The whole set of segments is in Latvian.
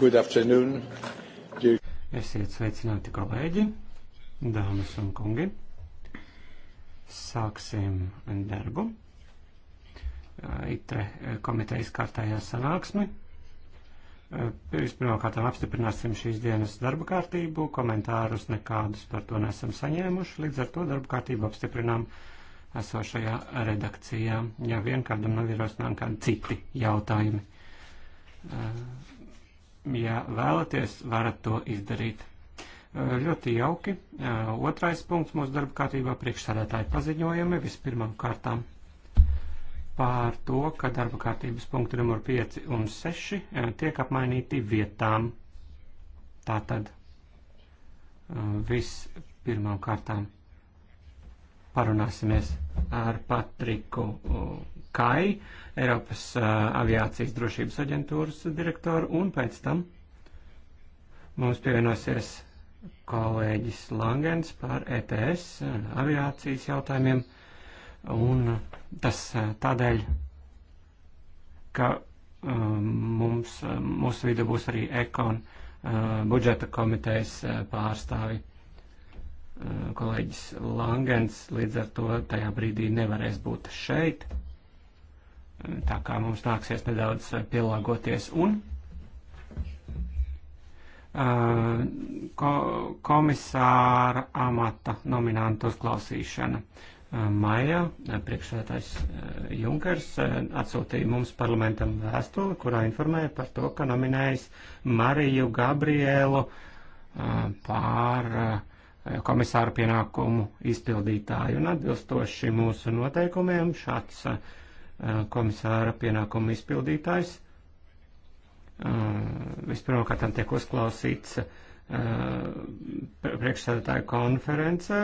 Good afternoon. Esiet sveicināti, kolēģi, dāmas un kungi. Sāksim darbu. ITRE komitejas kārtējā sanāksme. Pirmkārt, apstiprināsim šīs dienas darba kārtību. Komentārus nekādus par to nesam saņēmuši. Līdz ar to darba kārtību apstiprinām. Uh, esošajā redakcijā, ja vien kādam nav ierosinām kādi citi jautājumi. Eh, ja vēlaties, varat to izdarīt. Eh, ļoti jauki. Eh, otrais punkts mūsu darba kārtībā priekšsādātāji paziņojumi vispirmām kārtām pār to, ka darba kārtības punkti numur 5 un 6 tiek apmainīti vietām. Tātad viss pirmām kārtām parunāsimies ar Patriku uh, Kai, Eiropas uh, aviācijas drošības aģentūras direktoru, un pēc tam mums pievienosies kolēģis Langens par ETS uh, aviācijas jautājumiem, un tas uh, tādēļ, ka um, mums, mūsu vidu būs arī ekon uh, budžeta komitejas uh, pārstāvi. Eh, kolēģis Langens līdz ar to tajā brīdī nevarēs būt šeit. Eh, tā kā mums nāksies nedaudz eh, pielāgoties un ko, komisāra amata nominantu uzklausīšana. Maijā priekšsētājs Junkers atsūtīja mums parlamentam vēstuli, kurā informēja par to, ka nominējis Mariju Gabrielu pār Eh, komisāru pienākumu izpildītāju. Un atbilstoši mūsu noteikumiem šāds eh, komisāra pienākumu izpildītājs eh, vispirmkārt tiek uzklausīts priekšsēdētāju konferencē,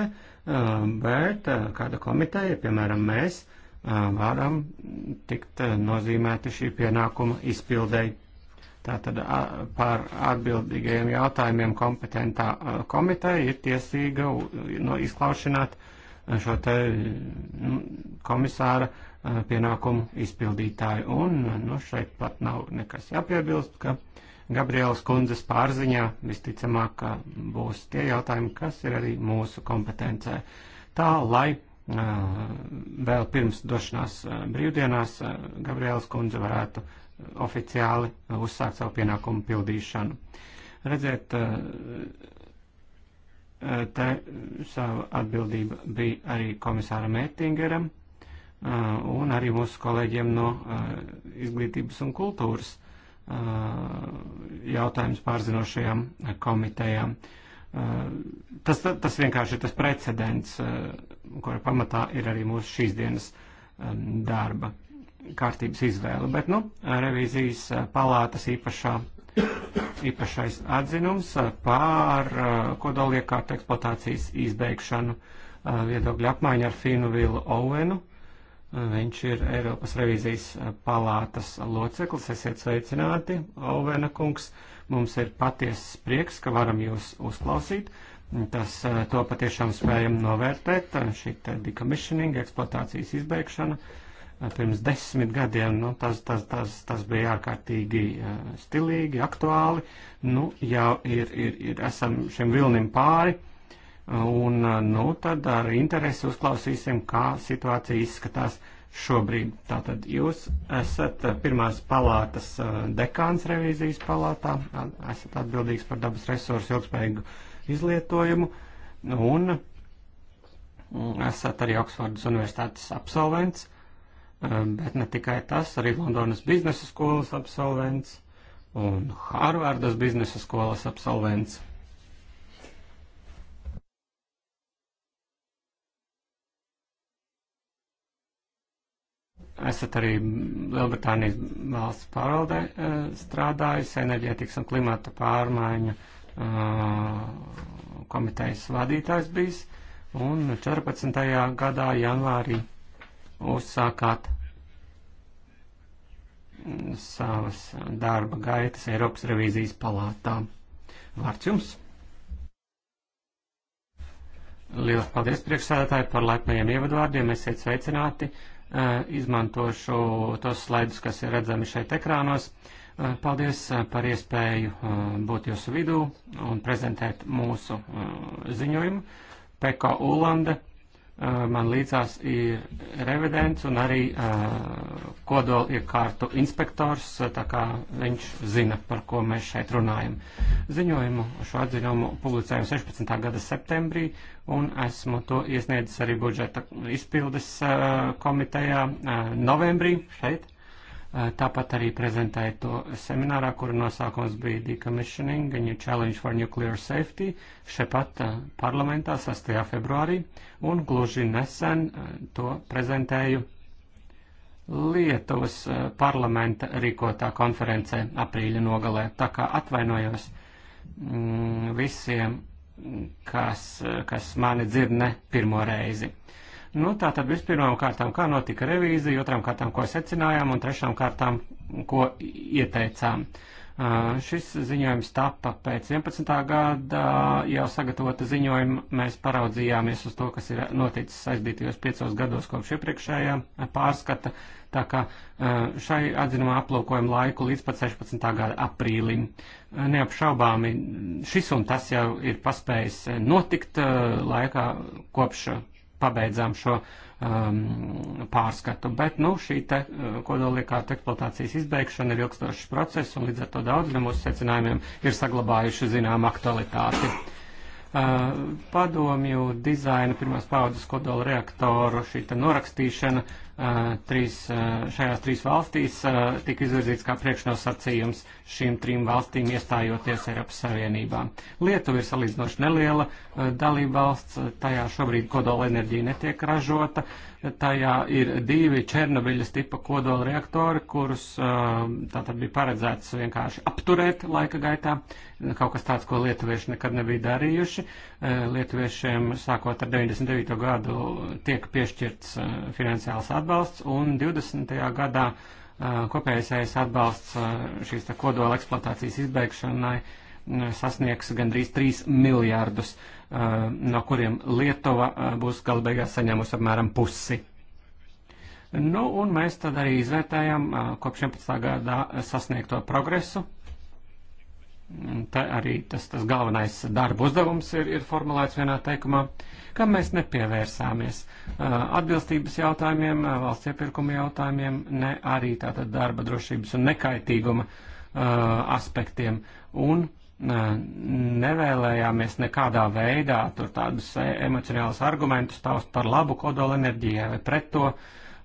bet kāda komiteja, piemēram, mēs, varam tikt nozīmēti šī pienākuma izpildēji Tātad par atbildīgajiem jautājumiem kompetentā komiteja ir tiesīga no izklaušanāt šo te komisāra pienākumu izpildītāju. Un nu, šeit pat nav nekas jāpiebilst, ka Gabrielas kundzes pārziņā visticamāk būs tie jautājumi, kas ir arī mūsu kompetencē. Tā, lai vēl pirms došanās brīvdienās Gabrielas kundze varētu oficiāli uzsākt savu pienākumu pildīšanu. Redzēt, eh, te savu atbildību bija arī komisāram Ettingeram eh, un arī mūsu kolēģiem no eh, izglītības un kultūras jautājums pārzinošajām komitejām. Tas, tas vienkārši ir tas precedents, kura pamatā ir arī mūsu šīs dienas darba kārtības izvēle, bet, nu, revīzijas eh, palātas īpašā, īpašais atzinums eh, pār eh, kodoliekārtu eksploatācijas izbeigšanu viedokļu apmaiņa ar Finu Vilu Ovenu. Viņš ir Eiropas revīzijas palātas loceklis. Esiet sveicināti, Ovena kungs. Mums ir patiesas prieks, ka varam jūs uzklausīt. Tas to patiešām spējam novērtēt. Šī decommissioning, eksploatācijas izbeigšana. Uh, pirms desmit gadiem, nu, tas, tas, tas, tas bija ārkārtīgi eh, stilīgi, aktuāli. Nu, jau ir, ir, ir esam šim vilnim pāri, un, eh, nu, tad ar interesi uzklausīsim, kā situācija izskatās šobrīd. Tātad jūs esat eh, pirmās palātas dekāns revīzijas palātā, esat atbildīgs par dabas resursu ilgspējīgu izlietojumu, un mm, esat arī Oksfordas universitātes absolvents Um, bet ne tikai tas, arī Londonas biznesa skolas absolvents un Harvardas biznesa skolas absolvents. esat arī Lielbritānijas valsts pārvaldē uh, strādājis, enerģētikas un klimata pārmaiņu uh, komitejas vadītājs bijis, un 14. gadā janvārī uzsākāt savas darba gaitas Eiropas revīzijas palātā. Vārds jums! Lielas paldies priekšsēdētāji par laipnajiem ievadvārdiem. Esiet sveicināti. Eh, izmantošu tos slaidus, kas ir redzami šeit ekrānos. Eh, paldies eh, par iespēju būt jūsu vidū un prezentēt mūsu ziņojumu. Peko Ulande Man līdzās ir revidents un arī uh, kodola iekārtu inspektors, tā kā viņš zina, par ko mēs šeit runājam. Ziņojumu šo atziņojumu publicēju 16. gada septembrī un esmu to iesniedzis arī budžeta izpildes uh, komitejā uh, novembrī šeit. Eh, tāpat arī prezentēja to seminārā, kura nosaukums bija Decommissioning and New Challenge for Nuclear Safety šepat eh, parlamentā 6. februārī, un gluži nesen eh, to prezentēju Lietuvas parlamenta rīkotā konferencē aprīļa nogalē. Tā kā atvainojos mm, visiem, kas, kas mani dzird ne pirmo reizi. Nu, tā tad vispirmām kārtām, kā notika revīzija, otrām kārtām, ko secinājām, un trešām kārtām, ko ieteicām. Uh, šis ziņojums tapa pēc 11. gada jau sagatavota ziņojuma. Mēs paraudzījāmies uz to, kas ir noticis aizdītajos piecos gados kopš iepriekšējā pārskata. Tā kā uh, šai atzinumā aplūkojam laiku līdz pat 16. gada aprīlim. Uh, neapšaubāmi šis un tas jau ir paspējis notikt uh, laikā kopš pabeidzām šo um, pārskatu. Bet, nu, šī te, uh, kodoliekārta eksploatācijas izbeigšana ir ilgstošs process, un līdz ar to daudz no mūsu secinājumiem ir saglabājuši zinām aktualitāti. Uh, padomju dizaina pirmās paudzes kodola reaktoru šī norakstīšana uh, Eh, trīs, eh, šajās trīs valstīs eh, tika izvirzīts kā priekšnosacījums šīm trim valstīm iestājoties Eiropas Savienībā. Lietuva ir salīdzinoši neliela dalībvalsts, tajā šobrīd kodola enerģija netiek ražota, Tajā ir divi Černobiļas tipa kodola reaktori, kurus um, tātad bija paredzēts vienkārši apturēt laika gaitā. Kaut kas tāds, ko lietuvieši nekad nebija darījuši. Uh, lietuviešiem sākot ar 99. gadu tiek piešķirts uh, finansiāls atbalsts un 20. gadā uh, kopējais atbalsts šīs kodola eksploatācijas izbeigšanai sasniegs gandrīz 3 miljārdus eiro Eh, no kuriem Lietuva eh, būs galbeigās saņēmusi apmēram pusi. Nu, un mēs tad arī izvērtējām eh, kopš 11. gadā sasniegto progresu. Te arī tas, tas galvenais darba uzdevums ir, ir formulēts vienā teikumā, kam mēs nepievērsāmies atbilstības jautājumiem, valsts iepirkuma jautājumiem, ne arī tātad darba drošības un nekaitīguma aspektiem. Un uh, nevēlējāmies nekādā veidā tur tādus eh, emocionālus argumentus taust par labu kodolenerģijai vai pret to.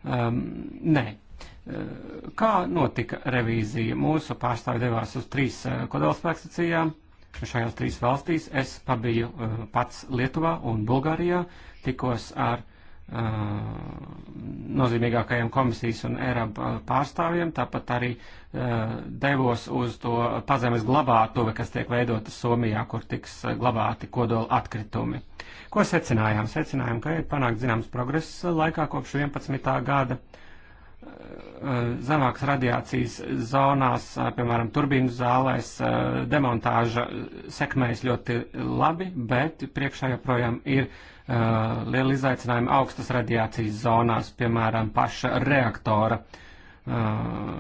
Um, nē. Eh, kā notika revīzija? Mūsu pārstāvi devās uz trīs eh, kodolspēkstacijām. Šajās trīs valstīs es pabiju pats Lietuvā un Bulgārijā, tikos ar nozīmīgākajiem komisijas un ERAB pārstāvjiem, tāpat arī devos uz to pazemes glabātuve, kas tiek veidota Somijā, kur tiks glabāti kodola atkritumi. Ko secinājām? Secinājām, ka ir panākt zināms progress laikā kopš 11. gada zemākas radiācijas zonās, piemēram, turbīnu zālēs, demontāža sekmējas ļoti labi, bet priekšā joprojām ir uh, Eh, liela izaicinājuma augstas radiācijas zonās, piemēram, paša reaktora eh,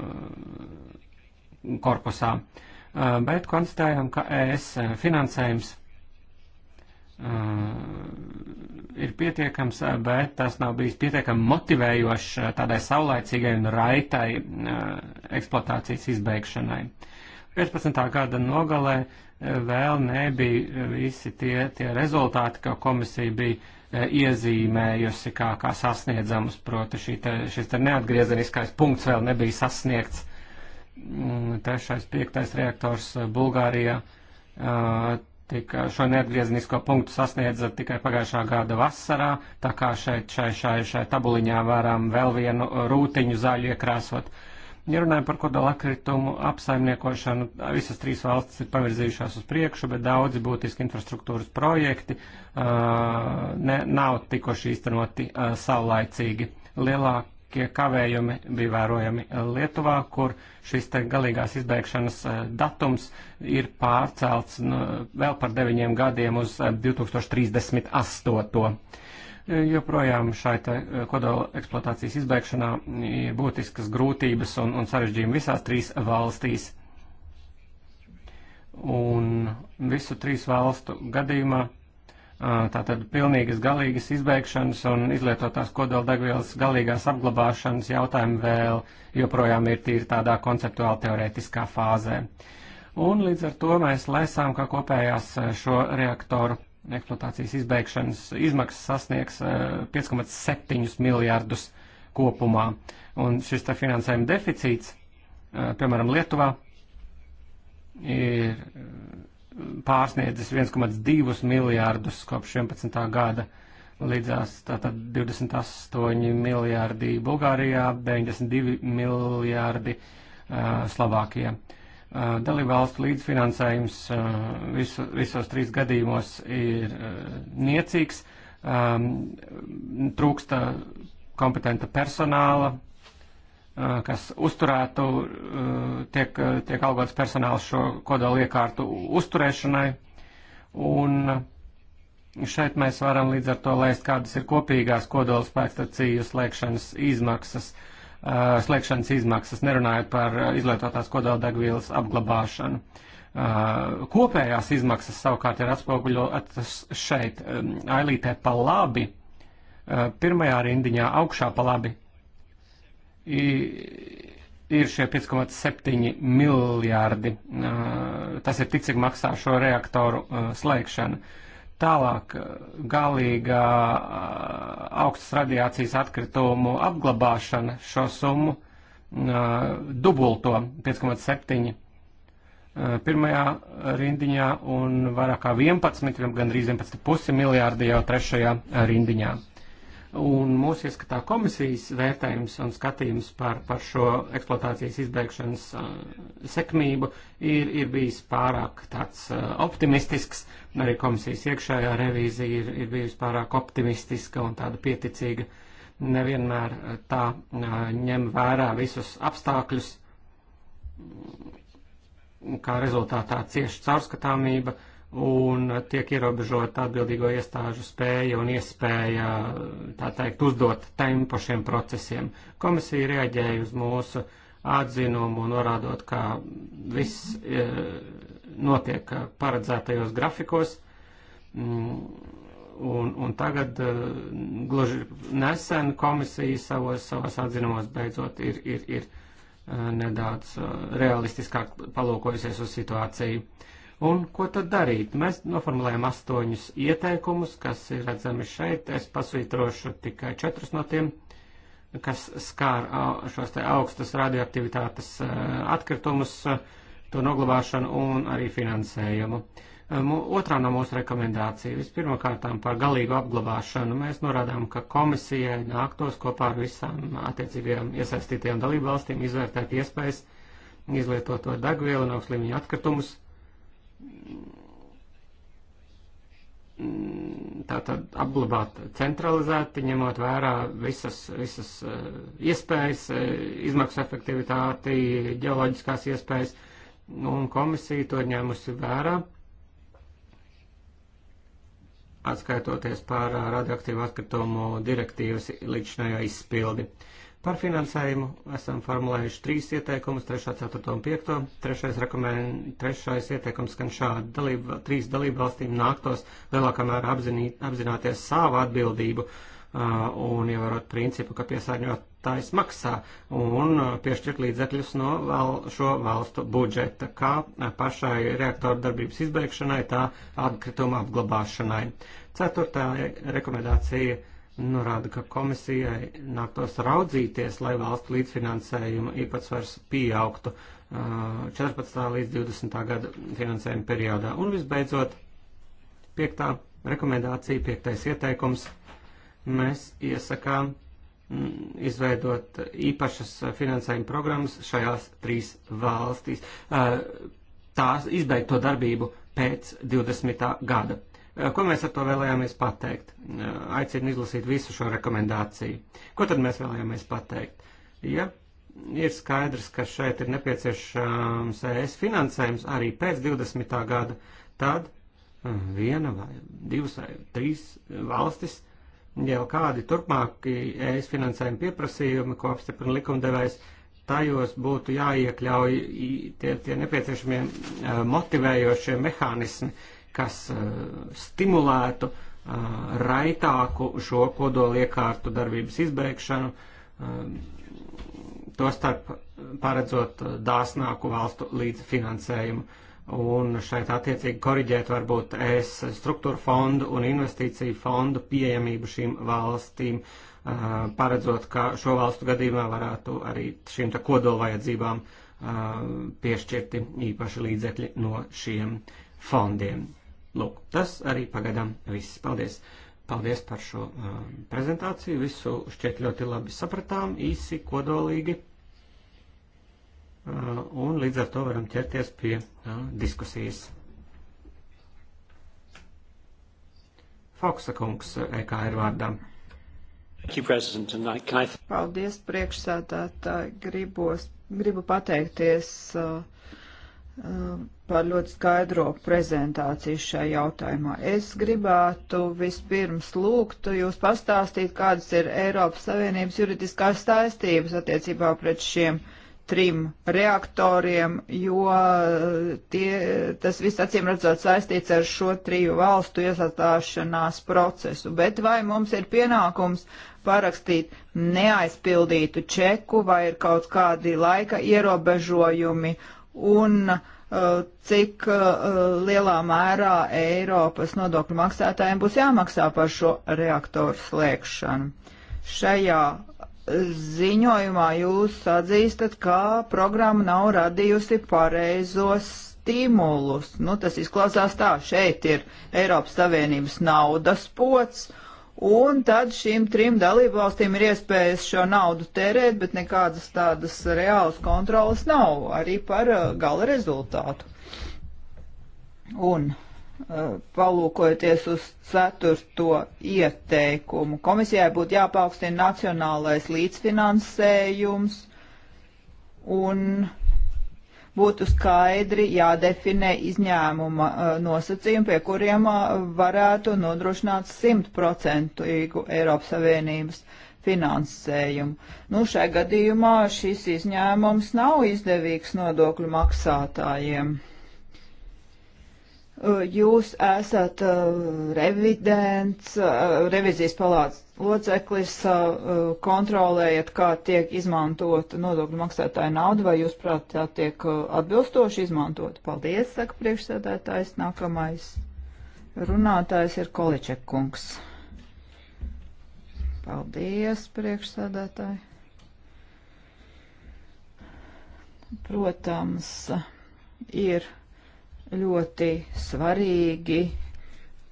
korpusā. Eh, bet konstatējam, ka ES finansējums ir pietiekams, bet tas nav bijis pietiekami motivējošs tādai saulaicīgai un raitai eksploatācijas izbeigšanai. 15. gada nogalē vēl nebija visi tie, tie rezultāti, ko komisija bija eh, iezīmējusi kā, kā sasniedzamus, proti šī te, šis te neatgriezeniskais punkts vēl nebija sasniegts. Mm, trešais, piektais reaktors eh, Bulgārijā eh, tika šo neatgriezenisko punktu sasniedza tikai pagājušā gada vasarā, tā kā šeit šai, šai, šai tabuliņā varam vēl vienu rūtiņu zaļu iekrāsot. Uh, Ja runājam par kodolakkritumu apsaimniekošanu, visas trīs valstis ir pavirzījušās uz priekšu, bet daudzi būtiski infrastruktūras projekti uh, ne, nav tikuši īstenoti uh, saulaicīgi. Lielākie kavējumi bija vērojami Lietuvā, kur šis te galīgās izbēgšanas uh, datums ir pārcelts nu, vēl par deviņiem gadiem uz 2038 joprojām šai te eh, kodola eksploatācijas izbēgšanā ir eh, būtiskas grūtības un, un sarežģījumi visās trīs valstīs. Un visu trīs valstu gadījumā eh, tātad pilnīgas galīgas izbēgšanas un izlietotās kodoldegvielas galīgās apglabāšanas jautājumi vēl joprojām ir tīri tādā konceptuāli teorētiskā fāzē. Un līdz ar to mēs lēsām, ka kopējās šo reaktoru eksploatācijas izbeigšanas izmaksas sasniegs 5,7 eh, miljārdus kopumā. Un šis te finansējuma deficīts, eh, piemēram, Lietuvā, ir eh, pārsniedzis 1,2 miljārdus kopš 11. gada. Līdzās tātad 28 miljārdi Bulgārijā, 92 miljārdi uh, Slovākijā. Uh, Uh, dalībvalstu līdzfinansējums uh, visu, visos trīs gadījumos ir uh, niecīgs, um, trūksta kompetenta personāla, kas uzturētu, tiek, tiek algots personāls šo kodolu iekārtu uzturēšanai. Un šeit mēs varam līdz ar to laist, kādas ir kopīgās kodola spēkstaciju slēgšanas izmaksas. Uh, Uh, slēgšanas izmaksas, nerunājot par uh, izlietotās kodoldegvielas apglabāšanu. Uh, kopējās izmaksas savukārt ir atspoguļotas šeit, um, ailītē pa labi, pirmajā rindiņā augšā pa labi ir šie 5,7 miljārdi. Tas ir tik, cik maksā šo reaktoru slēgšana. Tālāk eh, galīgā eh, augstas radiācijas atkritumu apglabāšana šo summu eh, dubulto 5,7 pirmajā rindiņā un vairāk kā 11, gandrīz 11,5 miljārdi jau trešajā rindiņā. Un mūsu ieskatā komisijas vērtējums un skatījums par, par šo eksploatācijas izbēgšanas uh, sekmību ir, ir bijis pārāk tāds uh, optimistisks. Arī komisijas iekšējā revīzija ir, ir bijusi pārāk optimistiska un tāda pieticīga. Nevienmēr uh, tā uh, ņem vērā visus apstākļus, kā rezultātā cieši caurskatāmība. Uh, un tiek ierobežota atbildīgo iestāžu spēja un iespēja, tā teikt, uzdot tempu šiem procesiem. Komisija reaģēja uz mūsu atzinumu, norādot, ka viss e, notiek paredzētajos grafikos. Mm, un, un tagad e, gluži nesen komisija savos, savos atzinumos beidzot ir, ir, ir e, nedaudz realistiskāk palūkojusies uz situāciju. Uh, Un ko tad darīt? Mēs noformulējam astoņus ieteikumus, kas ir redzami šeit. Es pasvītrošu tikai četrus no tiem, kas skār šos te augstas radioaktivitātes atkritumus, to noglabāšanu un arī finansējumu. Otrā no mūsu rekomendācija vispirmkārtām par galīgu apglabāšanu mēs norādām, ka komisijai nāktos kopā ar visām attiecīgajām iesaistītajām dalībvalstīm izvērtēt iespējas izlietot to degvielu un augstlīmeņu atkritumus Mm, tātad apglabāt centralizēti, ņemot vērā visas, visas eh, iespējas, eh, izmaksu efektivitāti, ģeoloģiskās iespējas, nu, un komisija to ir ņēmusi vērā, atskaitoties par eh, radioaktīvu atkritumu direktīvas līdzinājā izpildi. Uh, Par finansējumu esam formulējuši trīs ieteikumus, 3, 4 un 5. Trešais, rekomend, trešais ieteikums skan šādi. Dalība, trīs dalību valstīm nāktos lielākā mērā apzinī, apzināties savu atbildību uh, un ievērot principu, ka piesārņotājs maksā un piešķirt līdzekļus no val, šo valstu budžeta, kā pašai reaktoru darbības izbeigšanai, tā atkrituma apglabāšanai. Ceturtā rekomendācija norāda, ka komisijai nāktos raudzīties, lai valstu līdzfinansējuma īpatsvars pieaugtu 14. Uh, līdz 20. gada finansējuma periodā. Un visbeidzot, piektā rekomendācija, piektais ieteikums, mēs iesakām mm, izveidot īpašas finansējuma programmas šajās trīs valstīs. Uh, tās izbeigt to darbību pēc 20. gada Eh, ko mēs ar to vēlējāmies pateikt? Eh, aicinu izlasīt visu šo rekomendāciju. Ko tad mēs vēlējāmies pateikt? Ja ir skaidrs, ka šeit ir nepieciešams ES finansējums arī pēc 20. gada, tad eh, viena vai divas vai trīs valstis jau kādi turpmāki ES finansējuma pieprasījumi, ko apstiprina likumdevējs, tajos būtu jāiekļauj tie, tie nepieciešamie motivējošie mehānismi, kas eh, stimulētu eh, raitāku šo kodoliekārtu darbības izbeigšanu, eh, tostarp paredzot dāsnāku valstu līdzfinansējumu. Un šeit attiecīgi koriģēt varbūt es struktūra fondu un investīciju fondu pieejamību šīm valstīm, paredzot, ka šo valstu gadījumā varētu arī šīm te kodolvajadzībām piešķirti īpaši līdzekļi no šiem fondiem. Lūk, tas arī pagaidām viss. Paldies! Paldies par šo um, prezentāciju. Visu šķiet ļoti labi sapratām, īsi, kodolīgi. Uh, un līdz ar to varam ķerties pie uh, diskusijas. Fauksa kungs, uh, EKR vārdā. Paldies, priekšsēdētāji. Gribos, gribu pateikties. Uh, par ļoti skaidro prezentāciju šajā jautājumā. Es gribētu vispirms lūgt jūs pastāstīt, kādas ir Eiropas Savienības juridiskās saistības attiecībā pret šiem trim reaktoriem, jo eh, tie, tas viss acīm redzot saistīts ar šo triju valstu iestāšanās procesu. Bet vai mums ir pienākums parakstīt neaizpildītu čeku vai ir kaut kādi laika ierobežojumi? un uh, cik uh, lielā mērā Eiropas nodokļu maksātājiem būs jāmaksā par šo reaktoru slēgšanu. Šajā ziņojumā jūs atzīstat, ka programma nav radījusi pareizos stimulus. Nu, tas izklausās tā, šeit ir Eiropas Savienības naudas pots, uh, Un tad šīm trim dalībvalstīm ir iespējas šo naudu tērēt, bet nekādas tādas reālas kontrolas nav arī par uh, gala rezultātu. Un uh, palūkojoties uz ceturto ieteikumu, komisijai būtu jāpaukstina nacionālais līdzfinansējums un būtu skaidri jādefinē izņēmuma e, nosacījumi, pie kuriem e, varētu nodrošināt 100% Eiropas Savienības finansējumu. Nu, šai gadījumā šis izņēmums nav izdevīgs nodokļu maksātājiem. Jūs esat uh, revidents, uh, revizijas palāts loceklis, uh, kontrolējat, kā tiek izmantota nodokļu maksātāja nauda, vai jūs prāt tā tiek atbilstoši izmantota? Paldies, saka priekšsēdētājs. Nākamais runātājs ir Količekungs. Paldies, priekšsēdētāji. Protams, ir ļoti svarīgi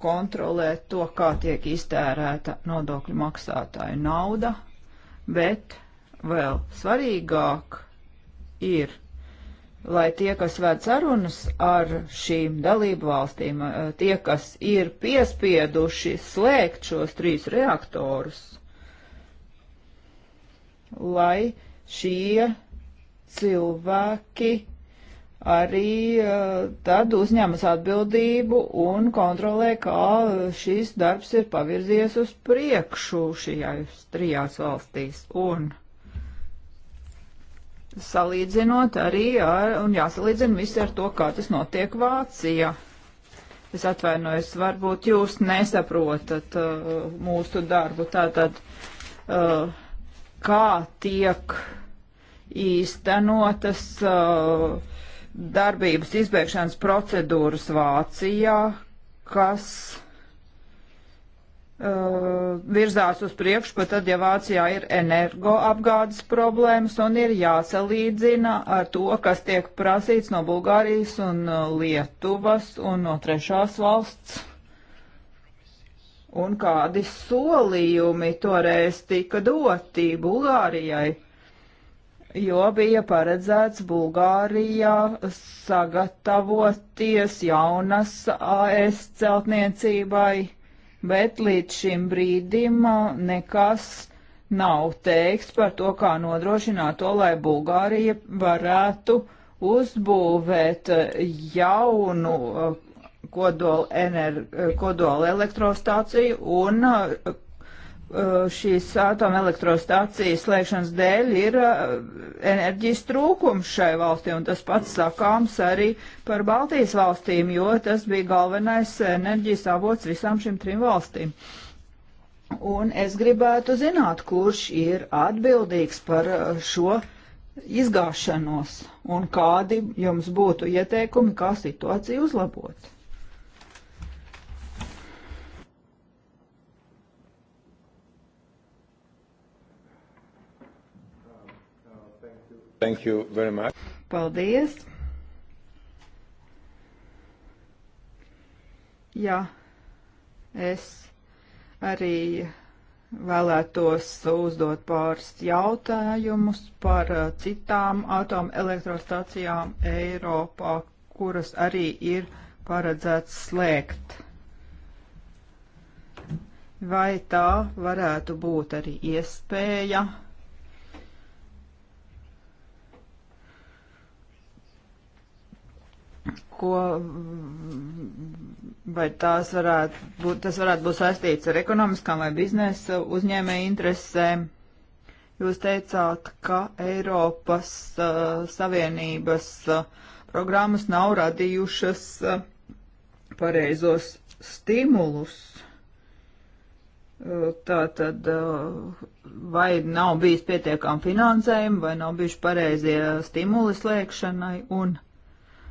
kontrolēt to, kā tiek iztērēta nodokļu maksātāju nauda, bet vēl svarīgāk ir, lai tie, kas ved sarunas ar šīm dalību valstīm, eh, tie, kas ir piespieduši slēgt šos trīs reaktorus, lai šie cilvēki arī eh, tad uzņemas atbildību un kontrolē, kā eh, šīs darbs ir pavirzies uz priekšu šajās trijās valstīs. Un salīdzinot arī ar, un jāsalīdzina viss ar to, kā tas notiek Vācijā. Es atvainojos, varbūt jūs nesaprotat uh, mūsu darbu, tātad uh, kā tiek īstenotas uh, darbības izbēgšanas procedūras Vācijā, kas uh, virzās uz priekšu, pat tad, ja Vācijā ir energoapgādes problēmas un ir jāsalīdzina ar to, kas tiek prasīts no Bulgārijas un uh, Lietuvas un no trešās valsts un kādi solījumi toreiz tika doti Bulgārijai jo bija paredzēts Bulgārijā sagatavoties jaunas AS celtniecībai, bet līdz šim brīdim nekas nav teikts par to, kā nodrošināt to, lai Bulgārija varētu uzbūvēt jaunu kodola, kodola elektrostāciju un Uh, šīs atomelektrostācijas slēgšanas dēļ ir uh, enerģijas trūkums šai valstī, un tas pats sakāms arī par Baltijas valstīm, jo tas bija galvenais enerģijas avots visām šīm trim valstīm. Un es gribētu zināt, kurš ir atbildīgs par uh, šo izgāšanos, un kādi jums būtu ieteikumi, kā situāciju uzlabot. Thank you very much. Paldies. Jā, es arī vēlētos uzdot pāris jautājumus par uh, citām atomelektrostacijām Eiropā, kuras arī ir paredzēts slēgt. Vai tā varētu būt arī iespēja? ko vai tās varētu būt, tas varētu būt saistīts ar ekonomiskām vai biznesa uzņēmēju interesēm. Jūs teicāt, ka Eiropas uh, Savienības uh, programmas nav radījušas uh, pareizos stimulus. Uh, tā tad uh, vai nav bijis pietiekami finansējumi, vai nav bijuši pareizie stimuli slēgšanai un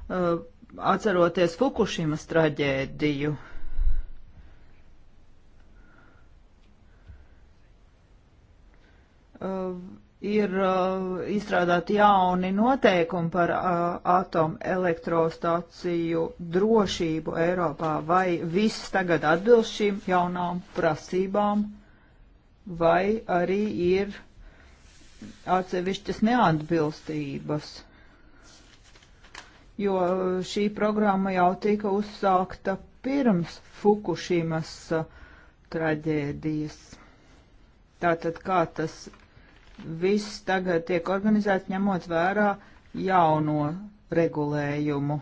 Uh, atceroties Fukushimas traģēdiju. Uh, ir uh, izstrādāti jauni noteikumi par atomelektrostaciju drošību Eiropā. Vai viss tagad atbilst šīm jaunām prasībām, vai arī ir atsevišķas neatbilstības? jo šī programma jau tika uzsākta pirms Fukushimas uh, traģēdijas. Tātad kā tas viss tagad tiek organizēts, ņemot vērā jauno regulējumu.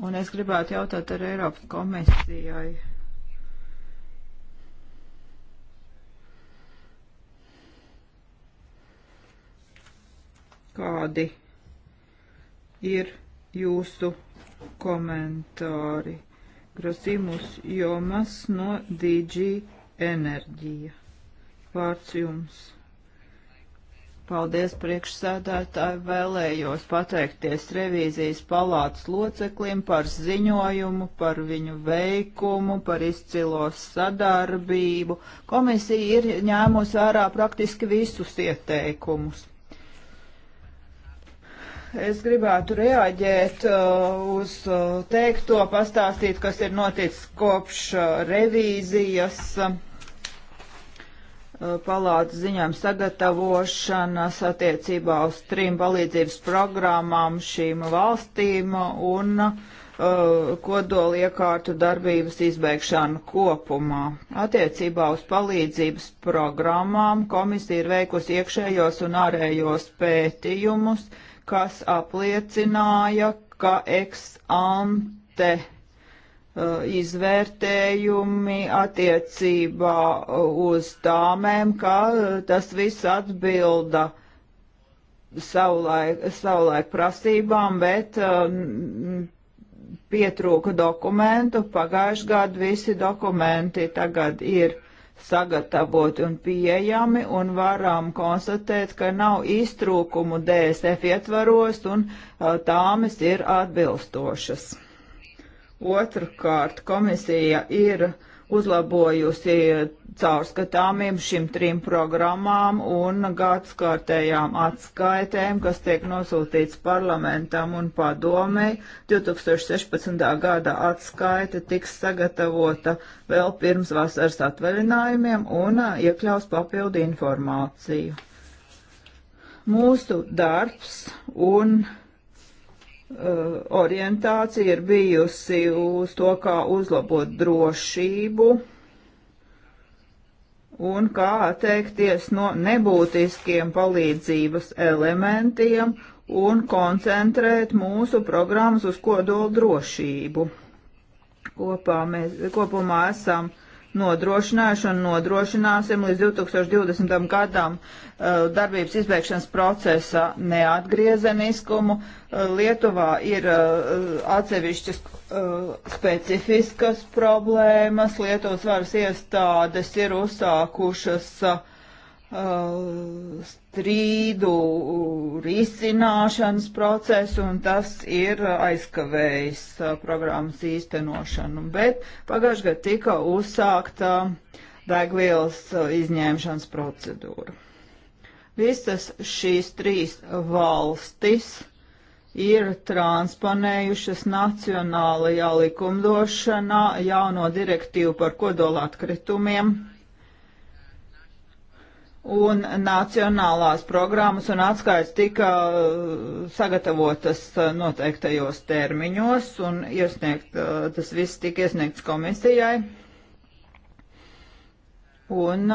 Un es gribētu jautāt ar Eiropas komisijai kādi ir jūsu komentāri. Grasimus Jomas no DG Enerģija. Vārds jums. Paldies priekšsēdētāji, vēlējos pateikties revīzijas palātas loceklim par ziņojumu, par viņu veikumu, par izcilo sadarbību. Komisija ir ņēmusi vērā praktiski visus ieteikumus es gribētu reaģēt uh, uz uh, teikto, pastāstīt, kas ir noticis kopš uh, revīzijas palātas ziņām sagatavošanas attiecībā uz trim palīdzības programmām šīm valstīm un uh, kodoli iekārtu darbības izbeigšanu kopumā. Attiecībā uz palīdzības programmām komisija ir veikusi iekšējos un ārējos pētījumus, uh, kas apliecināja, ka ex ante uh, izvērtējumi attiecībā uh, uz tāmēm, ka uh, tas viss atbilda savulaik, savulaik prasībām, bet um, pietrūka dokumentu. Pagājuši gadu visi dokumenti tagad ir sagatavoti un pieejami, un varam konstatēt, ka nav iztrūkumu DSF ietvaros, un tāmas ir atbilstošas. Otrakārt, komisija ir uh, uzlabojusi caurskatāmību šim trim programmām un gadskārtējām atskaitēm, kas tiek nosūtīts parlamentam un padomei. 2016. gada atskaita tiks sagatavota vēl pirms vasaras atvaļinājumiem un iekļaus papildu informāciju. Mūsu darbs un Eh, orientācija ir bijusi uz to, kā uzlabot drošību un kā atteikties no nebūtiskiem palīdzības elementiem un koncentrēt mūsu programmas uz kodolu drošību. Kopā mēs, kopumā esam uh, nodrošinājuši un nodrošināsim līdz 2020. gadam uh, darbības izbeigšanas procesa neatgriezeniskumu. Uh, Lietuvā ir uh, atsevišķas specifiskas problēmas. Lietuvas varas iestādes ir uzsākušas uh, Uh, strīdu risināšanas procesu, un tas ir aizkavējis uh, programmas īstenošanu. Bet pagājušajā gadā tika uzsākta degvielas uh, izņēmšanas procedūra. Visas šīs trīs valstis ir transponējušas nacionālajā likumdošanā jauno direktīvu par kodolātkritumiem un nacionālās programmas un atskaits tika uh, sagatavotas uh, noteiktajos termiņos un iesniegt, uh, tas viss tika iesniegts komisijai. Un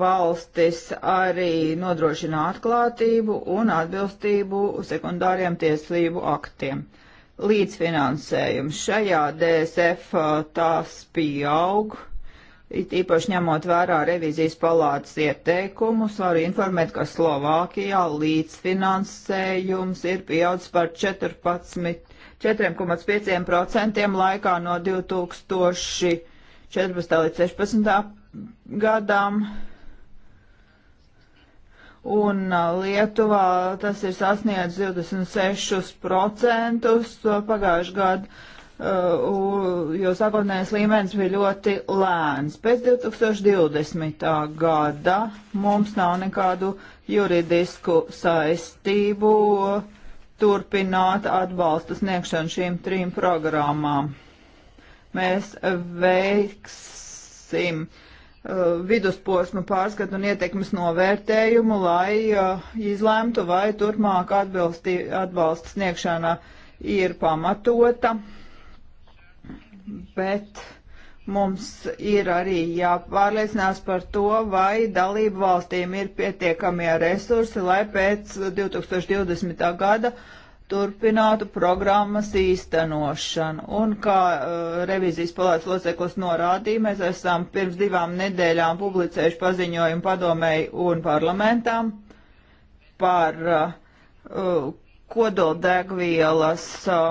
valstis arī nodrošina atklātību un atbilstību sekundāriem tieslību aktiem. Līdzfinansējums šajā DSF tās pieaug. Uh, It īpaši ņemot vērā revizijas palātas ieteikumus, var informēt, ka Slovākijā līdzfinansējums ir pieaudzis par 14, 4,5% laikā no 2014. līdz 16. gadam un uh, Lietuvā tas ir sasniedz 26% uh, pagājušajā gadā. Uh, jo sākotnējais līmenis bija ļoti lēns. Pēc 2020. gada mums nav nekādu juridisku saistību turpināt atbalstu sniegšanu šīm trim programmām. Mēs veiksim uh, vidusposmu pārskatu un ietekmes novērtējumu, lai uh, izlēmtu, vai turpmāk atbalsta sniegšana ir pamatota bet mums ir arī jāpārliecinās par to, vai dalību valstīm ir pietiekamie resursi, lai pēc 2020. gada turpinātu programmas īstenošanu. Un kā uh, revizijas palātas loceklis norādīja, mēs esam pirms divām nedēļām publicējuši paziņojumu padomēji un parlamentām par uh, kodoldegvielas uh,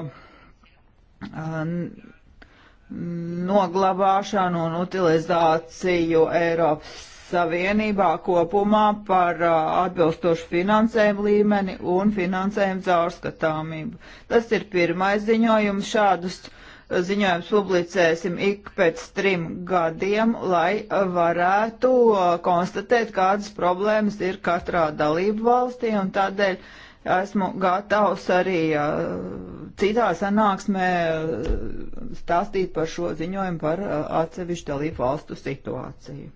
noglabāšanu un utilizāciju Eiropas Savienībā kopumā par uh, atbilstošu finansējumu līmeni un finansējumu caurskatāmību. Tas ir pirmais ziņojums. Šādus uh, ziņojums publicēsim ik pēc trim gadiem, lai uh, varētu uh, konstatēt, kādas problēmas ir katrā dalību valstī un tādēļ esmu gatavs arī uh, citā sanāksmē uh, stāstīt par šo ziņojumu par uh, atsevišķu dalību valstu situāciju.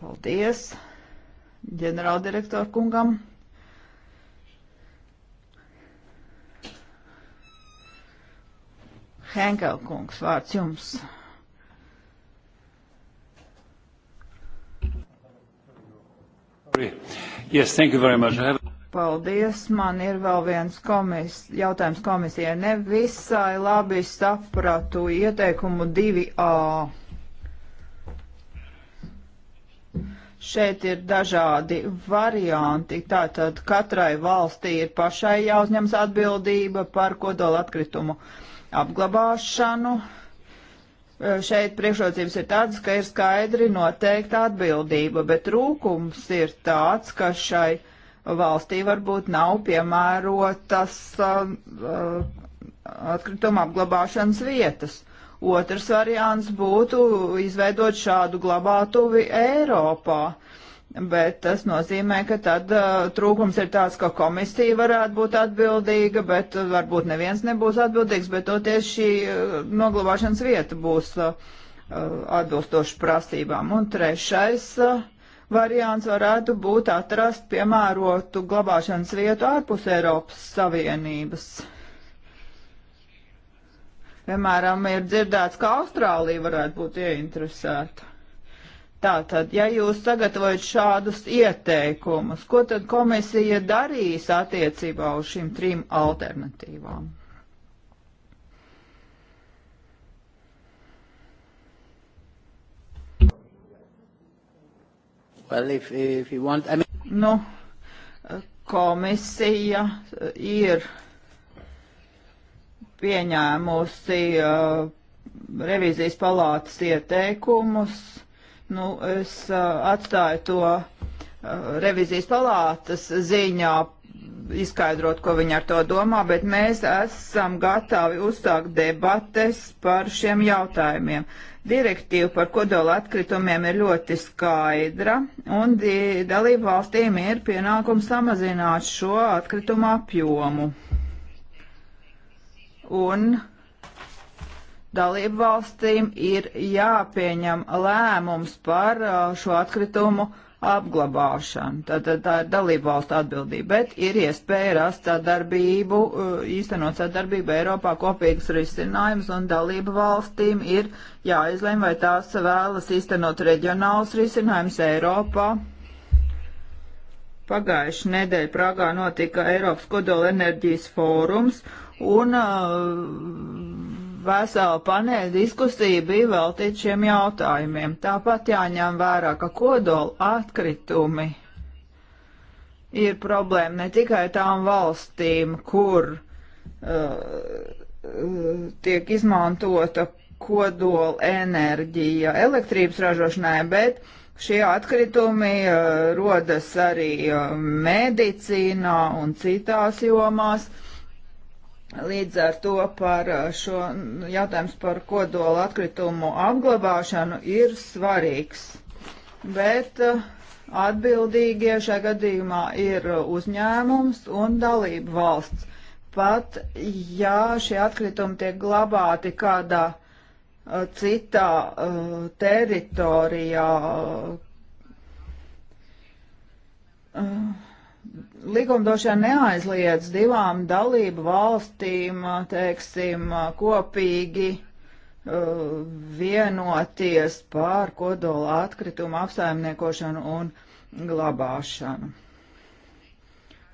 Paldies ģenerāldirektoru kungam. Henkel kungs, vārds jums. Yes, thank you very much. I have... Paldies, man ir vēl viens komis, jautājums komisijai. Ne visai labi sapratu ieteikumu 2A. Šeit ir dažādi varianti, tātad katrai valstī ir pašai jāuzņems atbildība par kodola atkritumu apglabāšanu. Šeit priekšrocības ir tādas, ka ir skaidri noteikta atbildība, bet trūkums ir tāds, ka šai valstī varbūt nav piemērotas um, uh, atkrituma apglabāšanas vietas. Otrs variants būtu izveidot šādu glabātuvi Eiropā. Bet tas nozīmē, ka tad uh, trūkums ir tāds, ka komisija varētu būt atbildīga, bet uh, varbūt neviens nebūs atbildīgs, bet toties šī uh, noglabāšanas vieta būs uh, uh atbilstoši prasībām. Un trešais uh, variants varētu būt atrast piemērotu glabāšanas vietu ārpus Eiropas Savienības. Piemēram, ir dzirdēts, ka Austrālija varētu būt ieinteresēta. Tātad, ja jūs sagatavojat šādus ieteikumus, ko tad komisija darīs attiecībā uz šīm trim alternatīvām? Well, if, if you want, I mean... Nu, komisija ir pieņēmusi uh, revīzijas palātas ieteikumus. Nu, es uh, atstāju to uh, revīzijas palātas ziņā izskaidrot, ko viņi ar to domā, bet mēs esam gatavi uzsākt debates par šiem jautājumiem. Uh, Direktīva par kodola atkritumiem ir ļoti skaidra, un dalību valstīm ir pienākums samazināt šo atkritumu apjomu. Un dalību valstīm ir jāpieņem lēmums par uh, šo atkritumu apjomu apglabāšanu. Tātad tā ir dalība valsts atbildība, bet ir iespēja rast sadarbību, uh, īstenot sadarbību Eiropā kopīgas risinājumus, un dalība valstīm ir jāizlem, vai tās vēlas īstenot reģionālus risinājumus Eiropā. Pagājuši nedēļa Prāgā notika Eiropas kodola enerģijas fórums, un uh, vesela paneļa diskusija bija veltīta šiem jautājumiem. Tāpat jāņem vērā, ka kodola atkritumi ir problēma ne tikai tām valstīm, kur uh, tiek izmantota kodola enerģija elektrības ražošanai, bet šie atkritumi uh, rodas arī uh, medicīnā un citās jomās. Uh, Līdz ar to par uh, šo jautājums par kodola atkritumu apglabāšanu ir svarīgs, bet uh, atbildīgie šajā gadījumā ir uh, uzņēmums un dalība valsts. Pat ja šie atkritumi tiek glabāti kādā citā teritorijā, Uh, likumdošana neaizliedz divām dalību valstīm, teiksim, kopīgi uh, vienoties pār kodola atkritumu apsaimniekošanu un glabāšanu.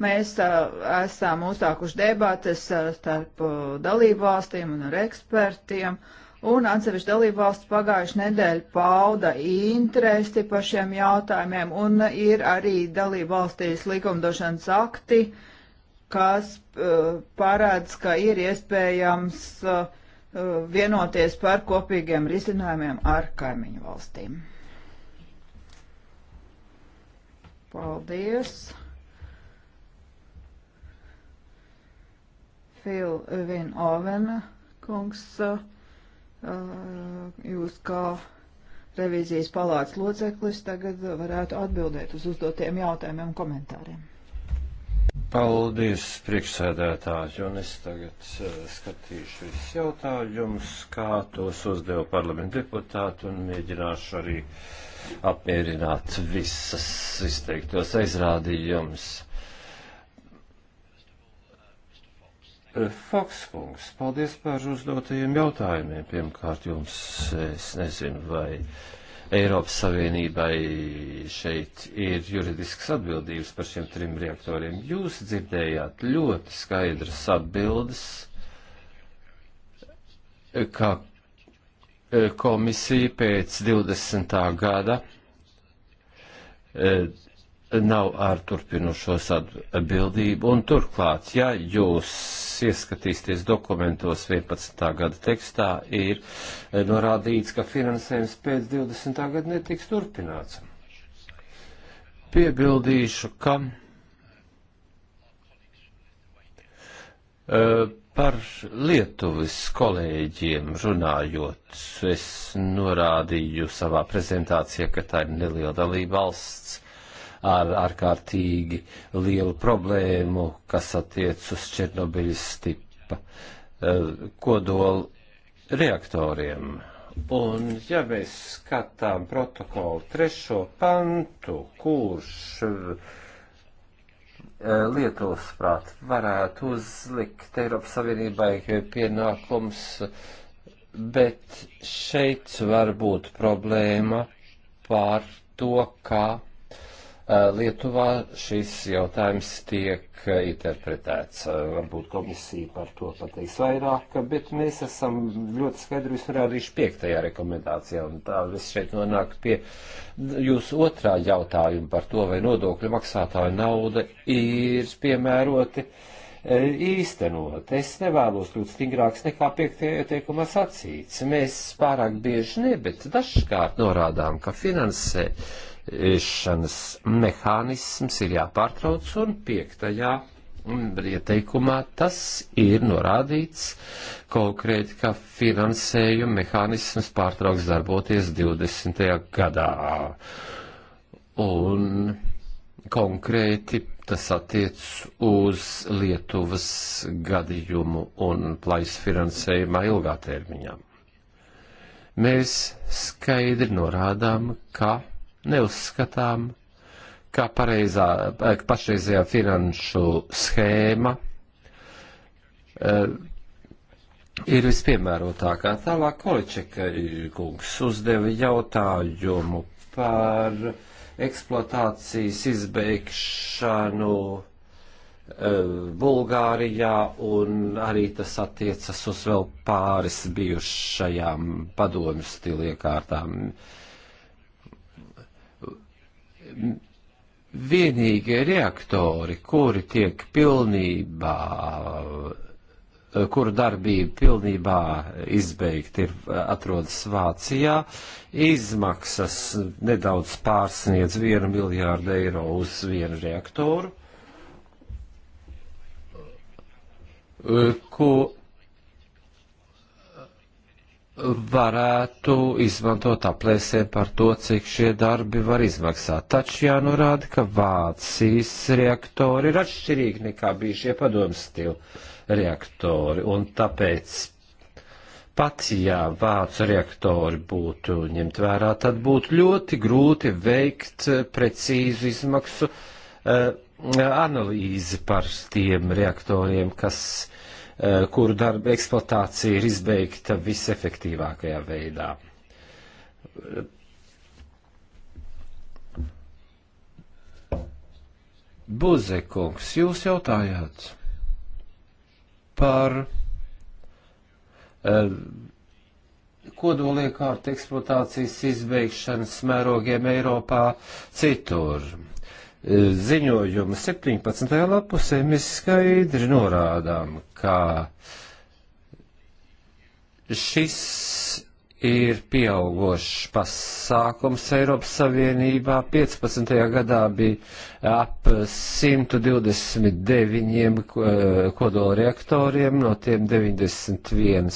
Mēs uh, esam uzsākuši debates uh, starp uh, dalību valstīm un ar ekspertiem. Uh, un atsevišķi dalību valsts pagājuši nedēļu pauda interesi par šiem jautājumiem, un ir arī dalību valstīs likumdošanas akti, kas uh, parāds, ka ir iespējams uh, uh vienoties par kopīgiem risinājumiem ar kaimiņu valstīm. Paldies! Phil Vin Ovena kungs. Uh, jūs kā revīzijas palāts loceklis tagad varētu atbildēt uz uzdotiem jautājumiem un komentāriem. Paldies, priekšsēdētāji, un es tagad skatīšu visus jautājumus, kā tos uzdeva parlamenta deputāti, un mēģināšu arī apmierināt visas izteiktos aizrādījumus. Eh, Fokskungs, paldies par uzdotajiem jautājumiem. Pirmkārt, jums es nezinu, vai Eiropas Savienībai šeit ir juridisks atbildības par šiem trim reaktoriem. Jūs dzirdējāt ļoti skaidras atbildes, eh, ka eh, komisija pēc 20. gada nav ar turpinošos atbildību. Un turklāt, ja jūs ieskatīsieties dokumentos 11. gada tekstā, ir eh, norādīts, ka finansējums pēc 20. gada netiks turpināts. Piebildīšu, ka eh, par Lietuvas kolēģiem runājot, es norādīju savā prezentācijā, ka tā ir neliela dalība valsts ar ārkārtīgi lielu problēmu, kas attiec uz Černobiļas tipa eh, kodolu reaktoriem. Un ja mēs skatām protokolu trešo pantu, kurš eh, Lietuvas prāt varētu uzlikt Eiropas Savienībai pienākums, bet šeit var būt problēma pār to, kā Eh, Lietuvā šis jautājums tiek eh, interpretēts. Eh, varbūt komisija par to pateiks vairāk, bet mēs esam ļoti skaidri izrādījuši piektajā rekomendācijā, un tā viss šeit nonāk pie jūsu otrā jautājuma par to, vai nodokļu maksātāju nauda ir piemēroti īstenot. Es nevēlos kļūt stingrāks nekā piektajā ieteikumā sacīts. Mēs pārāk bieži ne, bet dažkārt norādām, ka finansē izvērtēšanas mehānisms ir jāpārtrauc un piektajā ieteikumā tas ir norādīts konkrēti, ka finansējuma mehānisms pārtrauks darboties 20. gadā. Un konkrēti tas attiec uz Lietuvas gadījumu un plais finansējumā ilgā termiņā. Mēs skaidri norādām, ka neuzskatām, kā pareizā, eh, pašreizējā finanšu schēma eh, ir vispiemērotākā. Tālāk Količeka kungs uzdeva jautājumu par eksploatācijas izbeigšanu eh, Bulgārijā un arī tas attiecas uz vēl pāris bijušajām padomju stiliekārtām. kārtām vienīgie reaktori, kuri tiek pilnībā, kuru darbība pilnībā izbeigta, ir atrodas Vācijā. Izmaksas nedaudz pārsniedz vienu miljārdu eiro uz vienu reaktoru. Ko varētu izmantot aplēsēm par to, cik šie darbi var izmaksāt. Taču jānorāda, ka Vācijas reaktori ir atšķirīgi nekā bijušie padomas stila reaktori, un tāpēc pat, ja Vācu reaktori būtu ņemt vērā, tad būtu ļoti grūti veikt eh, precīzu izmaksu uh, analīzi par tiem reaktoriem, kas Eh, kuru darba eksploatācija ir izbeigta visefektīvākajā veidā. Buzekungs, jūs jautājāt par eh, kodoliekārtu eksploatācijas izbeigšanas mērogiem Eiropā citur ziņojuma 17. lapusē mēs skaidri norādām, ka šis ir pieaugošs pasākums Eiropas Savienībā. 15. gadā bija ap 129 kodolreaktoriem, no tiem 91,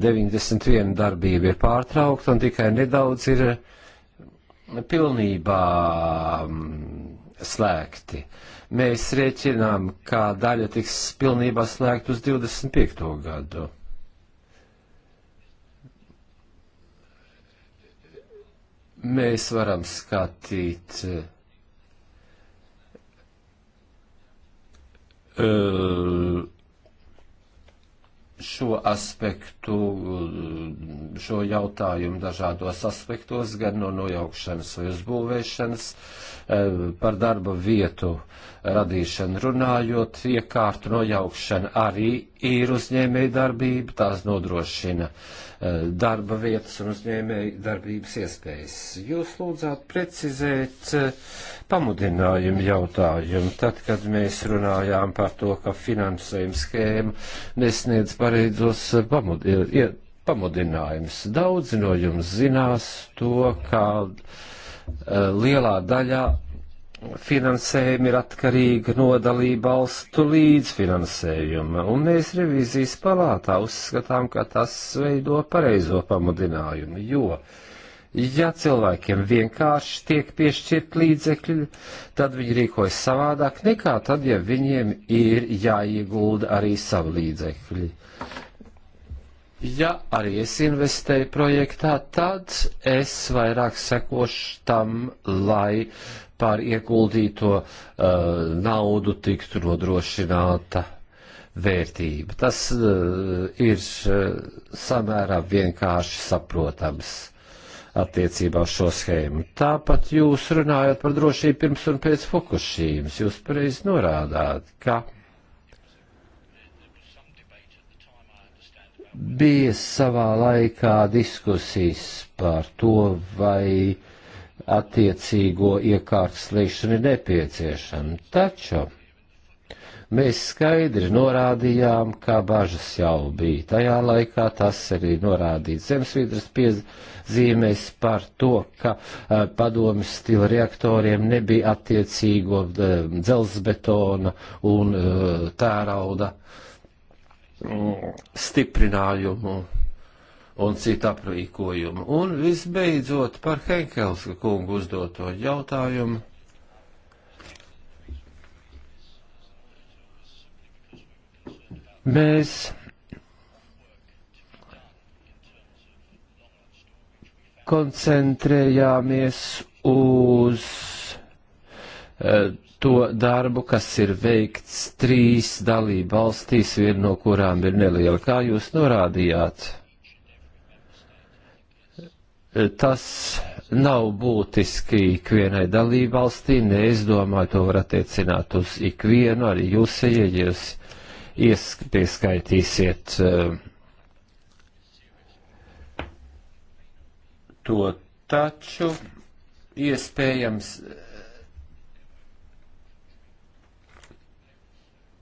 91 eh, darbība ir pārtraukta un tikai nedaudz ir uh, pilnībā mm, slēgti. Mēs rēķinām, ka daļa tiks pilnībā slēgta uz 25. gadu. Mēs varam skatīt uh, šo aspektu, šo jautājumu dažādos aspektos, gan no nojaukšanas vai uzbūvēšanas, eh, par darba vietu radīšanu runājot, iekārtu nojaukšana arī ir uzņēmēja darbība, tās nodrošina eh, darba vietas un uzņēmēja darbības iespējas. Jūs lūdzāt precizēt, eh, pamudinājumu jautājumu. Tad, kad mēs runājām par to, ka finansējuma schēma nesniedz pareizos pamudinājumus, daudzi no jums zinās to, ka e, lielā daļā finansējumi ir atkarīgi no dalībvalstu līdzfinansējuma, un mēs revīzijas palātā uzskatām, ka tas veido pareizo pamudinājumu, jo uh, Ja cilvēkiem vienkārši tiek piešķirt līdzekļi, tad viņi rīkojas savādāk nekā tad, ja viņiem ir jāiegulda arī savi līdzekļi. Ja arī es investēju projektā, tad es vairāk sekošu tam, lai par ieguldīto uh, naudu tiktu nodrošināta vērtība. Tas uh, ir uh, samērā vienkārši saprotams attiecībā uz šo schēmu. Tāpat jūs runājat par drošību pirms un pēc Fukushīmas. Jūs pareizi norādāt, ka bija savā laikā diskusijas par to, vai attiecīgo iekārtas slīšana ir nepieciešama. Taču Mēs skaidri norādījām, kā bažas jau bija tajā laikā, tas arī norādīts zemesvītras piezīmēs par to, ka eh, padomjas stila reaktoriem nebija attiecīgo eh, dzelzbetona un eh, tērauda mm, stiprinājumu un citu aprīkojumu. Un visbeidzot par Henkelska kungu uzdoto jautājumu Mēs koncentrējāmies uz eh, to darbu, kas ir veikts trīs dalību valstīs, viena no kurām ir neliela, kā jūs norādījāt. Tas nav būtiski ikvienai dalībvalstī, ne es domāju, to var attiecināt uz ikvienu, arī jūs, ja jūs ieskaitīsiet eh, to taču iespējams,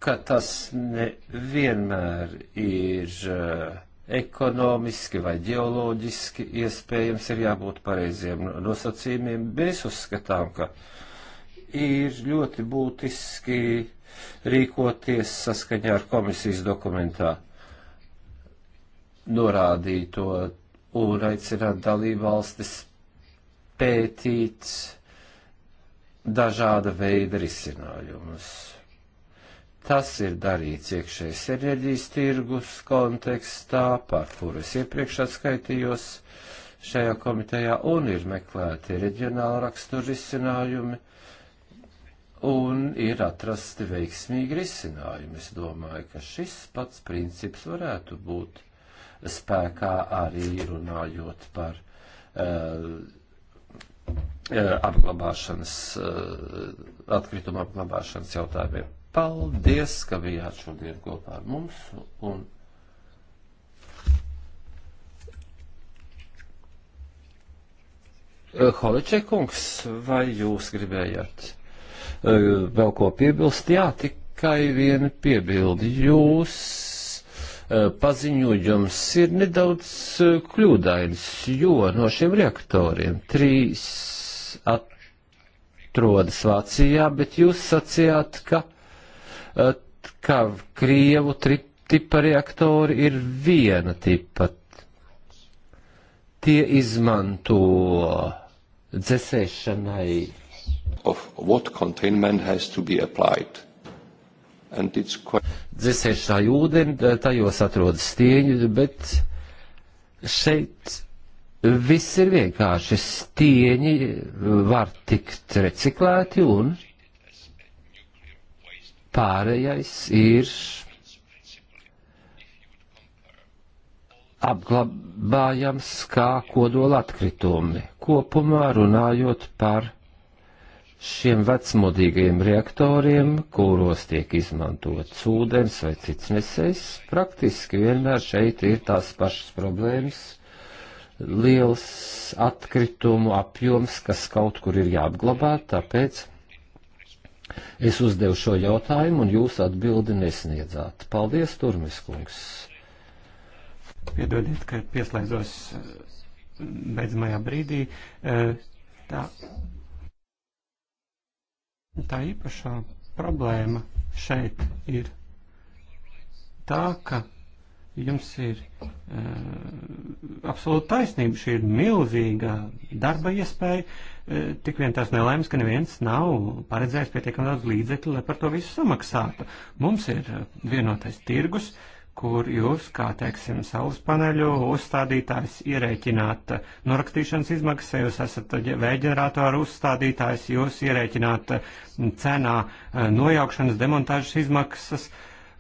ka tas nevienmēr ir eh, ekonomiski vai ģeoloģiski iespējams, ir jābūt pareiziem nosacījumiem. Mēs uzskatām, ka ir ļoti būtiski rīkoties saskaņā ar komisijas dokumentā norādīto un aicināt dalībvalstis pētīt dažāda veida risinājumus. Tas ir darīts iekšējais enerģijas tirgus kontekstā, par kuru es iepriekš atskaitījos šajā komitejā, un ir meklēti reģionāla rakstura risinājumi un ir atrasti veiksmīgi risinājumi. Es domāju, ka šis pats princips varētu būt spēkā arī runājot par uh, apglabāšanas, uh, eh, atkrituma apglabāšanas jautājumiem. Paldies, ka bijāt šodien kopā ar mums un Holičekungs, vai jūs gribējāt? vēl ko piebilst? Jā, tikai viena piebildi. Jūs paziņojums ir nedaudz kļūdains, jo no šiem reaktoriem trīs atrodas Vācijā, bet jūs sacījāt, ka, ka Krievu trip tipa reaktori ir viena tipa. Tie izmanto dzēsēšanai of what containment has to be applied. And it's quite... Dzesēšanā ūdeni, tajos atrodas stieņi, bet šeit viss ir vienkārši. Stieņi var tikt reciklēti un pārējais ir apglabājams kā kodola atkritumi, kopumā runājot par šiem vecmodīgajiem reaktoriem, kuros tiek izmantots ūdens vai cits nesējs, praktiski vienmēr šeit ir tās pašas problēmas - liels atkritumu apjoms, kas kaut kur ir jāapglabā, tāpēc es uzdevu šo jautājumu un jūs atbildi nesniedzāt. Paldies, Turmis kungs! Piedodiet, ka pieslēdzos beidzamajā brīdī. Eh, tā, Tā īpašā problēma šeit ir tā, ka jums ir uh, eh, absolūti taisnība. Šī ir milzīga darba iespēja. Uh, tik vien tās nelēmas, ka neviens nav paredzējis pietiekami daudz līdzekļu, lai par to visu samaksātu. Mums ir eh, vienotais tirgus, uh, kur jūs, kā teiksim, saules paneļu uzstādītājs ierēķināt norakstīšanas izmaksas, jūs esat vējģeneratoru uzstādītājs, jūs ierēķināt cenā eh, nojaukšanas, demontāžas izmaksas.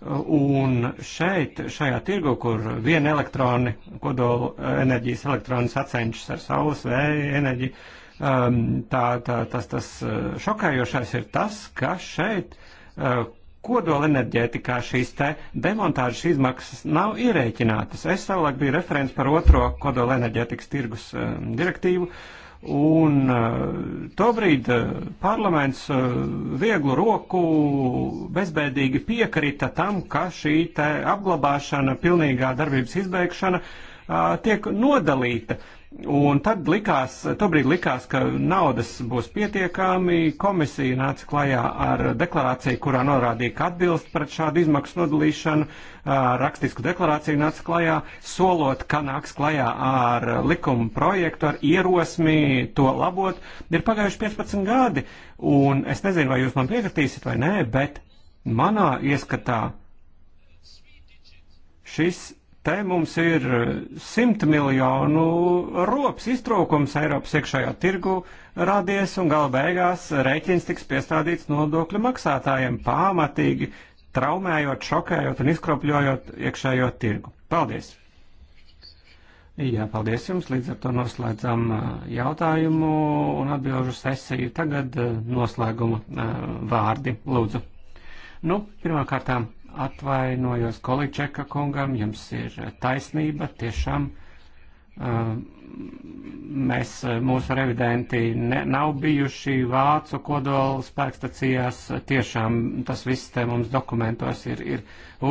Un šeit, šajā tirgu, kur viena elektroni, kodola eh, enerģijas elektroni sacenšas ar saules vēja enerģiju, ehm, tā, tā, tas, tas eh, šokējošais ir tas, ka šeit kodolenerģētikā šīs te demontāžas izmaksas nav ierēķinātas. Es savulaik biju referents par otro kodolenerģētikas tirgus eh, direktīvu, un eh, tobrīd eh, parlaments vieglu roku bezbēdīgi piekrita tam, ka šī te apglabāšana, pilnīgā darbības izbeigšana tiek nodalīta Un tad likās, tobrīd likās, ka naudas būs pietiekami. Komisija nāca klajā ar deklarāciju, kurā norādīja, ka atbilst pret šādu izmaksu nodalīšanu. Rakstisku deklarāciju nāca klajā, solot, ka nāks klajā ar likumu projektu, ar ierosmi to labot. Ir pagājuši 15 gadi, un es nezinu, vai jūs man piekritīsiet vai nē, bet manā ieskatā šis Te mums ir eh, simt miljonu rops iztrūkums Eiropas iekšējā tirgu radies, un gala beigās rēķins tiks piestādīts nodokļu maksātājiem pamatīgi, traumējot, šokējot un izkropļojot iekšējo tirgu. Paldies! Jā, paldies jums. Līdz ar to noslēdzam eh, jautājumu un atbilžu sesiju. Tagad eh, noslēguma vārdi, lūdzu. Nu, pirmkārtām Atvainojos Količeka kungam, jums ir taisnība, tiešām uh, mēs, uh, mūsu revidenti, ne, nav bijuši vācu kodola spēkstacijās. Tiešām tas viss te mums dokumentos ir, ir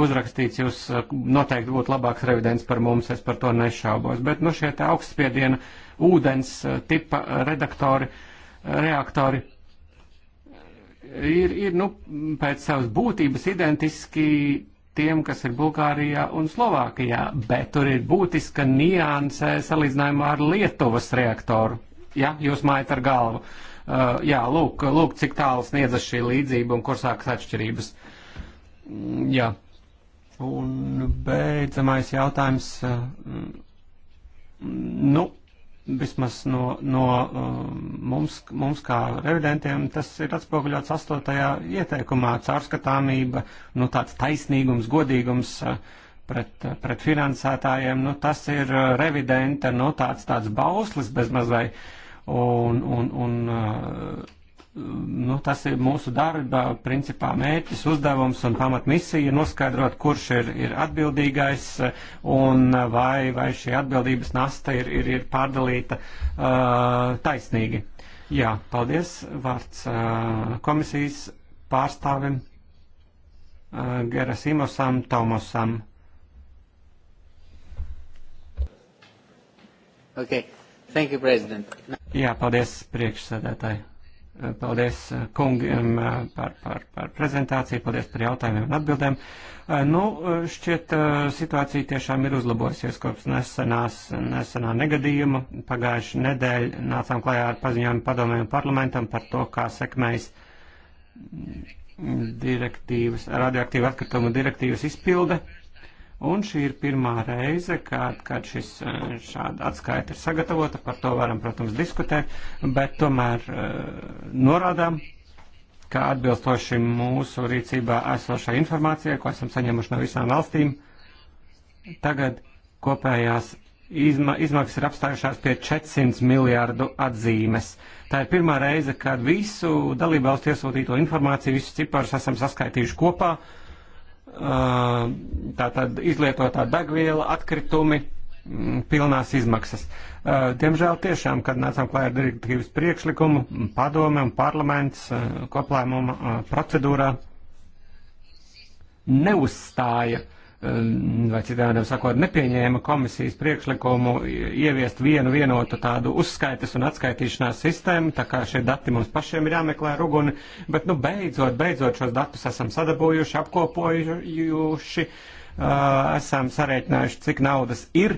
uzrakstīts. Jūs uh, noteikti būtu labāks revidents par mums, es par to nešaubos. Bet, nu, šie augstspiediena ūdens tipa redaktori, reaktori ir, ir nu, pēc savas būtības identiski tiem, kas ir Bulgārijā un Slovākijā, bet tur ir būtiska nianse salīdzinājumā ar Lietuvas reaktoru. Ja, jūs mājat ar galvu. Uh, jā, lūk, lūk, cik tālu sniedzas šī līdzība un kur sākas atšķirības. Mm, jā. Un beidzamais jautājums. Uh, mm, nu, vismaz no, no um, mums, mums kā revidentiem, tas ir atspoguļots astotajā ieteikumā - caurskatāmība, nu tāds taisnīgums, godīgums uh, pret, uh, pret finansētājiem, nu tas ir uh, revidenta, nu tāds tāds bauslis bezmaz vai, un, un, un nu, tas ir mūsu darba principā mērķis, uzdevums un pamatmisija noskaidrot, kurš ir, ir atbildīgais un vai, vai šī atbildības nasta ir, ir, ir pārdalīta uh, taisnīgi. Jā, paldies. Vārds uh, komisijas pārstāvim uh, Gerasimosam Tomosam. Okay. Thank you, President. Jā, paldies priekšsēdētāji. Paldies eh, kungiem eh, par, par, par prezentāciju, paldies par jautājumiem un atbildēm. Eh, nu, šķiet, situācija tiešām ir uzlabojusies kopš nesenās, nesenā negadījuma. Pagājuši nedēļ nācām klajā ar paziņojumu padomēm parlamentam par to, kā sekmējas direktīvas, radioaktīvu atkritumu direktīvas izpilde. Un šī ir pirmā reize, kad, kad šis, eh, šāda atskaita ir sagatavota, par to varam, protams, diskutēt, bet tomēr eh, norādām, ka atbilstoši mūsu rīcībā esošai informācijai, ko esam saņēmuši no visām valstīm, tagad kopējās izma izmaksas ir apstājušās pie 400 miljārdu atzīmes. Tā ir pirmā reize, kad visu dalībvalstu iesūtīto informāciju, visus ciparus esam saskaitījuši kopā. Uh, tātad izlietotā degviela, atkritumi, mm, pilnās izmaksas. Diemžēl tiešām, kad nācām klājā ar direktīvas priekšlikumu, padome un parlaments koplēmuma procedūrā neuzstāja uh, Ehm, vai citādiem sakot, nepieņēma komisijas priekšlikumu ieviest vienu vienotu tādu uzskaites un atskaitīšanās sistēmu, tā kā šie dati mums pašiem ir jāmeklē ruguni, bet nu beidzot, beidzot šos datus esam sadabūjuši, apkopojuši, esam sarēķinājuši, cik naudas ir,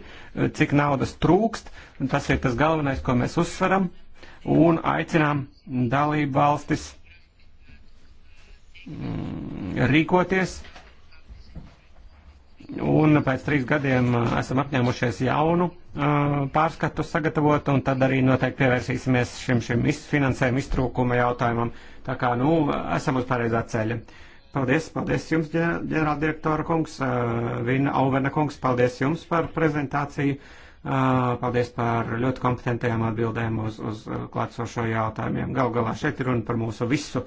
cik naudas trūkst, tas ir tas galvenais, ko mēs uzsveram un aicinām dalību valstis mm, rīkoties Un pēc trīs gadiem uh, esam apņēmušies jaunu uh, pārskatu sagatavot, un tad arī noteikti pievērsīsimies šim, šim finansējuma iztrūkuma jautājumam. Tā kā, nu, esam uz pareizā ceļa. Paldies, paldies jums, ģenerāldirektora kungs, uh, Vina Auvena kungs, paldies jums par prezentāciju, paldies par ļoti kompetentajām atbildēm uz, uz klātsošo jautājumiem. Gal galā šeit ir runa par mūsu visu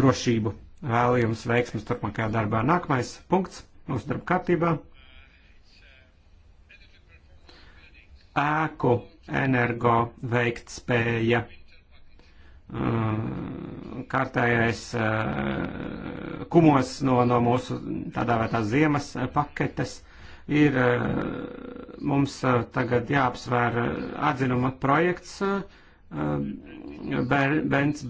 drošību. Vēlu jums veiksmas turpmākajā darbā. Nākamais punkts mūsu darba kārtībā. Ēku energo veikt spēja. Uh, kārtējais uh, kumos no, no mūsu tādā vai tā ziemas uh, paketes ir mums tagad jāapsvēr atzinuma projekts.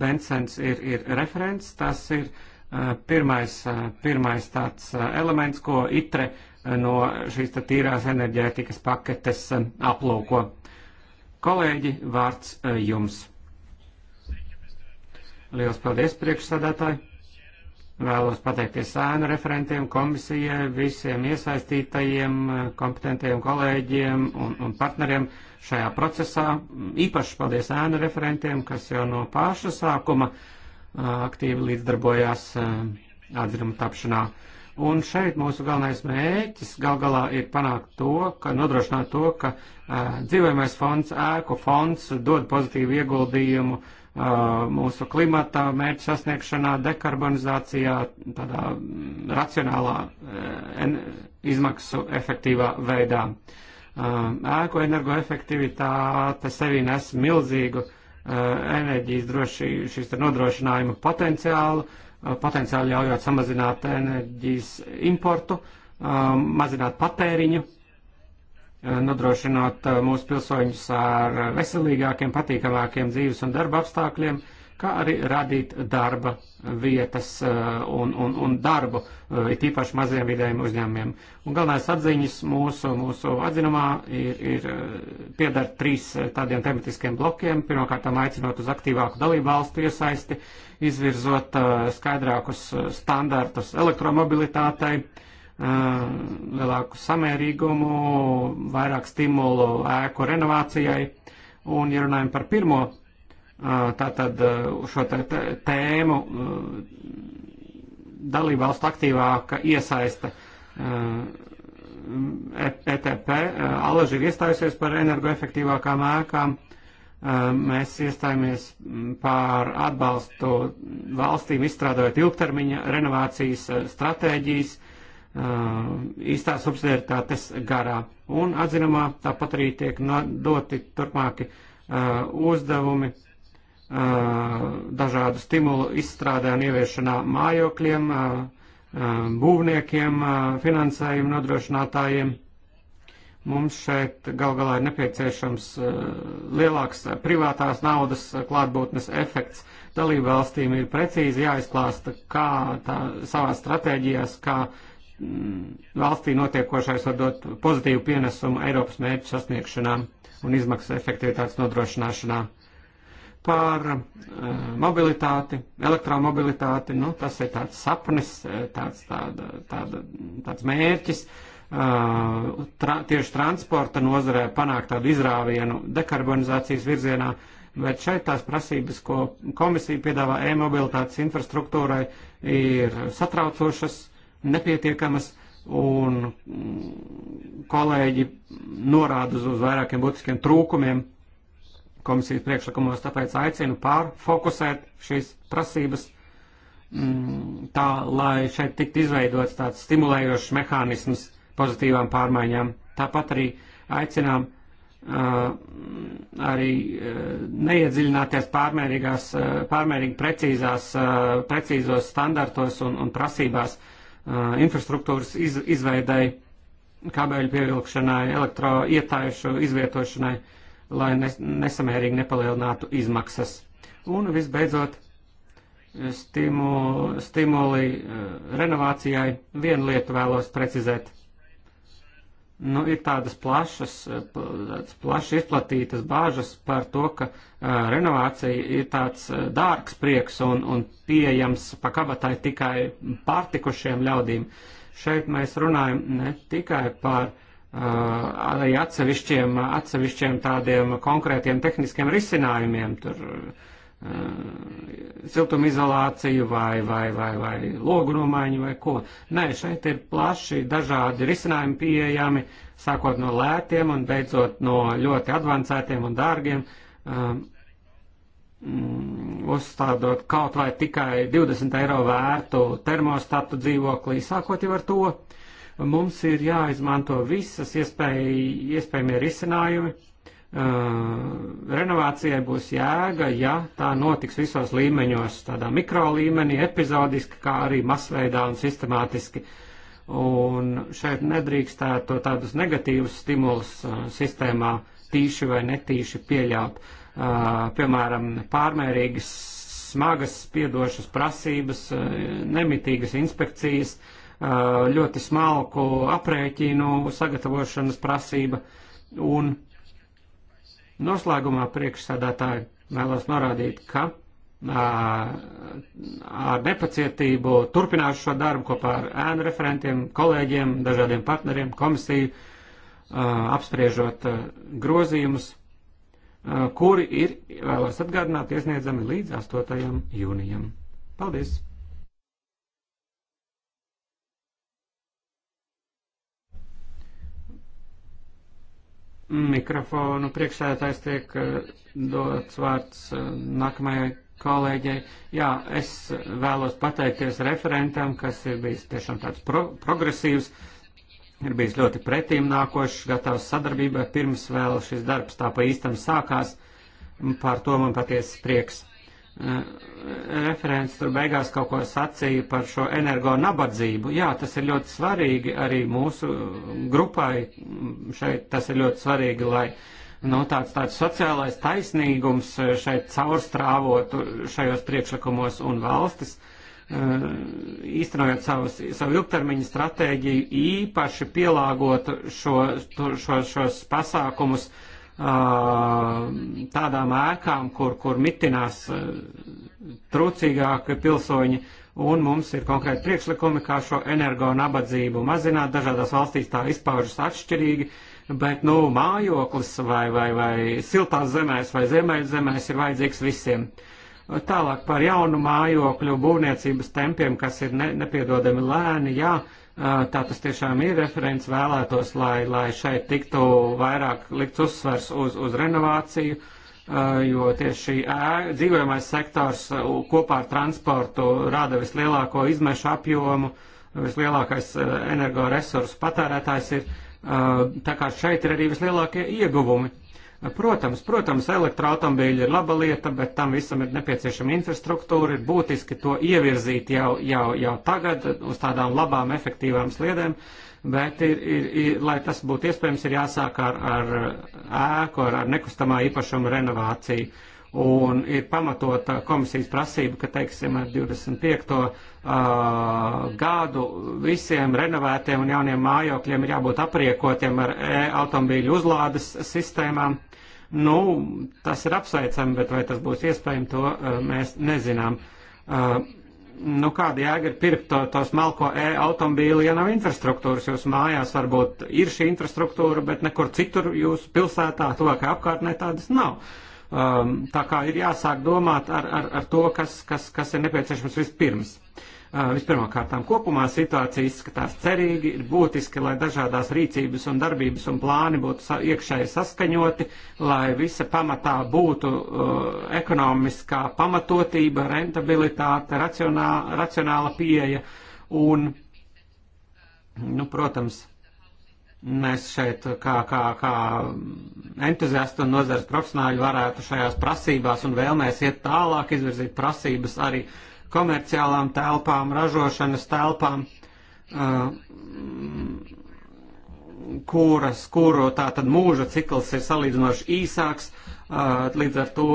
Bensens ir, ir referents, tas ir uh, Eh, pirmais, eh, pirmais tāds eh, elements, ko itre no šīs tīrās enerģētikas paketes aplūko. Kolēģi, vārds jums. Lielas paldies priekšsādātāji. Vēlos pateikties ēnu referentiem, komisijai, visiem iesaistītajiem, kompetentajiem kolēģiem un, un partneriem šajā procesā. Īpaši paldies ēnu referentiem, kas jau no paša sākuma uh, aktīvi līdzdarbojās atzinuma tapšanā. Un šeit mūsu galvenais mērķis gal galā ir panākt to, ka nodrošināt to, ka uh, dzīvojamais fonds, ēku fonds dod pozitīvu ieguldījumu uh, mūsu klimata mērķu sasniegšanā, dekarbonizācijā, tādā mm, racionālā uh, izmaksu efektīvā veidā. Uh, ēku energoefektivitāte sevī nes milzīgu uh, Eh, enerģijas droši, šīs nodrošinājuma potenciālu, eh, potenciāli ļaujot samazināt enerģijas importu, eh, mazināt patēriņu, nodrošināt mūsu pilsoņus ar veselīgākiem, patīkamākiem dzīves un darba apstākļiem, kā arī radīt darba vietas eh, un, un, un darbu, eh, ir tīpaši maziem vidējiem uzņēmumiem. Un galvenais atziņas mūsu, mūsu atzinumā ir, ir eh, piedara trīs tādiem tematiskiem blokiem. Pirmkārt, aicinot uz aktīvāku dalību valstu iesaisti, izvirzot skaidrākus standartus elektromobilitātei, lielāku samērīgumu, vairāk stimulu ēku renovācijai. Un, ja runājam par pirmo Eh, tātad eh, šo te tēmu eh, dalībvalstu aktīvāka iesaiste ETP. E alaži ir iestājusies par energoefektīvākām ēkām. Mēs iestājāmies par atbalstu valstīm izstrādājot ilgtermiņa renovācijas stratēģijas īstā subsidiaritātes garā. Un atzinumā tāpat arī tiek doti turpmāki uzdevumi uh, dažādu stimulu izstrādē un ieviešanā mājokļiem, būvniekiem, finansējumu nodrošinātājiem. Mums šeit gal galā ir nepieciešams lielāks privātās naudas klātbūtnes efekts. Dalību valstīm ir precīzi jāizklāsta, kā tā savā stratēģijās, kā mm, valstī notiekošais var dot pozitīvu pienesumu Eiropas mērķu sasniegšanā un izmaksu efektivitātes nodrošināšanā par eh, mobilitāti, elektromobilitāti. Nu, tas ir tāds sapnis, eh, tāds, tāda, tāda, tāds mērķis. Eh, tra, tieši transporta nozarē panākt tādu izrāvienu dekarbonizācijas virzienā, bet šeit tās prasības, ko komisija piedāvā e-mobilitātes infrastruktūrai, ir satraucošas, nepietiekamas un mm, kolēģi norāda uz vairākiem būtiskiem trūkumiem komisijas priekšlikumos, tāpēc aicinu pārfokusēt šīs prasības mm, tā, lai šeit tiktu izveidots tāds stimulējošs mehānisms pozitīvām pārmaiņām. Tāpat arī aicinām uh, arī uh, neiedziļināties pārmērīgās, uh, pārmērīgi precīzās, uh, precīzos standartos un, un prasībās uh, infrastruktūras iz, izveidai, kabeļu pievilkšanai, elektroietaišu izvietošanai. Uh, lai nesamērīgi nepalielinātu izmaksas. Un visbeidzot, stimu, stimuli eh, renovācijai vienu lietu vēlos precizēt. Nu, ir tādas plašas, eh, plaši izplatītas bāžas par to, ka eh, renovācija ir tāds dārgs prieks un, un pieejams pakabatai tikai pārtikušiem ļaudīm. Šeit mēs runājam ne tikai par arī atsevišķiem, atsevišķiem tādiem konkrētiem tehniskiem risinājumiem, tur siltumizolāciju vai, vai, vai, vai logu nomaiņu vai ko. Nē, šeit ir plaši dažādi risinājumi pieejami, sākot no lētiem un beidzot no ļoti advancētiem un dārgiem, um, uzstādot kaut vai tikai 20 eiro vērtu termostatu dzīvoklī, sākot jau ar to. Uh, Mums ir jāizmanto visas iespēj, iespējamie risinājumi. Uh, renovācijai būs jēga, ja tā notiks visos līmeņos, tādā mikro līmenī, epizodiski, kā arī masveidā un sistemātiski. Un šeit nedrīkstētu tādus negatīvus stimulus uh, sistēmā tīši vai netīši pieļaut. Uh, piemēram, pārmērīgas smagas spiedošas prasības, uh, nemitīgas inspekcijas, uh, Uh, ļoti smalku aprēķinu sagatavošanas prasība. Un noslēgumā priekšsēdētāji vēlos norādīt, ka uh, ar nepacietību turpināšu šo darbu kopā ar ēnu referentiem, kolēģiem, dažādiem partneriem, komisiju, uh, apspriežot grozījumus, kuri ir, vēlos atgādināt, iesniedzami līdz 8. jūnijam. Paldies! mikrofonu. Priekšsēdētājs tiek eh, dots vārds eh, nākamajai kolēģei. Jā, es vēlos pateikties referentam, kas ir bijis tiešām tāds pro progresīvs, ir bijis ļoti pretīm nākošs, gatavs sadarbībai pirms vēl šis darbs tā pa īstam sākās. Par to man patiesi prieks. Eh, referents tur beigās kaut ko sacīja par šo energo nabadzību. Jā, tas ir ļoti svarīgi arī mūsu grupai. Šeit tas ir ļoti svarīgi, lai nu, tāds, tāds sociālais taisnīgums eh, šeit caurstrāvotu šajos priekšlikumos un valstis. Eh, īstenojot savus, savu ilgtermiņu stratēģiju, īpaši pielāgot šo, šo, šos pasākumus uh, tādām ēkām, kur, kur mitinās trūcīgāki pilsoņi, un mums ir konkrēti priekšlikumi, kā šo energo nabadzību mazināt. Dažādās valstīs tā izpaužas atšķirīgi, bet, nu, mājoklis vai, vai, vai siltās zemēs vai ziemeļzemēs ir vajadzīgs visiem. Tālāk par jaunu mājokļu būvniecības tempiem, kas ir ne, nepiedodami lēni, jā. Ja, Tā tas tiešām ir referents vēlētos, lai, lai šeit tiktu vairāk likts uzsvers uz, uz renovāciju, jo tieši ē, dzīvojamais sektors kopā ar transportu rada vislielāko izmešu apjomu, vislielākais energoresursu patērētājs ir. Tā kā šeit ir arī vislielākie ieguvumi. Protams, protams, elektroautomobīļi ir laba lieta, bet tam visam ir nepieciešama infrastruktūra, ir būtiski to ievirzīt jau, jau, jau tagad uz tādām labām, efektīvām sliedēm, bet, ir, ir, ir, lai tas būtu iespējams, ir jāsāk ar, ar ēku, ar, ar nekustamā īpašuma renovāciju. Un ir pamatota uh, komisijas prasība, ka, teiksim, ar 25. Uh, gadu visiem renovētiem un jauniem mājokļiem ir jābūt apriekotiem ar e automobīļu uzlādes sistēmām. Nu, tas ir apsveicami, bet vai tas būs iespējams, to eh, mēs nezinām. Eh, nu, kāda jēga ir pirkt to, to smalko e-automobīli, ja nav infrastruktūras? Jūsu mājās varbūt ir šī infrastruktūra, bet nekur citur jūsu pilsētā, tuvākajā apkārtnē tādas nav. Um, tā kā ir jāsāk domāt ar, ar, ar to, kas, kas, kas ir nepieciešams vispirms. Vispirmā kārtām kopumā situācija izskatās cerīgi, ir būtiski, lai dažādās rīcības un darbības un plāni būtu iekšēji saskaņoti, lai visa pamatā būtu ekonomiskā pamatotība, rentabilitāte, racionāla, racionāla pieeja un, nu, protams, mēs šeit kā, kā, kā entuziasti un nozares profesionāļi varētu šajās prasībās un vēlmēs iet tālāk, izvirzīt prasības arī uh, komerciālām telpām, ražošanas telpām, uh, kuras, kuru tātad mūža cikls ir salīdzinoši īsāks, uh, līdz ar to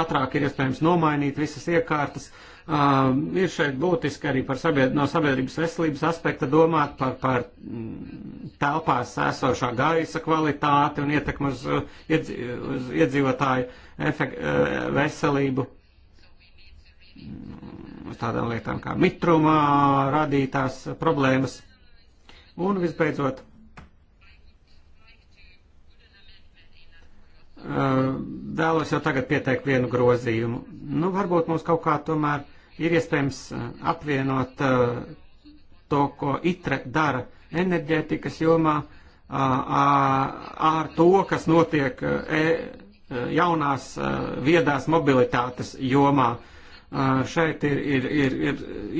ātrāk ir iespējams nomainīt visas iekārtas. Uh, ir šeit būtiski arī par sabied no sabiedrības veselības aspekta domāt par, par mm, telpās esošā gaisa kvalitāti un ietekmu uz, uh, iedz uz iedzīvotāju efekt, uh, veselību uz tādām lietām kā mitrumā radītās problēmas. Un visbeidzot, eh, vēlos jau tagad pieteikt vienu grozījumu. Nu, varbūt mums kaut kā tomēr ir iespējams eh, apvienot eh, to, ko itre dara enerģētikas jomā, ar to, kas notiek e, jaunās viedās mobilitātes jomā Šeit ir, ir, ir, ir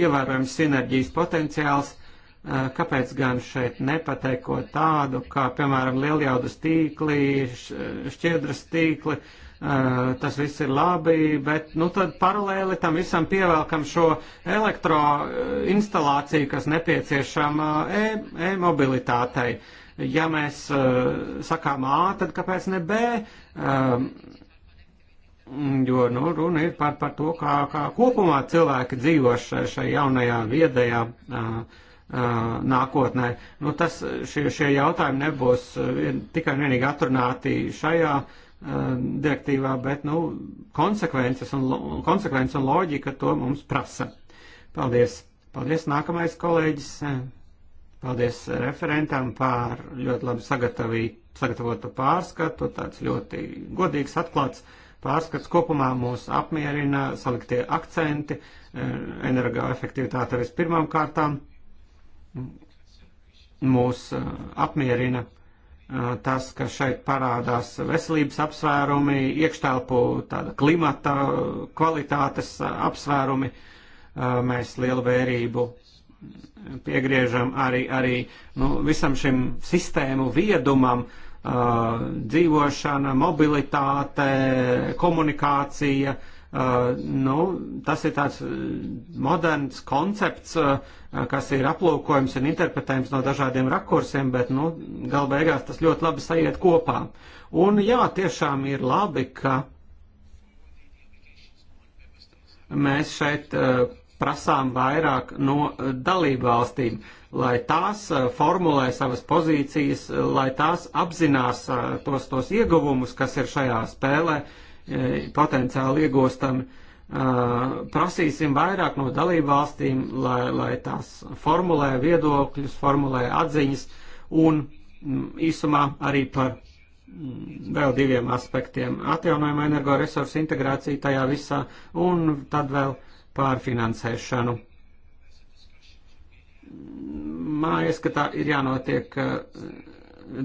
ievērojams sinerģijas potenciāls. Kāpēc gan šeit nepateikt ko tādu, kā piemēram lieljaudas tīkli, šķiedras tīkli, tas viss ir labi, bet nu tad paralēli tam visam pievelkam šo elektroinstalāciju, kas nepieciešama e-mobilitātei. E ja mēs sakām A, tad kāpēc ne B? Mm, jo nu, runa ir par, par to, kā, kā kopumā cilvēki dzīvo šajā jaunajā, viedajā uh, uh, nākotnē. Nu, tas, šie, šie jautājumi nebūs vien, tikai un vienīgi atrunāti šajā uh, direktīvā, bet nu, konsekvences, un, konsekvences un loģika to mums prasa. Paldies! Paldies, nākamais kolēģis! Paldies referentam par ļoti labi sagatavotu pārskatu, tāds ļoti godīgs, atklāts. Pārskats kopumā mūs apmierina saliktie akcenti, e, energoefektivitāte vispirmām kārtām. Mūs e, apmierina e, tas, ka šeit parādās veselības apsvērumi, iekštelpu tāda klimata kvalitātes apsvērumi. Mēs lielu vērību piegriežam arī, arī nu, visam šim sistēmu viedumam, uh, uh, dzīvošana, mobilitāte, komunikācija. Uh, nu, tas ir tāds moderns koncepts, uh, kas ir aplūkojams un interpretējams no dažādiem rakursiem, bet nu, galu beigās tas ļoti labi sajiet kopā. Un jā, tiešām ir labi, ka mēs šeit uh, prasām vairāk no eh, dalību valstīm, lai tās eh, formulē savas pozīcijas, lai tās apzinās eh, tos, tos ieguvumus, kas ir šajā spēlē potenciāli iegūstami. Prasīsim vairāk no dalību valstīm, lai, lai tās formulē viedokļus, formulē atziņas un mm, īsumā arī par mm, vēl diviem aspektiem - atjaunojama energoresursu integrācija tajā visā un tad vēl pārfinansēšanu. Man ieskatā ir jānotiek eh,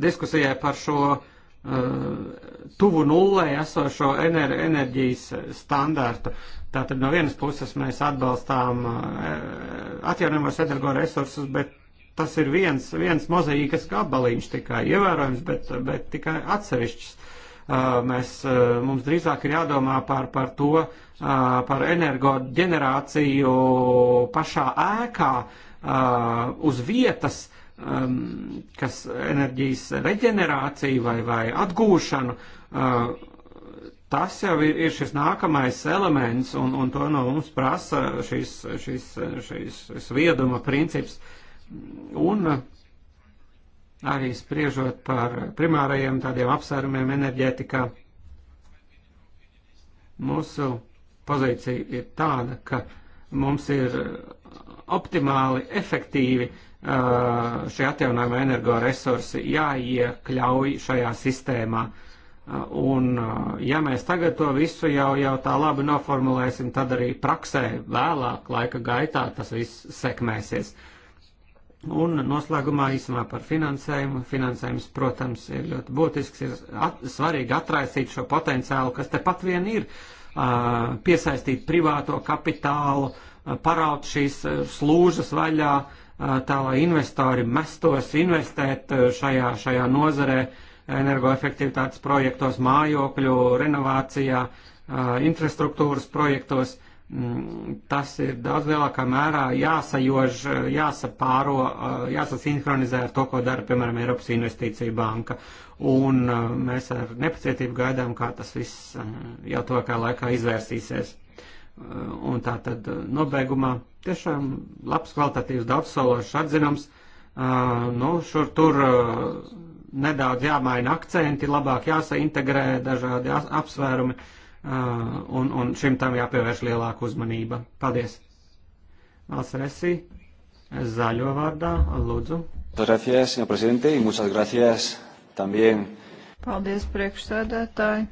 diskusijai par šo eh, tuvu nullē esošo ener enerģijas standārtu. Tātad no vienas puses mēs atbalstām eh, atjaunojamos energoresursus, bet tas ir viens, viens mozaīkas gabaliņš tikai ievērojams, bet, bet tikai atsevišķs. Uh, mēs, uh, mums drīzāk ir jādomā par, par to, uh, par energoģenerāciju pašā ēkā uz vietas, um, kas enerģijas reģenerāciju vai, vai atgūšanu tas jau ir, ir šis nākamais elements, un, un to no mums prasa šis, šis, šis, šis vieduma princips. Un arī spriežot par primārajiem tādiem apsvērumiem enerģētikā, mūsu pozīcija ir tāda, ka mums ir optimāli, efektīvi šie atjaunojama energoresursi jāiekļauj šajā sistēmā. Un, ja mēs tagad to visu jau, jau tā labi noformulēsim, tad arī praksē vēlāk laika gaitā tas viss sekmēsies. Uh, Un noslēgumā īsumā par finansējumu. Finansējums, protams, ir ļoti būtisks, ir at, svarīgi atraisīt šo potenciālu, kas tepat vien ir, uh, piesaistīt privāto kapitālu, uh, paraut šīs slūžas vaļā, uh, tā lai investori mestos investēt šajā, šajā nozarē, energoefektivitātes projektos, mājokļu renovācijā, infrastruktūras projektos. Uh, Mm, tas ir daudz lielākā mērā jāsajož, jāsapāro, jāsasinhronizē ar to, ko dara, piemēram, Eiropas Investīcija banka. Un mēs ar nepacietību gaidām, kā tas viss jau tuvākā laikā izvērsīsies. Un tā tad nobeigumā tiešām labs kvalitatīvs daudzsološs atzinums. Nu, šur tur nedaudz jāmaina akcenti, labāk jāsaintegrē dažādi apsvērumi. As Uh, un, un šim tam jāpievērš lielāka uzmanība. Paldies! Alsresi, zaļo vārdā, lūdzu. Gracias, señor presidente, y muchas gracias también. Paldies, priekšsēdētāji.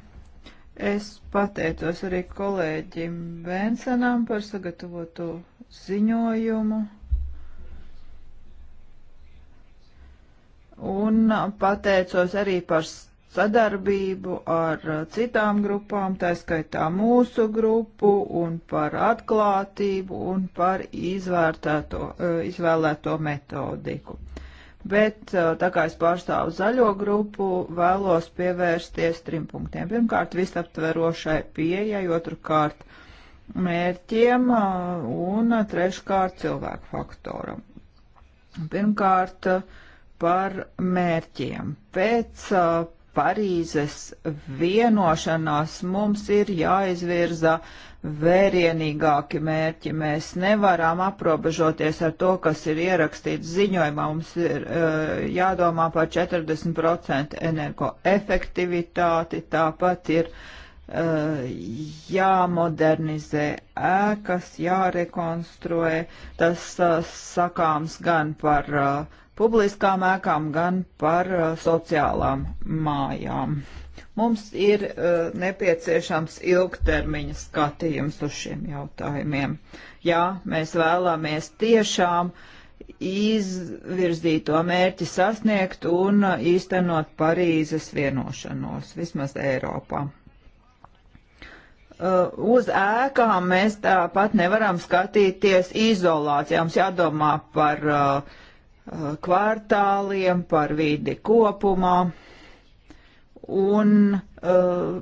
Es pateicos arī kolēģim Vensenam par sagatavoto ziņojumu. Un pateicos arī par sadarbību ar uh, citām grupām, tā skaitā mūsu grupu, un par atklātību un par uh, izvēlēto metodiku. Bet uh, tā kā es pārstāvu zaļo grupu, vēlos pievērsties trim punktiem. Pirmkārt, visaptverošai pieejai, otrkārt, mērķiem un treškārt cilvēku faktoram. Pirmkārt, par mērķiem. Pēc Parīzes vienošanās mums ir jāizvirza vērienīgāki mērķi. Mēs nevaram aprobežoties ar to, kas ir ierakstīts ziņojumā. Mums ir uh, jādomā par 40% energoefektivitāti, tāpat ir uh, jāmodernizē ēkas, jārekonstruē. Tas uh, sakāms gan par uh, publiskām ēkām, gan par uh, sociālām mājām. Mums ir uh, nepieciešams ilgtermiņa skatījums uz šiem jautājumiem. Jā, mēs vēlamies tiešām izvirzīto mērķi sasniegt un uh, īstenot Parīzes vienošanos, vismaz Eiropā. Uh, uz ēkām mēs tāpat nevaram skatīties izolācijā. Mums jādomā par uh, kvartāliem, par vidi kopumā. Un uh,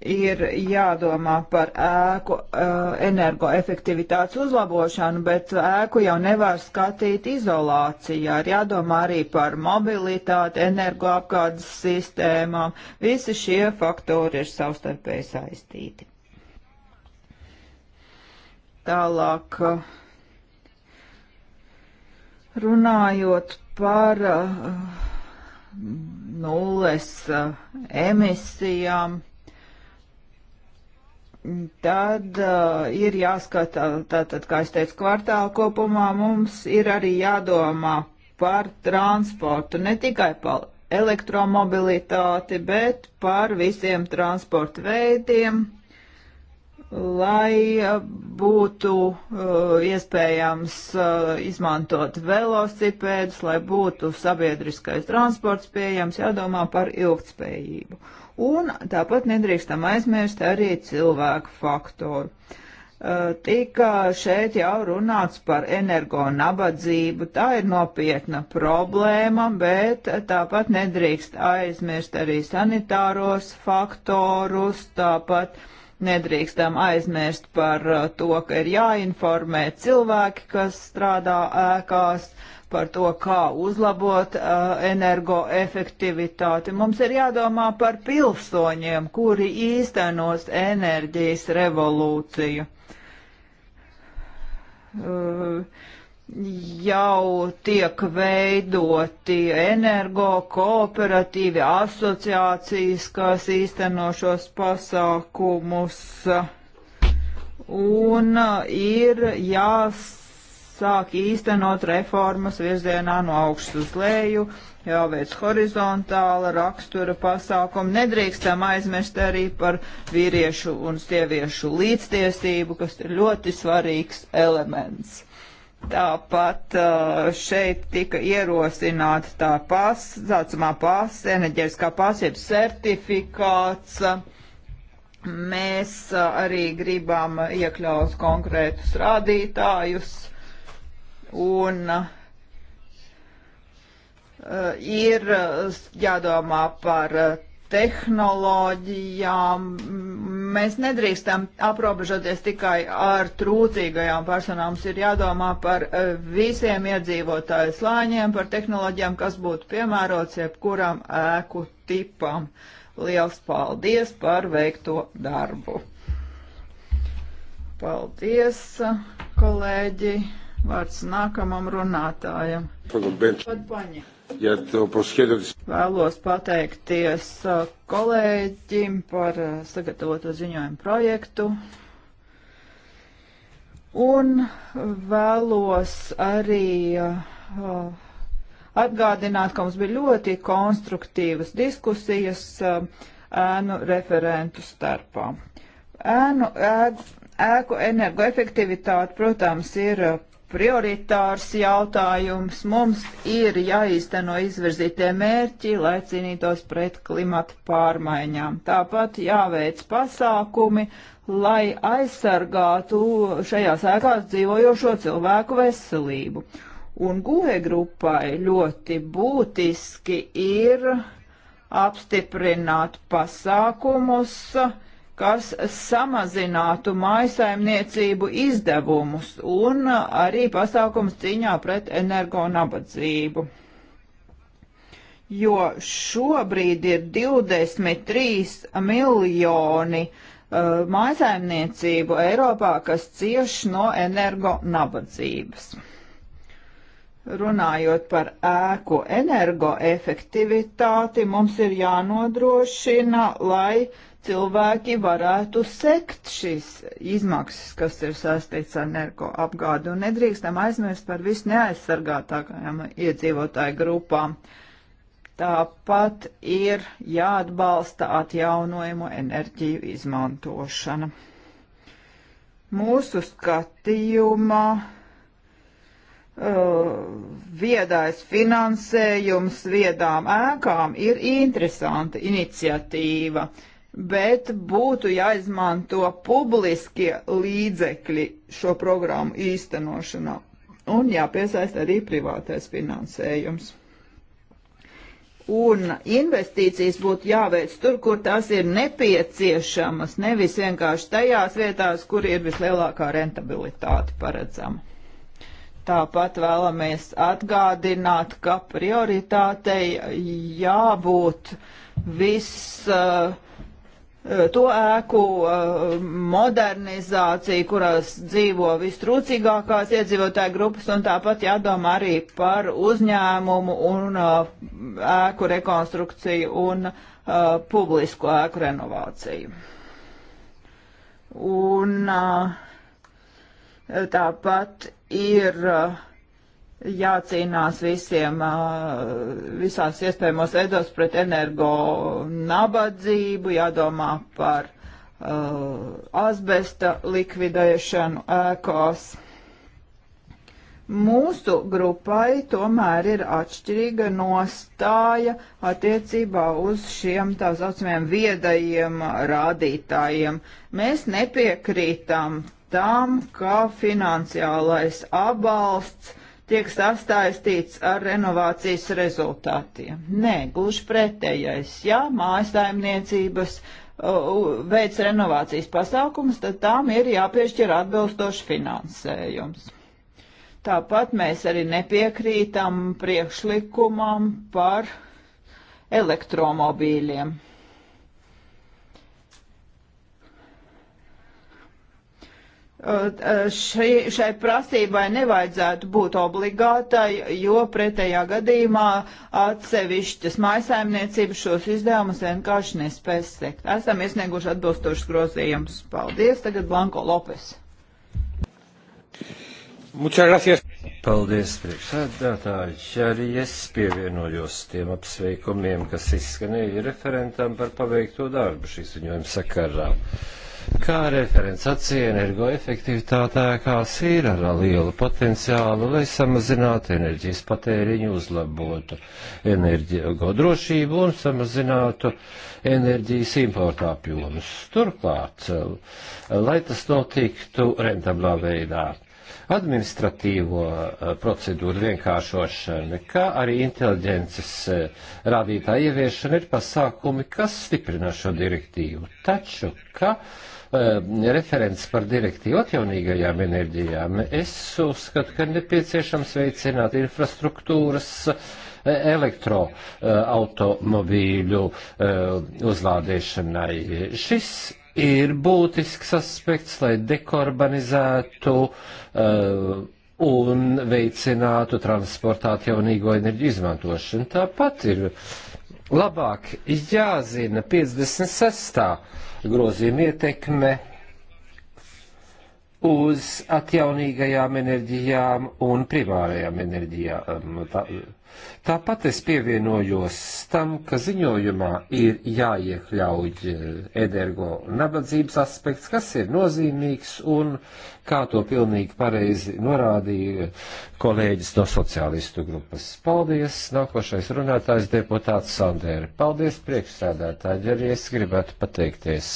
ir jādomā par ēku eh, energoefektivitātes uzlabošanu, bet ēku jau nevar skatīt izolācijā. Ir jādomā arī par mobilitāti, energoapgādes sistēmām. Visi šie faktori ir savstarpēji saistīti. Tālāk. Uh, Runājot par uh, nulles uh, emisijām, tad uh, ir jāskatā, tātad, kā es teicu, kvartāla kopumā mums ir arī jādomā par transportu, ne tikai par elektromobilitāti, bet par visiem transporta veidiem lai būtu uh, iespējams uh, izmantot velosipēdus, lai būtu sabiedriskais transports pieejams, jādomā par ilgtspējību. Un tāpat nedrīkstam aizmirst arī cilvēku faktoru. Uh, Tika šeit jau runāts par energo nabadzību, tā ir nopietna problēma, bet tāpat nedrīkst aizmirst arī sanitāros faktorus, tāpat uh, Nedrīkstam aizmirst par uh, to, ka ir jāinformē cilvēki, kas strādā ēkās, par to, kā uzlabot uh, energoefektivitāti. Mums ir jādomā par pilsoņiem, kuri īstenos enerģijas revolūciju. Uh, jau tiek veidoti energo kooperatīvi asociācijas, kas īsteno šos pasākumus, un uh, ir jāsāk īstenot reformas virzienā no augšas uz leju, jāveic horizontāla rakstura pasākuma. Nedrīkstam aizmirst arī par vīriešu un sieviešu līdztiesību, kas ir ļoti svarīgs elements. Tāpat uh, šeit tika ierosināta tā pas, saucamā pas, enerģiskā pas, jeb certifikāts. Mēs uh, arī gribam iekļaut konkrētus rādītājus un uh, ir jādomā par tehnoloģijām, Mēs nedrīkstam aprobežoties tikai ar trūcīgajām personām. Mums ir jādomā par eh, visiem iedzīvotāju slāņiem, par tehnoloģijām, kas būtu piemērots jebkuram ēku tipam. Liels paldies par veikto darbu. Paldies, kolēģi. Vārds nākamam runātājam. Pat paņem ja to poskedu. Vēlos pateikties uh, kolēģim par uh, sagatavoto ziņojumu projektu. Un vēlos arī uh, atgādināt, ka mums bija ļoti konstruktīvas diskusijas ēnu referentu starpā. Ēnu, ēgu, ēku energoefektivitāte, protams, ir prioritārs jautājums. Mums ir jāīsteno izvirzītie mērķi, lai cīnītos pret klimata pārmaiņām. Tāpat jāveic pasākumi, lai aizsargātu šajā sēkās dzīvojošo cilvēku veselību. Un GUE grupai ļoti būtiski ir apstiprināt pasākumus, uh, kas samazinātu mājasaimniecību izdevumus un uh, arī pasākums cīņā pret energo nabadzību. Jo šobrīd ir 23 miljoni uh, mājasaimniecību Eiropā, kas cieš no energo nabadzības. Runājot par ēku energoefektivitāti, mums ir jānodrošina, lai uh, cilvēki varētu sekt šīs izmaksas, kas ir saistīts ar energoapgādi, un nedrīkstam aizmirst par visu neaizsargātākajām iedzīvotāju grupām. Tāpat ir jāatbalsta atjaunojumu enerģiju izmantošana. Mūsu skatījumā Uh, viedais finansējums viedām ēkām ir interesanta iniciatīva bet būtu jāizmanto publiskie līdzekļi šo programmu īstenošanā un jāpiesaist arī privātais finansējums. Un investīcijas būtu jāveic tur, kur tās ir nepieciešamas, nevis vienkārši tajās vietās, kur ir vislielākā rentabilitāte paredzama. Tāpat vēlamies atgādināt, ka prioritātei jābūt viss uh, Eh, to ēku eh, modernizāciju, kurās dzīvo vistrūcīgākās iedzīvotāju grupas, un tāpat jādomā arī par uzņēmumu un eh, ēku rekonstrukciju un publisku ēku renovāciju. Un tāpat ir uh, jācīnās visiem, visās iespējamos veidos pret energo nabadzību, jādomā par uh, asbesta likvidēšanu ēkās. Mūsu grupai tomēr ir atšķirīga nostāja attiecībā uz šiem tā saucamiem viedajiem rādītājiem. Mēs nepiekrītam tam, ka finansiālais atbalsts uh, tiek sastāstīts ar renovācijas rezultātiem. Nē, gluži pretējais. Ja mājasaimniecības uh, veids renovācijas pasākums, tad tām ir jāpiešķir atbilstoši finansējums. Tāpat mēs arī nepiekrītam priekšlikumam par elektromobīļiem. šai, šai prasībai nevajadzētu būt obligātai, jo pretējā gadījumā atsevišķas maisaimniecības šos izdevumus vienkārši nespēs sekt. Esam iesnieguši atbilstošas grozījumus. Paldies, tagad Blanko Lopes. Muchas gracias. Paldies, priekšsēdētāji. Arī es pievienojos tiem apsveikumiem, kas izskanēja referentam par paveikto darbu šīs viņojuma sakarā. Uh, Kā referents acīja energoefektivitātē, kās ir ar lielu potenciālu, lai samazinātu enerģijas patēriņu, uzlabotu enerģiju drošību un samazinātu enerģijas importu apjomus. Turklāt, lai tas notiktu rentablā veidā administratīvo eh, procedūru vienkāršošana, kā arī inteliģences eh, rādītāja ieviešana ir pasākumi, kas stiprina šo direktīvu. Taču, ka uh, Eh, referents par direktīvu atjaunīgajām enerģijām, es uzskatu, ka nepieciešams veicināt infrastruktūras eh, elektroautomobīļu eh, uzlādēšanai. Šis ir būtisks aspekts, lai dekorbanizētu uh, un veicinātu transportā jaunīgo enerģiju izmantošanu. Tāpat ir labāk jāzina 56. grozījuma ietekme uz atjaunīgajām enerģijām un primārajām enerģijām. Tā, Tāpat es pievienojos tam, ka ziņojumā ir jāiekļauj eh, energo nabadzības aspekts, kas ir nozīmīgs un kā to pilnīgi pareizi norādīja kolēģis no sociālistu grupas. Paldies! Nākošais runātājs deputāts Sandēri. Paldies priekšsēdētāji, arī es gribētu pateikties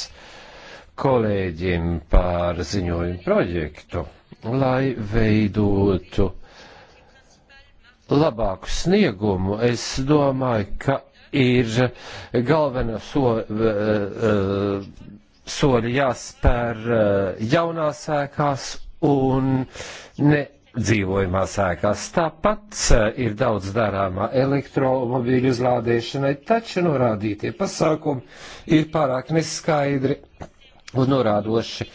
kolēģim par ziņojumu projektu, lai veidotu labāku sniegumu, es domāju, ka ir galvena so, e, soļa jāspēr e, jaunās ēkās un ne dzīvojumā sēkās. Tāpat e, ir daudz darāmā elektromobīļu uzlādēšanai, taču norādītie pasākumi ir pārāk neskaidri un norādoši.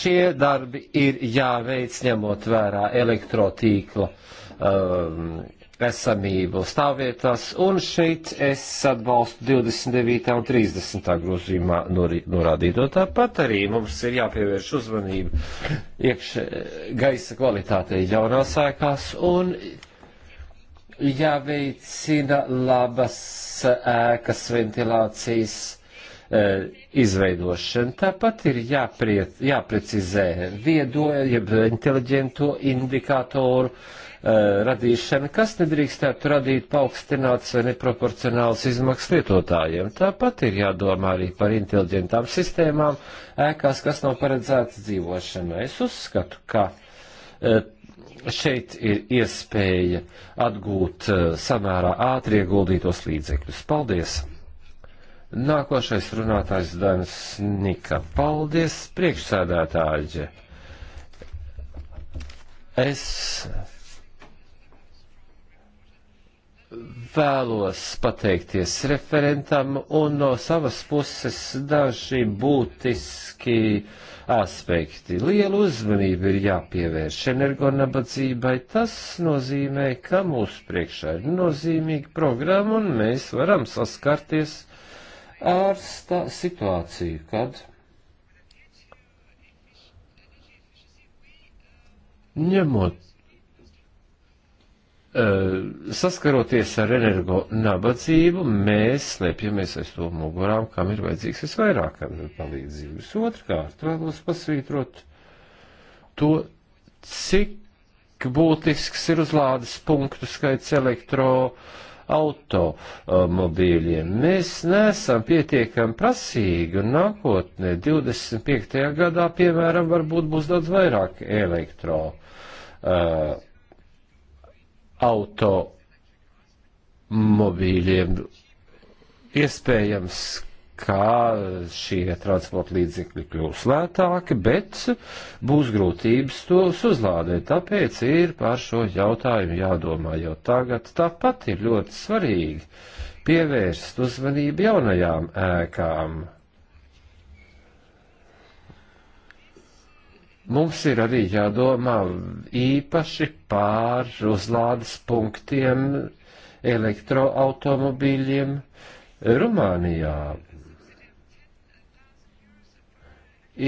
Šie darbi ir jāveic ņemot vērā elektrotīkla uh, um, esamību stāvvietās, un šeit es atbalstu 29. un 30. grozījumā norādīto. Tāpat arī mums ir jāpievērš uzmanība iekš gaisa kvalitātei jaunās ēkās un jāveicina labas ēkas ventilācijas e, izveidošana. Tāpat ir jāpriet, jāprecizē viedo, jeb inteliģento indikātoru uh, Uh, radīšana, kas nedrīkstētu radīt paaugstināts vai neproporcionāls izmaksas lietotājiem. Tāpat ir jādomā arī par inteliģentām sistēmām, ēkās, kas nav paredzētas dzīvošanai. Es uzskatu, ka uh, šeit ir iespēja atgūt uh, samērā ātri ieguldītos līdzekļus. Paldies! Nākošais runātājs Danis Nika. Paldies, priekšsēdētāji! Es vēlos pateikties referentam un no savas puses daži būtiski aspekti. Liela uzmanība ir jāpievērš energonabadzībai. Tas nozīmē, ka mūsu priekšā ir nozīmīga programma un mēs varam saskarties ar situāciju, kad ņemot Eh, saskaroties ar energo nabadzību, mēs slēpjamies aiz to mugurām, kam ir vajadzīgs visvairāk palīdzības. Otrkārt, vēlos pasvītrot to, cik būtisks ir uzlādes punktu skaits elektro automobīļiem. Eh, mēs nesam pietiekami prasīgi, un nākotnē, 25. gadā, piemēram, varbūt būs daudz vairāk elektro. Uh, automobīļiem. Iespējams, kā šie transporta līdzekļi kļūs lētāki, bet būs grūtības tos uzlādēt. Tāpēc ir par šo jautājumu jādomā jau tagad. Tāpat ir ļoti svarīgi pievērst uzmanību jaunajām ēkām. Mums ir arī jādomā īpaši pār uzlādes punktiem elektroautomobīļiem Rumānijā.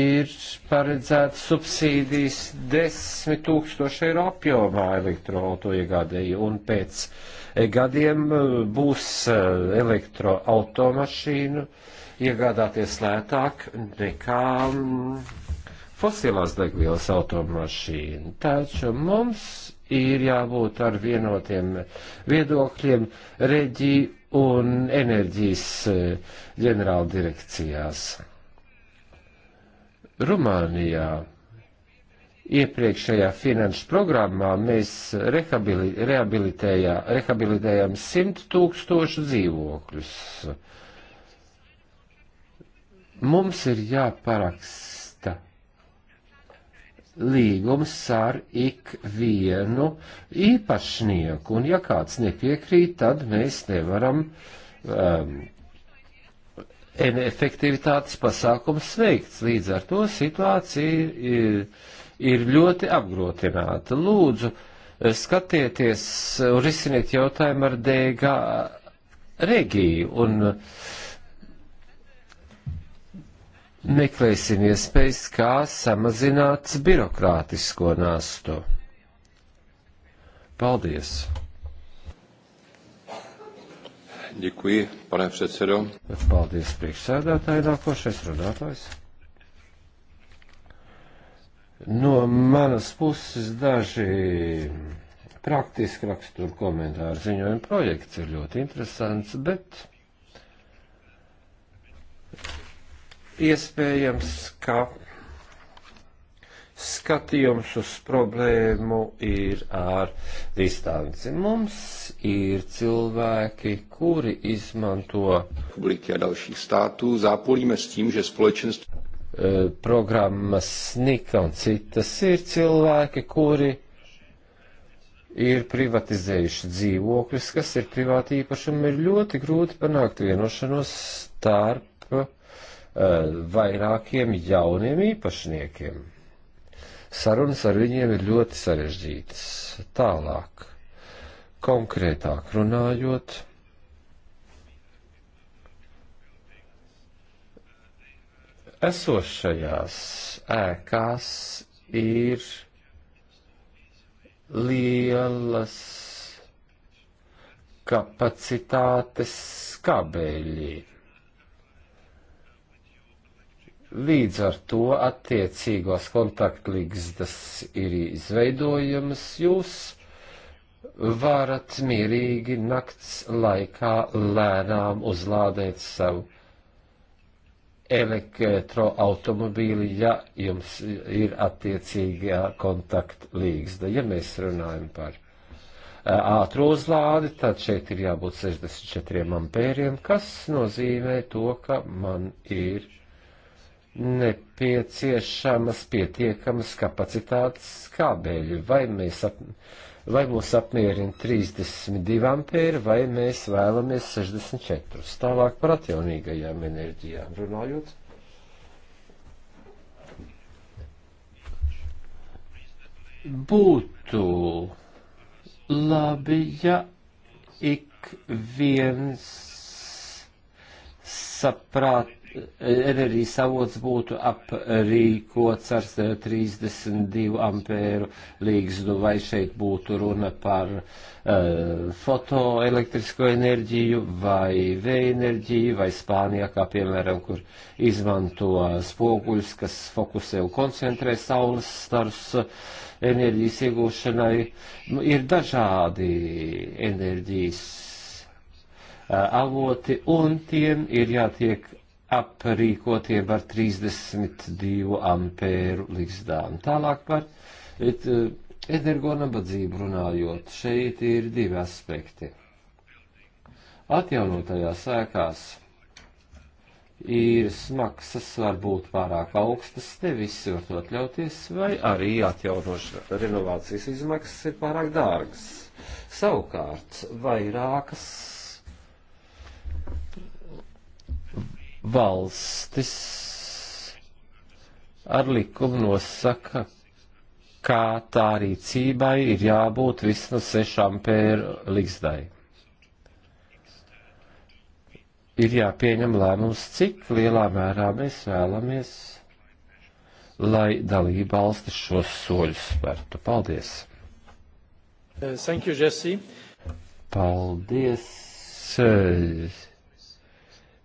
Ir paredzēts subsīdijas 10 tūkstoši eiro apjomā elektroauto iegādēji, un pēc gadiem e, būs e, elektroautomašīnu iegādāties lētāk nekā fosilās degvielas automašīnu, taču mums ir jābūt ar vienotiem viedokļiem reģī un enerģijas eh, ģenerāla direkcijās. Rumānijā iepriekšējā finanšu programmā mēs rehabilitējām simt tūkstošu dzīvokļus. Mums ir jāparaksta līgums ar ikvienu īpašnieku, un ja kāds nepiekrīt, tad mēs nevaram um, efektivitātes pasākums veikts. Līdz ar to situācija ir, ir ļoti apgrotināta. Lūdzu, skatieties un risiniet jautājumu ar DG regiju. Un, uh, meklēsim iespējas, kā samazināt birokrātisko nāstu. Paldies! Děkuji, pane předsedo. Paldies, priekšsēdētāji, nākošais runātājs. No manas puses daži praktiski rakstura komentāri ziņojuma projekts ir ļoti interesants, bet Iespējams, ka skatījums uz problēmu ir ar distanci. Mums ir cilvēki, kuri izmanto státu, s tím, že společenstv... E, programmas Nika un citas ir cilvēki, kuri ir privatizējuši dzīvokļus, kas ir privāti īpašumi, ir ļoti grūti panākt vienošanos starp uh, Eh, vairākiem jauniem īpašniekiem. Sarunas ar viņiem ir ļoti sarežģītas. Tālāk, konkrētāk runājot, esošajās ēkās ir lielas kapacitātes kabeļi Līdz ar to attiecīgās kontaktligzdas ir izveidojamas, jūs varat mierīgi nakts laikā lēnām uzlādēt savu elektroautomobīli, ja jums ir attiecīgā kontaktlīgzda. Ja mēs runājam par ātro uzlādi, tad šeit ir jābūt 64 ampēriem, kas nozīmē to, ka man ir 64 nepieciešamas pietiekamas kapacitātes kābēļu, vai mēs ap, vai mūs apmierina 32 ampēri, vai mēs vēlamies 64. Tālāk par atjaunīgajām enerģijām runājot. Būtu labi, ja ik viens saprāt enerģijas avots būtu aprīkots ar 32 ampēru līgstu, nu, vai šeit būtu runa par uh, fotoelektrisko enerģiju, vai vēja enerģiju, vai Spānijā, kā piemēram, kur izmanto spoguļus, kas fokusē un koncentrē saules stars eh, enerģijas iegūšanai. Nu, ir dažādi enerģijas uh, avoti, un tiem ir jātiek aprīkotiem ar 32 ampēru līdzdām. Tālāk par eh, energonabadzību runājot, šeit ir divi aspekti. Atjaunotajās ēkās ir smaksas, varbūt pārāk augstas, ne visi var to atļauties, vai arī atjaunošana renovācijas izmaksas ir pārāk dārgas. Savukārt, vairākas valstis ar likumu nosaka, kā tā rīcībai ir jābūt vismaz sešām pēru ligzdai. Ir jāpieņem lēmums, cik lielā mērā mēs vēlamies, lai dalība valstis šos soļus spērtu. Paldies! Thank you, Jesse. Paldies! Eh,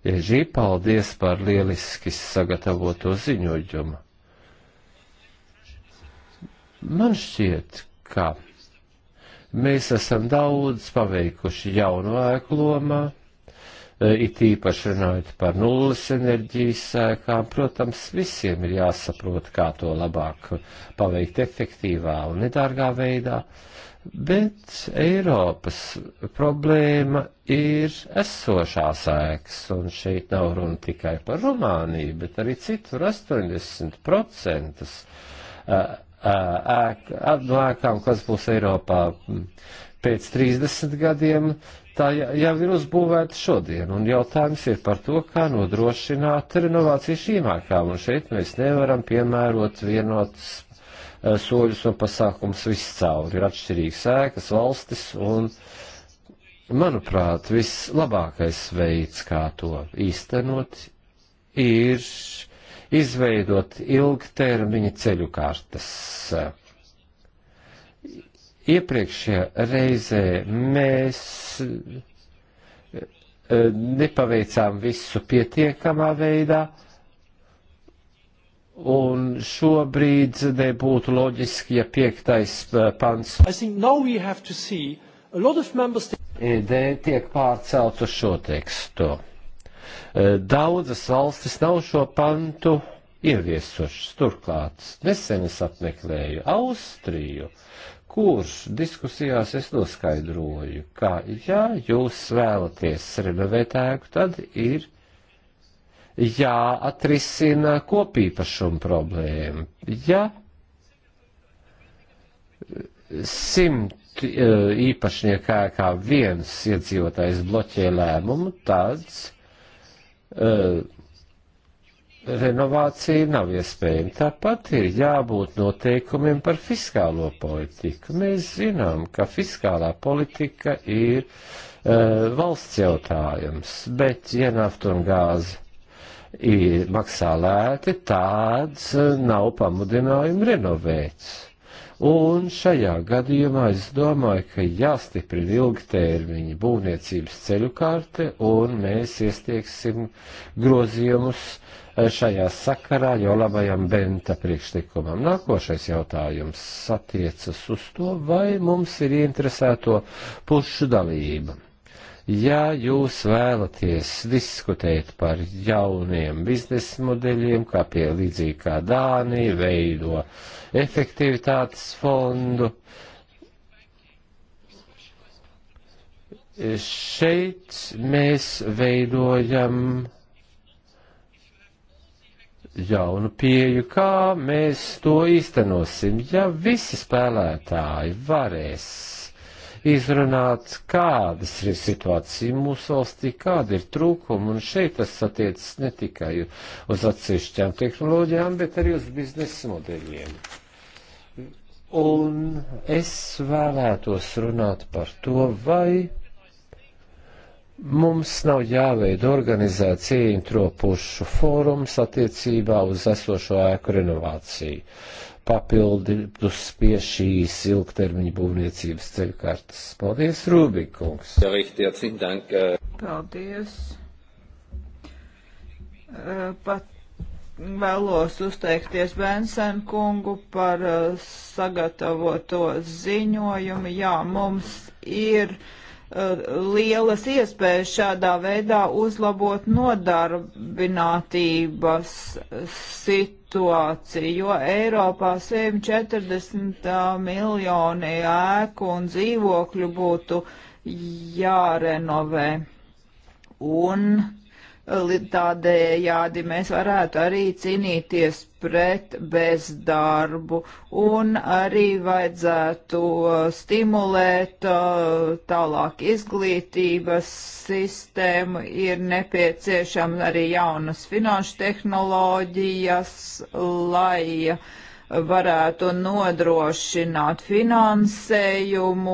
Žī, paldies par lieliski sagatavoto ziņojumu. Man šķiet, ka mēs esam daudz paveikuši jaunu ēku lomā, Eh, it īpaši runājot par nulles enerģijas sēkām, protams, visiem ir jāsaprot, kā to labāk paveikt efektīvā un nedārgā veidā, bet Eiropas problēma ir esošās sēkas, un šeit nav runa tikai par Rumāniju, bet arī citur 80% eh, eh, ēkām, kas būs Eiropā pēc 30 gadiem, tā jau ir uzbūvēta šodien, un jautājums ir par to, kā nodrošināt renovāciju šīm ēkām, un šeit mēs nevaram piemērot vienotas eh, soļus un pasākums viscauri. Ir atšķirīgas ēkas, valstis, un, manuprāt, vislabākais veids, kā to īstenot, ir izveidot ilgtermiņa ceļu kārtas Iepriekšējā reizē mēs e, nepaveicām visu pietiekamā veidā, un šobrīd nebūtu loģiski, ja piektais e, pants ED e tiek pārcelt uz šo tekstu. Daudzas valstis nav šo pantu ieviesušas. Turklāt nesen es apmeklēju Austriju, kurš diskusijās es noskaidroju, ka, ja jūs vēlaties renovēt ēku, tad ir jāatrisina kopīpašuma problēma. Ja simt e, īpašnieku ēkā viens iedzīvotājs bloķē lēmumu, tad uh, renovācija nav iespējama. Tāpat ir jābūt noteikumiem par fiskālo politiku. Mēs zinām, ka fiskālā politika ir uh, valsts jautājums, bet ja nafta un gāze ir maksā lēti, tāds eh, nav pamudinājumi renovēt. Un šajā gadījumā es domāju, ka jāstiprina ilgtermiņa būvniecības ceļu karte, un mēs iestieksim grozījumus eh, šajā sakarā jau labajam Benta priekšlikumam. Nākošais jautājums attiecas uz to, vai mums ir interesēto pušu dalība. Ja jūs vēlaties diskutēt par jauniem biznesa modeļiem, kā pie līdzīgi kā Dānija veido efektivitātes fondu, šeit mēs veidojam jaunu pieju, kā mēs to īstenosim. Ja visi spēlētāji varēs izrunāt, kādas ir situācija mūsu valstī, kāda ir trūkuma, un šeit tas attiecas ne tikai uz atsevišķām tehnoloģijām, bet arī uz biznesa modeļiem. Un es vēlētos runāt par to, vai Mums nav jāveido organizēt cīņu tropušu fórums attiecībā uz esošo ēku renovāciju papildus pie šīs ilgtermiņa būvniecības ceļkārtas. Paldies, Rūbikungs! Paldies! Pat vēlos uzteikties Bensen kungu par sagatavoto ziņojumu. Jā, mums ir Uh, lielas iespējas šādā veidā uzlabot nodarbinātības situāciju, jo Eiropā 740 uh, miljoni ēku un dzīvokļu būtu jārenovē. Un uh, Tādējādi mēs varētu arī cīnīties pret bezdarbu un arī vajadzētu uh, stimulēt uh, tālāk izglītības sistēmu. Ir nepieciešama arī jaunas finanšu tehnoloģijas, lai uh, varētu nodrošināt finansējumu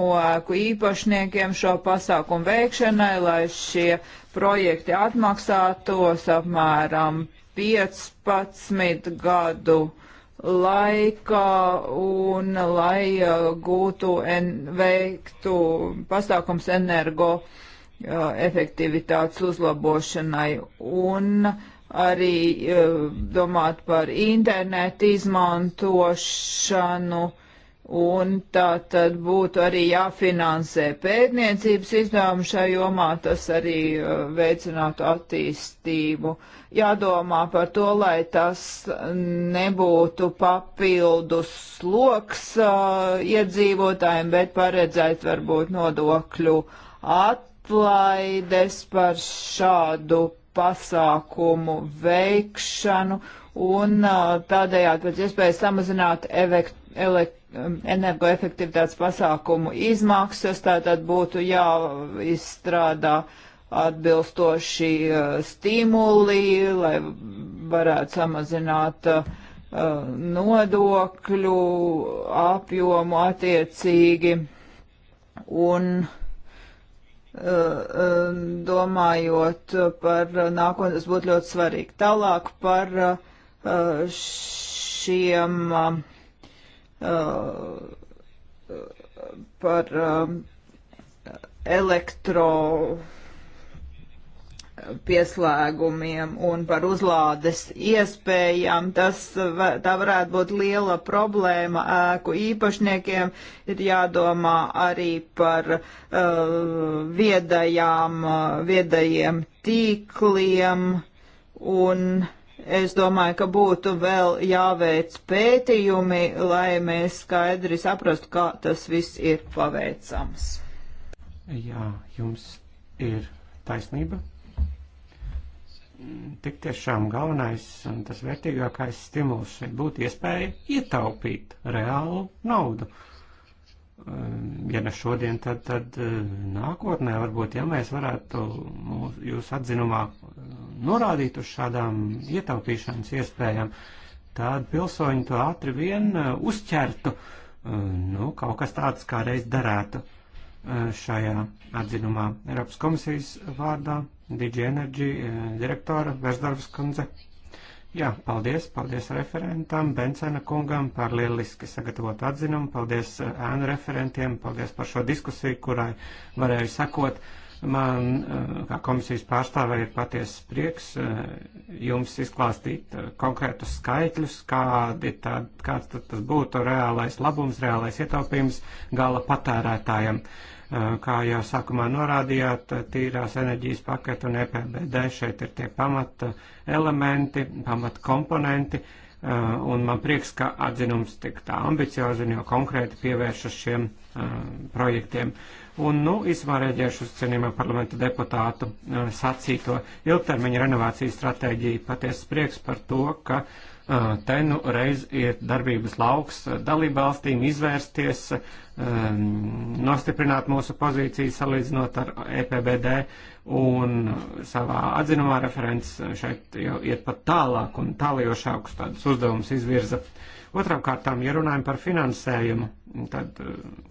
īpašniekiem šo pasākumu veikšanai, lai šie projekti atmaksātos apmēram 15 gadu laikā un lai uh, gūtu en, veiktu pasākums energo uh, efektivitātes uzlabošanai. Un uh, arī e, domāt par internetu izmantošanu, un tā tad būtu arī jāfinansē pētniecības izdevumi šajā jomā, tas arī e, veicinātu attīstību. Jādomā par to, lai tas nebūtu papildus sloks uh, iedzīvotājiem, bet paredzēt varbūt nodokļu atlaides par šādu pasākumu veikšanu un tādējādi pēc iespējas samazināt um, energoefektivitātes pasākumu izmaksas. Tātad būtu jāizstrādā atbilstoši stimuli, lai varētu samazināt nodokļu apjomu attiecīgi. Un uh, Uh, um, domājot par nākotni, tas būtu ļoti svarīgi. Tālāk par uh, šiem, um, uh, par um, elektro pieslēgumiem un par uzlādes iespējām. Tas, tā varētu būt liela problēma ēku īpašniekiem. Ir jādomā arī par uh, viedajām, uh, viedajiem tīkliem un Es domāju, ka būtu vēl jāveic pētījumi, lai mēs skaidri saprastu, kā tas viss ir paveicams. Jā, jums ir taisnība tik tiešām galvenais un tas vērtīgākais stimuls šeit būtu iespēja ietaupīt reālu naudu. Um, ja ne šodien, tad, tad uh, nākotnē varbūt, ja mēs varētu mūs, jūs atzinumā uh, norādīt uz šādām ietaupīšanas iespējām, tad pilsoņi to ātri vien uh, uzķertu. Nu, kaut kas tāds kā reiz darētu. Uh, Eh, šajā atzinumā Eiropas komisijas vārdā DG Energy eh, direktora Versdarbas kundze. Jā, paldies, paldies referentam Bencena kungam par lieliski sagatavotu atzinumu, paldies eh, ēnu referentiem, paldies par šo diskusiju, kurai varēju sakot. Man, kā komisijas pārstāvē, ir patiesa prieks jums izklāstīt konkrētus skaitļus, kādi tad, kāds tad tas būtu reālais labums, reālais ietaupījums gala patērētājiem. Uh, Eh, kā jau sākumā norādījāt, eh, tīrās enerģijas paketa un EPBD šeit ir tie pamata elementi, pamata komponenti, eh, un man prieks, ka atzinums tik tā ambiciozi un jau konkrēti pievēršas šiem projektiem. Un, nu, īsumā rēģēšu uz cienījumā parlamenta deputātu sacīto ilgtermiņa renovācijas stratēģiju. Patiesas prieks par to, ka uh, Te nu reiz ir darbības lauks dalībvalstīm izvērsties, nostiprināt mūsu pozīciju salīdzinot ar EPBD un savā atzinumā referents šeit jau iet pat tālāk un tālajošākus tādus uzdevumus izvirza. Otram kārtām, ja runājam par finansējumu, tad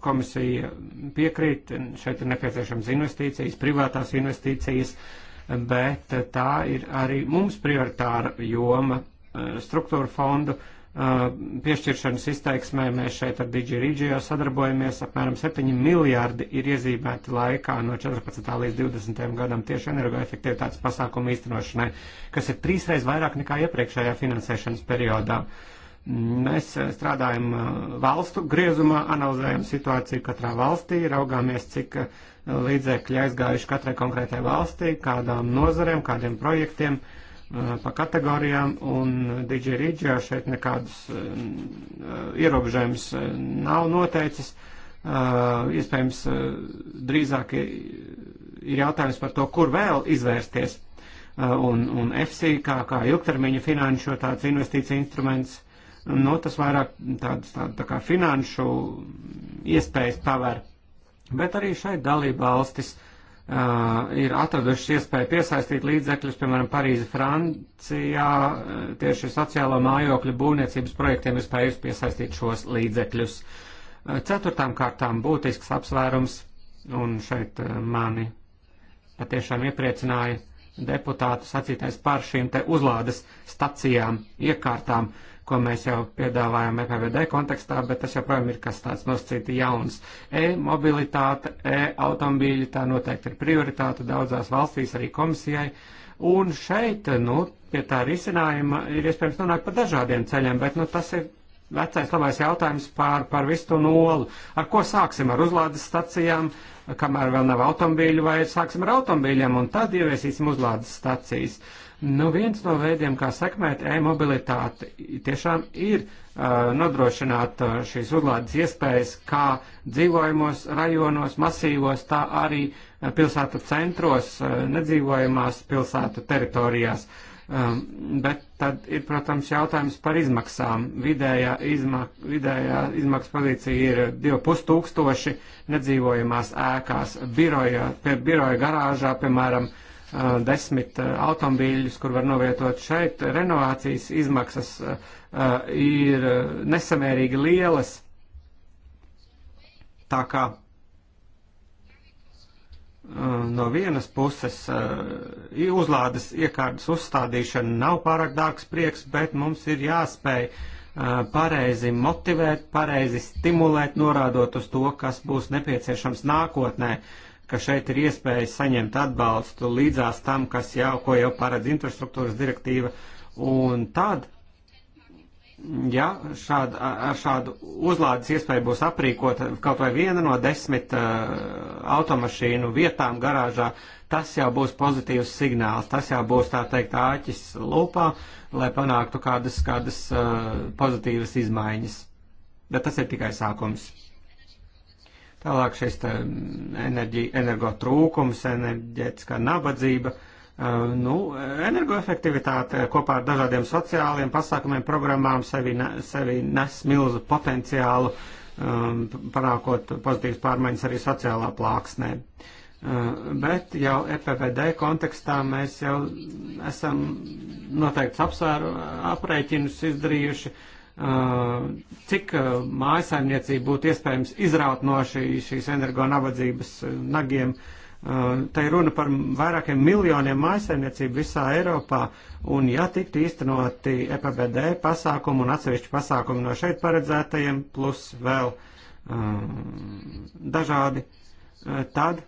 komisija piekrīt, šeit ir nepieciešams investīcijas, privātās investīcijas, bet tā ir arī mums prioritāra joma Eh, struktūra fondu eh, piešķiršanas izteiksmē mēs šeit ar DigiRigio sadarbojamies. Apmēram 7 miljārdi ir iezīmēti laikā no 14. līdz 20. gadam tieši energoefektivitātes pasākumu īstenošanai, kas ir trīsreiz vairāk nekā iepriekšējā finansēšanas periodā. Mēs eh, strādājam valstu griezumā, analizējam situāciju katrā valstī, raugāmies, cik līdzekļi aizgājuši katrai konkrētai valstī, kādām nozarēm, kādiem projektiem. Uh, Uh, pa kategorijām, un DJ Rīdžā šeit nekādas uh, uh, ierobežojums nav noteicis. Iespējams, drīzāk ir jautājums par to, kur vēl izvērsties. Un, un FC kā, kā ilgtermiņa finanšu tāds investīcija instruments, nu, tas vairāk tādas tā, tā kā finanšu iespējas paver. Bet arī šeit dalība valstis uh, Uh, ir atradušas iespēju piesaistīt līdzekļus, piemēram, Parīzi, Francijā, uh, tieši sociālo mājokļu būvniecības projektiem ir spējusi piesaistīt šos līdzekļus. Uh, ceturtām kārtām būtisks apsvērums, un šeit mani patiešām iepriecināja deputātu sacītais par šīm te uzlādes stacijām, iekārtām. Uh, ko mēs jau piedāvājam EPVD kontekstā, bet tas joprojām ir kas tāds noscīti jauns. E-mobilitāte, e-automobīļi, tā noteikti ir prioritāte daudzās valstīs, arī komisijai. Un šeit, nu, pie tā risinājuma ir iespējams nonākt pa dažādiem ceļiem, bet, nu, tas ir vecais labais jautājums par, par visu to nolu. Ar ko sāksim? Ar uzlādes stacijām, kamēr vēl nav automobīļu, vai sāksim ar automobīļiem un tad ieviesīsim uzlādes stacijas. Uh, Nu, viens no veidiem, kā sekmēt e-mobilitāti, tiešām ir uh, nodrošināt uh, šīs uzlādes iespējas kā dzīvojamos rajonos, masīvos, tā arī uh, pilsētu centros, uh, nedzīvojamās pilsētu teritorijās. Uh, Um, bet tad ir, protams, jautājums par izmaksām. Vidējā, izmak vidējā izmaksu pozīcija ir 2,5 tūkstoši nedzīvojamās ēkās, biroja, pie biroja garāžā, piemēram, Uh, desmit uh, automobīļus, kur var novietot šeit, renovācijas izmaksas uh, ir nesamērīgi lielas. Tā kā no vienas puses uzlādes iekārtas uzstādīšana nav pārāk dārgs prieks, bet mums ir jāspēj pareizi motivēt, pareizi stimulēt, norādot uz to, kas būs nepieciešams nākotnē. Uh, ka šeit ir iespēja saņemt atbalstu līdzās tam, kas jau, ko jau paredz infrastruktūras direktīva, un tad, ja šād, ar šādu uzlādes iespēju būs aprīkot kaut vai viena no desmit uh, automašīnu vietām garāžā, tas jau būs pozitīvs signāls, tas jau būs tā teikt āķis lūpā, lai panāktu kādas, kādas uh, pozitīvas izmaiņas. Bet tas ir tikai sākums. Tālāk šis mm, enerģi, energo trūkums, enerģētiskā nabadzība. Nu, energoefektivitāte kopā ar dažādiem sociāliem pasākumiem, programmām sevi, ne, sevi nes milzu potenciālu, um, panākot pozitīvas pārmaiņas arī sociālā plāksnē. Bet jau EPVD kontekstā mēs jau esam noteikts apsvēru aprēķinus izdarījuši, uh, Uh, cik uh, mājasaimniecību būtu iespējams izraut no šī, šīs energo nabadzības uh, nagiem. Tā ir runa par vairākiem miljoniem mājasaimniecību visā Eiropā, un ja tiktu īstenoti EPBD pasākumi un atsevišķi pasākumi no šeit paredzētajiem, plus vēl um, dažādi, tad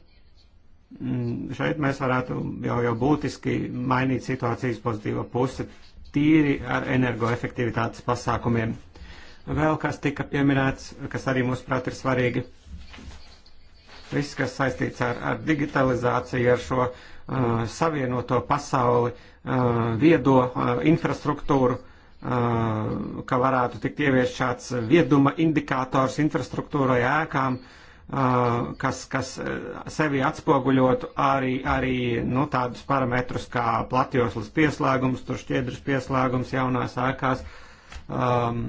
mm, šeit mēs varētu jau, jau būtiski mainīt situācijas pozitīvo pusi tīri ar energoefektivitātes pasākumiem. Vēl kas tika pieminēts, kas arī mūsuprāt ir svarīgi. Viss, kas saistīts ar, ar digitalizāciju, ar šo uh, savienoto pasauli, uh, viedo uh, infrastruktūru, uh, ka varētu tikt ieviest šāds vieduma indikators infrastruktūrai ēkām. Uh, kas, kas sevi atspoguļotu arī, arī nu, tādus parametrus kā platjoslas pieslēgums, tur šķiedras pieslēgums jaunās ēkās. Um,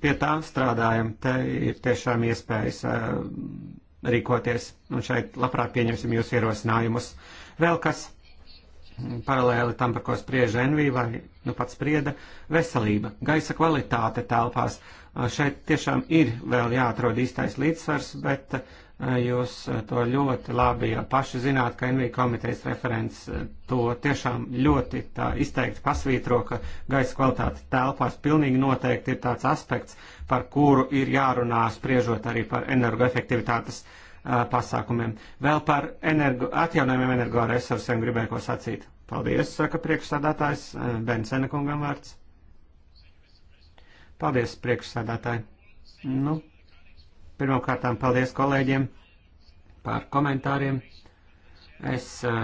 pie tā strādājam, te ir tiešām iespējas uh, rīkoties, un šeit labprāt pieņemsim jūsu ierosinājumus. Vēl kas paralēli tam, par ko spriež Envī vai nu pats sprieda veselība, gaisa kvalitāte telpās. Šeit tiešām ir vēl jāatrod īstais līdzsvars, bet jūs to ļoti labi jau paši zināt, ka NV komitejas referents to tiešām ļoti tā izteikti pasvītro, ka gaisa kvalitāte telpās pilnīgi noteikti ir tāds aspekts, par kuru ir jārunā spriežot arī par energoefektivitātes pasākumiem. Vēl par energo, atjaunojumiem energoresursiem gribēju ko sacīt. Paldies, saka priekšsādātājs eh, Bensena kungam vārds. Paldies, priekšsādātāji. Nu, pirmkārtām paldies kolēģiem par komentāriem. Es uh,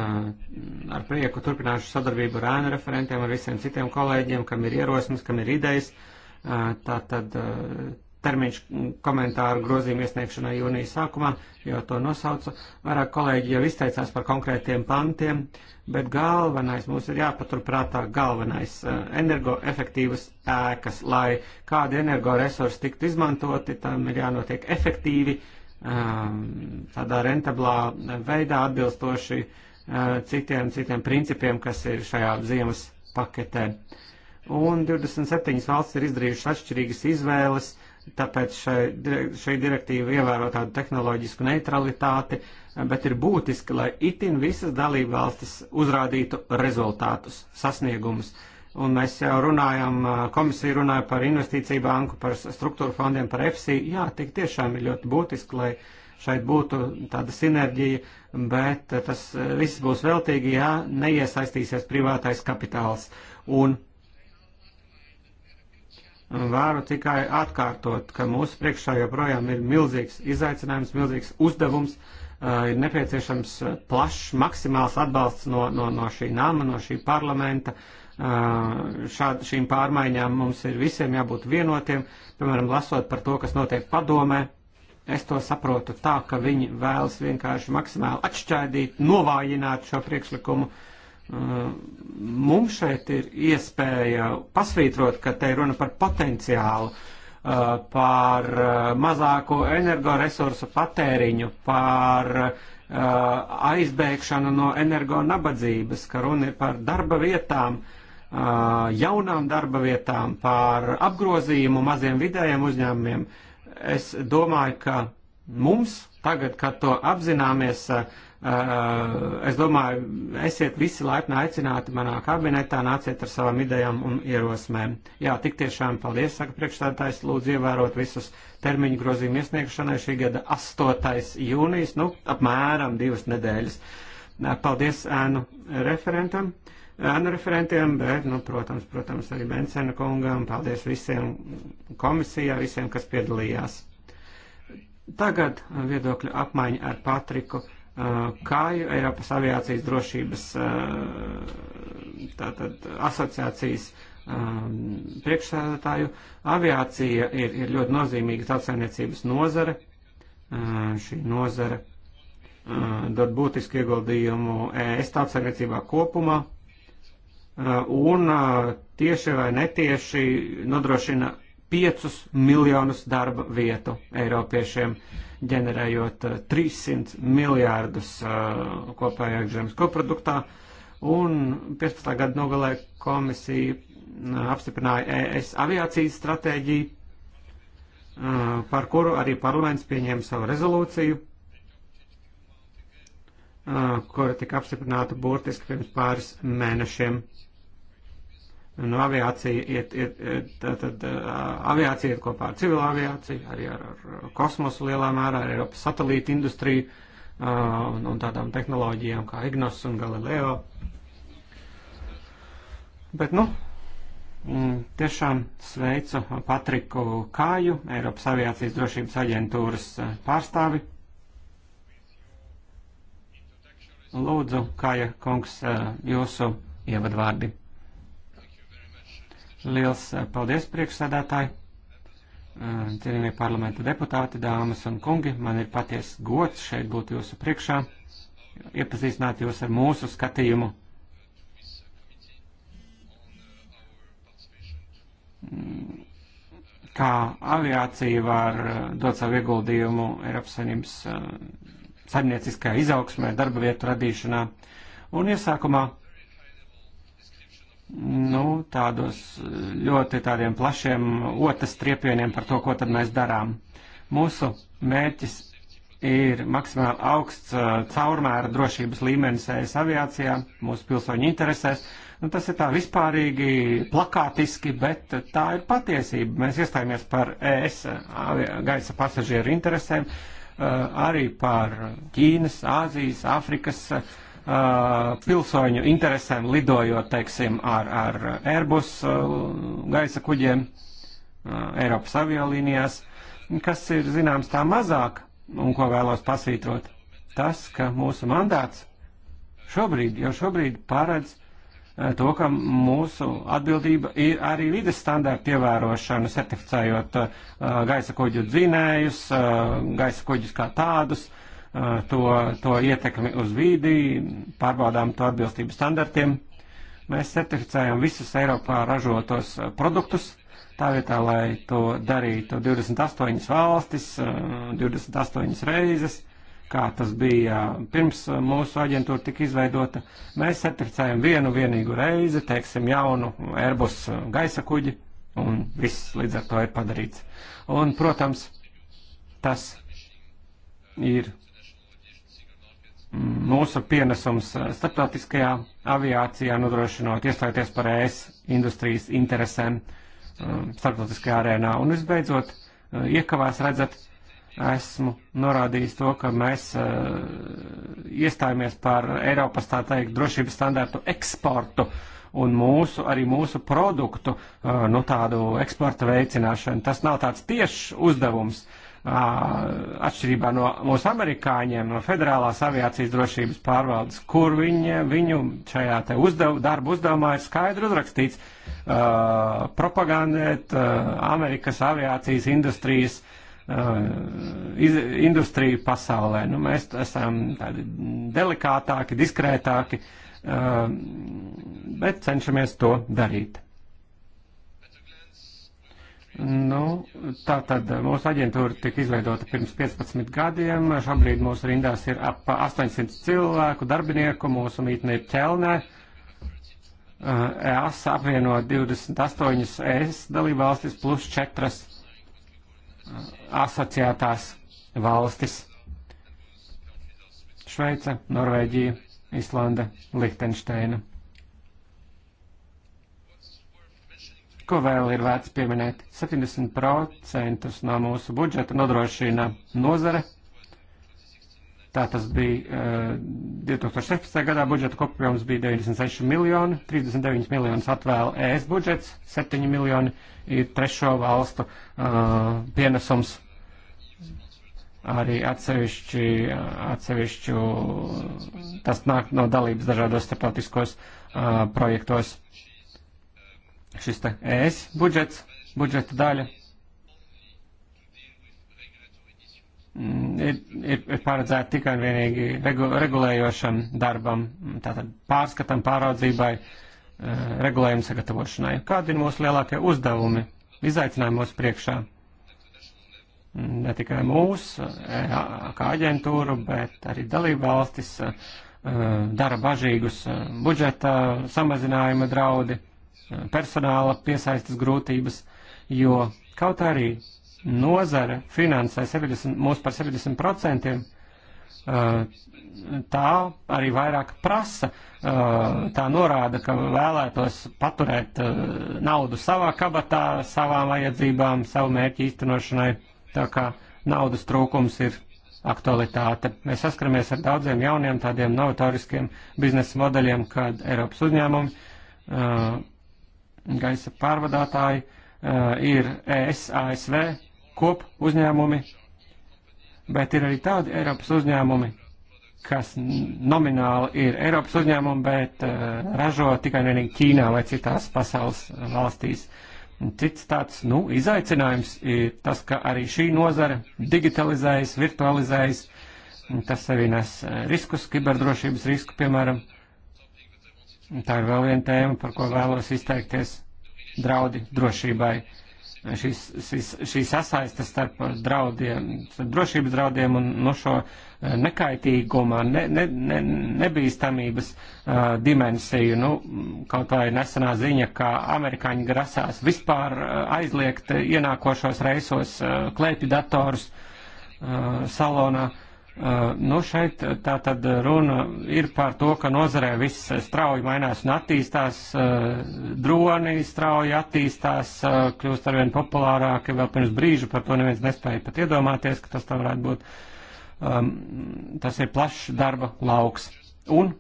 ar prieku turpināšu sadarbību ar ēnu referentiem, ar visiem citiem kolēģiem, kam ir ierosmes, kam ir idejas. Uh, eh, tā tad uh, termiņš komentāru grozījumu iesniegšanai jūnijas sākumā, jo to nosauca. Vairāk kolēģi jau izteicās par konkrētiem pantiem, bet galvenais mums ir jāpaturprātā galvenais eh, - energoefektīvas ēkas, lai kādi energoresursi tiktu izmantoti, tam ir jānotiek efektīvi, ehm, tādā rentablā veidā atbilstoši eh, citiem, citiem principiem, kas ir šajā ziemas paketē. Un 27 valsts ir izdarījušas atšķirīgas izvēles, uh, tāpēc šai, šai direktīva ievēro tādu tehnoloģisku neutralitāti, bet ir būtiski, lai itin visas dalība valstis uzrādītu rezultātus, sasniegumus. Un mēs jau runājam, komisija runāja par investīciju banku, par struktūru fondiem, par EFSI. Jā, tik tiešām ir ļoti būtiski, lai šeit būtu tāda sinerģija, bet tas viss būs veltīgi, ja neiesaistīsies privātais kapitāls. Un varu tikai atkārtot, ka mūsu priekšā joprojām ir milzīgs izaicinājums, milzīgs uzdevums, uh, ir nepieciešams uh, plašs, maksimāls atbalsts no, no, no šī nama, no šī parlamenta. Uh, šād, šīm pārmaiņām mums ir visiem jābūt vienotiem, piemēram, lasot par to, kas notiek padomē. Es to saprotu tā, ka viņi vēlas vienkārši maksimāli atšķaidīt, novājināt šo priekšlikumu uh, Mm, mums šeit ir iespēja pasvītrot, ka te ir runa par potenciālu, uh, par uh, mazāko energoresursu patēriņu, par uh, aizbēgšanu no energo nabadzības, ka runa ir par darba vietām, jaunām darba vietām, par apgrozījumu maziem vidējiem uzņēmumiem. Es domāju, ka mums tagad, kad to apzināmies, uh, Eh, es domāju, esiet visi laipni aicināti manā kabinetā, nāciet ar savām idejām un ierosmēm. Jā, tik tiešām paldies, saka priekšstādātājs, lūdzu ievērot visus termiņu grozījumu iesniegšanai šī gada 8. jūnijas, nu, apmēram divas nedēļas. Eh, paldies ēnu referentam, ēnu referentiem, bet, nu, protams, protams, arī Bensena kungam, paldies visiem komisijā, visiem, kas piedalījās. Tagad viedokļu apmaiņa ar Patriku. Eh, kāju Eiropas aviācijas drošības eh, tātad, asociācijas eh, priekšsēdētāju. Aviācija ir, ir ļoti nozīmīga tautsaimniecības nozare. Šī nozare dod būtisku ieguldījumu ES tautsaimniecībā kopumā un tieši vai netieši nodrošina 5 miljonus darba vietu Eiropiešiem. Uh, ģenerējot 300 eh, miljārdus eh, kopējā iekšzemes koproduktā. Un 15. gada nogalē komisija eh, apstiprināja ES aviācijas stratēģiju, par kuru arī parlaments pieņēma savu rezolūciju, kura tika apstiprināta burtiski pirms pāris mēnešiem. Nu, aviācija iet, iet, tad, tad, aviācija iet kopā ar civilu aviāciju, arī ar, ar kosmosu lielā mērā, ar Eiropas satelītu industriju un, un tādām tehnoloģijām kā Ignos un Galileo. Bet, nu, mm, tiešām sveicu Patriku Kāju, Eiropas aviācijas drošības aģentūras pārstāvi. Lūdzu, Kāja kungs, jūsu ievadvārdi. Liels eh, paldies priekšsēdētāji, eh, cienījamie parlamenta deputāti, dāmas un kungi. Man ir paties gods šeit būt jūsu priekšā, iepazīstināt jūs ar mūsu skatījumu mm, kā aviācija var eh, dot savu ieguldījumu Eiropas Savienības saimnieciskajā izaugsmē, darba vietu radīšanā. Un iesākumā nu, tādos eh, ļoti tādiem plašiem otas triepieniem par to, ko tad mēs darām. Mūsu mērķis ir maksimāli augsts eh, caurmēra drošības līmenis ES aviācijā, mūsu pilsoņu interesēs. Nu, tas ir tā vispārīgi plakātiski, bet tā ir patiesība. Mēs iestājāmies par ES eh, gaisa pasažieru interesēm, arī par Ķīnas, Āzijas, Āfrikas uh, pilsoņu interesēm lidojot, teiksim, ar, ar Airbus gaisa kuģiem Eiropas aviolīnijās, kas ir zināms tā mazāk un ko vēlos pasvītrot. Tas, ka mūsu mandāts šobrīd, jau šobrīd paredz to, ka mūsu atbildība ir arī vides standārta ievērošana, certificējot gaisa kuģu dzinējus, gaisa kuģus kā tādus, uh, to, to ietekmi uz vīdi, pārbaudām to atbilstību standartiem. Mēs certificējam visus Eiropā ražotos produktus, tā vietā, lai to darītu 28 valstis, 28 reizes, kā tas bija pirms mūsu aģentūra tika izveidota. Mēs certificējam vienu vienīgu reizi, teiksim, jaunu Airbus gaisa kuģi, un viss līdz ar to ir padarīts. Un, protams, tas ir mūsu pienesums eh, starptautiskajā aviācijā, nodrošinot iestājoties par ES industrijas interesēm eh, starptautiskajā arēnā. Un visbeidzot, eh, iekavās redzat, esmu norādījis to, ka mēs iestājāmies par Eiropas, tā teikt, drošības standārtu eksportu un mūsu, arī mūsu produktu, nu tādu eksporta veicināšanu. Tas nav tāds tiešs uzdevums, atšķirībā no mūsu amerikāņiem, no federālās aviācijas drošības pārvaldes, kur viņa, viņu šajā te uzdev, darba uzdevumā ir skaidri uzrakstīts uh, propagandēt uh, Amerikas aviācijas industrijas uh, iz, industriju pasaulē. Nu, mēs esam tādi delikātāki, diskrētāki, uh, bet cenšamies to darīt. Nu, tā tad uh, mūsu aģentūra tika izveidota pirms 15 gadiem. Šobrīd mūsu rindās ir ap 800 cilvēku, darbinieku. Mūsu mītne ir ķelnē. Uh, EAS apvieno 28 ES dalībvalstis plus 4 uh, asociētās valstis. Šveice, Norvēģija, Islanda, Lihtenšteina. ko vēl ir vērts pieminēt. 70% no mūsu budžeta nodrošina nozare. Tā tas bija 2016. Eh, gadā budžeta kopjums bija 96 miljoni, 39 miljonus atvēl ES budžets, 7 miljoni ir trešo valstu uh, pienesums arī atsevišķi, eh, atsevišķu, tas nāk no dalības dažādos starptautiskos uh, projektos šis te ES budžets, budžeta daļa mm, ir, ir, ir paredzēta tikai un vienīgi regu, regulējošam darbam, tātad pārskatam, pāraudzībai, eh, regulējumu sagatavošanai. Kādi ir mūsu lielākie uzdevumi, izaicinājumi mūsu priekšā? Mm, ne tikai mūs, eh, kā aģentūru, bet arī dalību valstis eh, dara bažīgus budžeta samazinājuma draudi personāla piesaistas grūtības, jo kaut arī nozare finansē 70, mūs par 70%, eh, tā arī vairāk prasa, eh, tā norāda, ka vēlētos paturēt eh, naudu savā kabatā, savām vajadzībām, savu mērķu īstenošanai, tā kā naudas trūkums ir aktualitāte. Mēs saskaramies ar daudziem jauniem tādiem novatoriskiem biznesa modeļiem, kad Eiropas uzņēmumi uh, gaisa pārvadātāji eh, ir ES, ASV kop uzņēmumi, bet ir arī tādi Eiropas uzņēmumi, kas nomināli ir Eiropas uzņēmumi, bet eh, ražo tikai un vienīgi Ķīnā vai citās pasaules valstīs. Cits tāds nu, izaicinājums ir tas, ka arī šī nozara digitalizējas, virtualizējas, tas sevi nes eh, riskus, kiberdrošības risku, piemēram, Tā ir vēl viena tēma, par ko vēlos izteikties - draudi drošībai. Šis, šis, šī sasaiste starp draudiem, starp drošības draudiem un no šo eh, nekaitīguma, ne, ne, ne, nebīstamības uh, dimensiju, nu, kaut vai nesenā ziņa, ka amerikāņi grasās vispār uh, aizliegt ienākošos reisos uh, klēpju datorus uh, salonā. Uh, Eh, nu, šeit eh, tā tad runa ir par to, ka nozarē viss eh, strauji mainās un attīstās, droni strauji attīstās, kļūst arvien populārāki, vēl pirms brīža par to neviens nespēja pat iedomāties, ka tas tā varētu būt. Ehm, tas ir plašs darba lauks. Un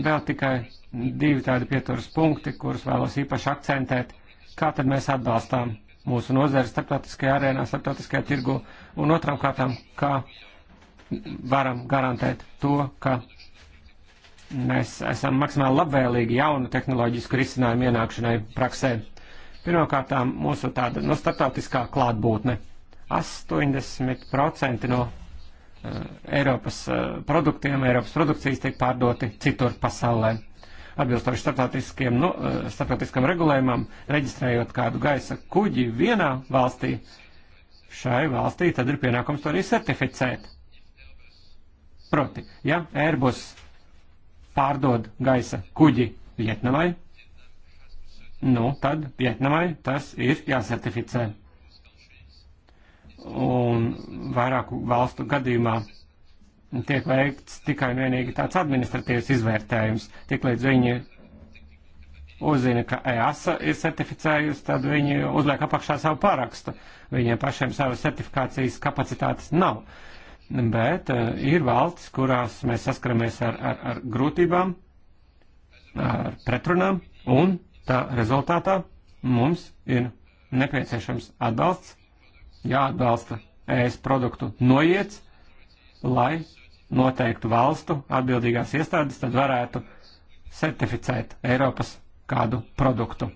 vēl tikai divi tādi pieturas punkti, kurus vēlos īpaši akcentēt. Kā tad mēs atbalstām mūsu nozari starptautiskajā arēnā, starptautiskajā tirgu, un otram kārtām, kā varam garantēt to, ka mēs esam maksimāli labvēlīgi jaunu tehnoloģisku risinājumu ienākšanai praksē. Pirmkārt, mūsu tāda no nu, starptautiskā klātbūtne. 80% no uh, Eiropas uh, produktiem, Eiropas produkcijas tiek pārdoti citur pasaulē atbilstoši starptautiskiem, no, nu, eh, starptautiskam regulējumam, reģistrējot kādu gaisa kuģi vienā valstī, šai valstī tad ir pienākums to arī certificēt. Proti, ja Airbus pārdod gaisa kuģi Vietnamai, nu tad Vietnamai tas ir jāsertificē. Un vairāku valstu gadījumā tiek veikts tikai un vienīgi tāds administratīvs izvērtējums. Tik līdz viņi uzzina, ka EASA ir certificējusi, tad viņi uzliek apakšā savu parakstu. Viņiem pašiem savas certifikācijas kapacitātes nav. Bet uh, ir valsts, kurās mēs saskaramies ar, ar, ar grūtībām, ar pretrunām, un tā rezultātā mums ir nepieciešams atbalsts, jāatbalsta ES produktu noiets, lai noteiktu valstu atbildīgās iestādes tad varētu certificēt Eiropas kādu produktu.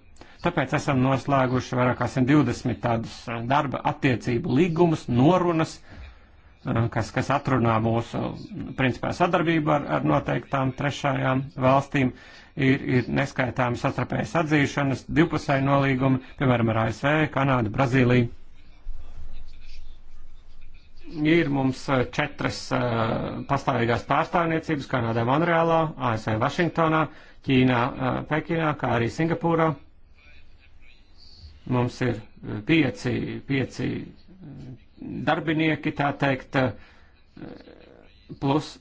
Tāpēc esam noslēguši vairāk kā 120 tādus eh, darba attiecību līgumus, norunas, eh, kas, kas atrunā mūsu principā sadarbību ar, ar noteiktām trešajām valstīm. Ir, ir neskaitāmi satrapējas atzīšanas, divpusēji nolīgumi, piemēram, ar ASV, Kanādu, Brazīliju ir mums eh, četras eh, pastāvīgās pārstāvniecības Kanādā, Monreālā, ASV Vašingtonā, Ķīnā, eh, Pekinā, kā arī Singapūrā. Mums ir pieci, pieci darbinieki, tā teikt, plus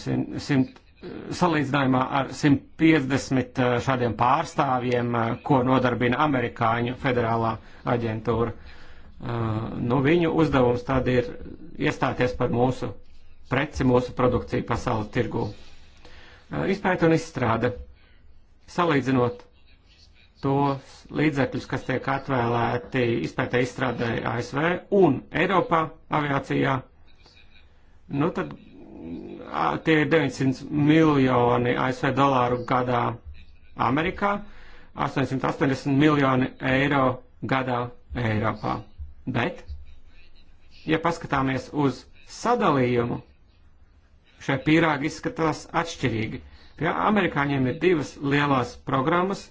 simt, simt, salīdzinājumā ar 150 šādiem pārstāvjiem, ko nodarbina amerikāņu federālā aģentūra. Eh, nu, viņu uzdevums tad ir iestāties par mūsu preci, mūsu produkciju pasaules tirgū. Eh, izpēta un izstrāde. Salīdzinot tos līdzekļus, kas tiek atvēlēti izpētē izstrādē ASV un Eiropā aviācijā, nu tad tie ir 900 miljoni ASV dolāru gadā Amerikā, 880 miljoni eiro gadā Eiropā. Bet, ja paskatāmies uz sadalījumu, šie pīrāgi izskatās atšķirīgi. Pie amerikāņiem ir divas lielās programmas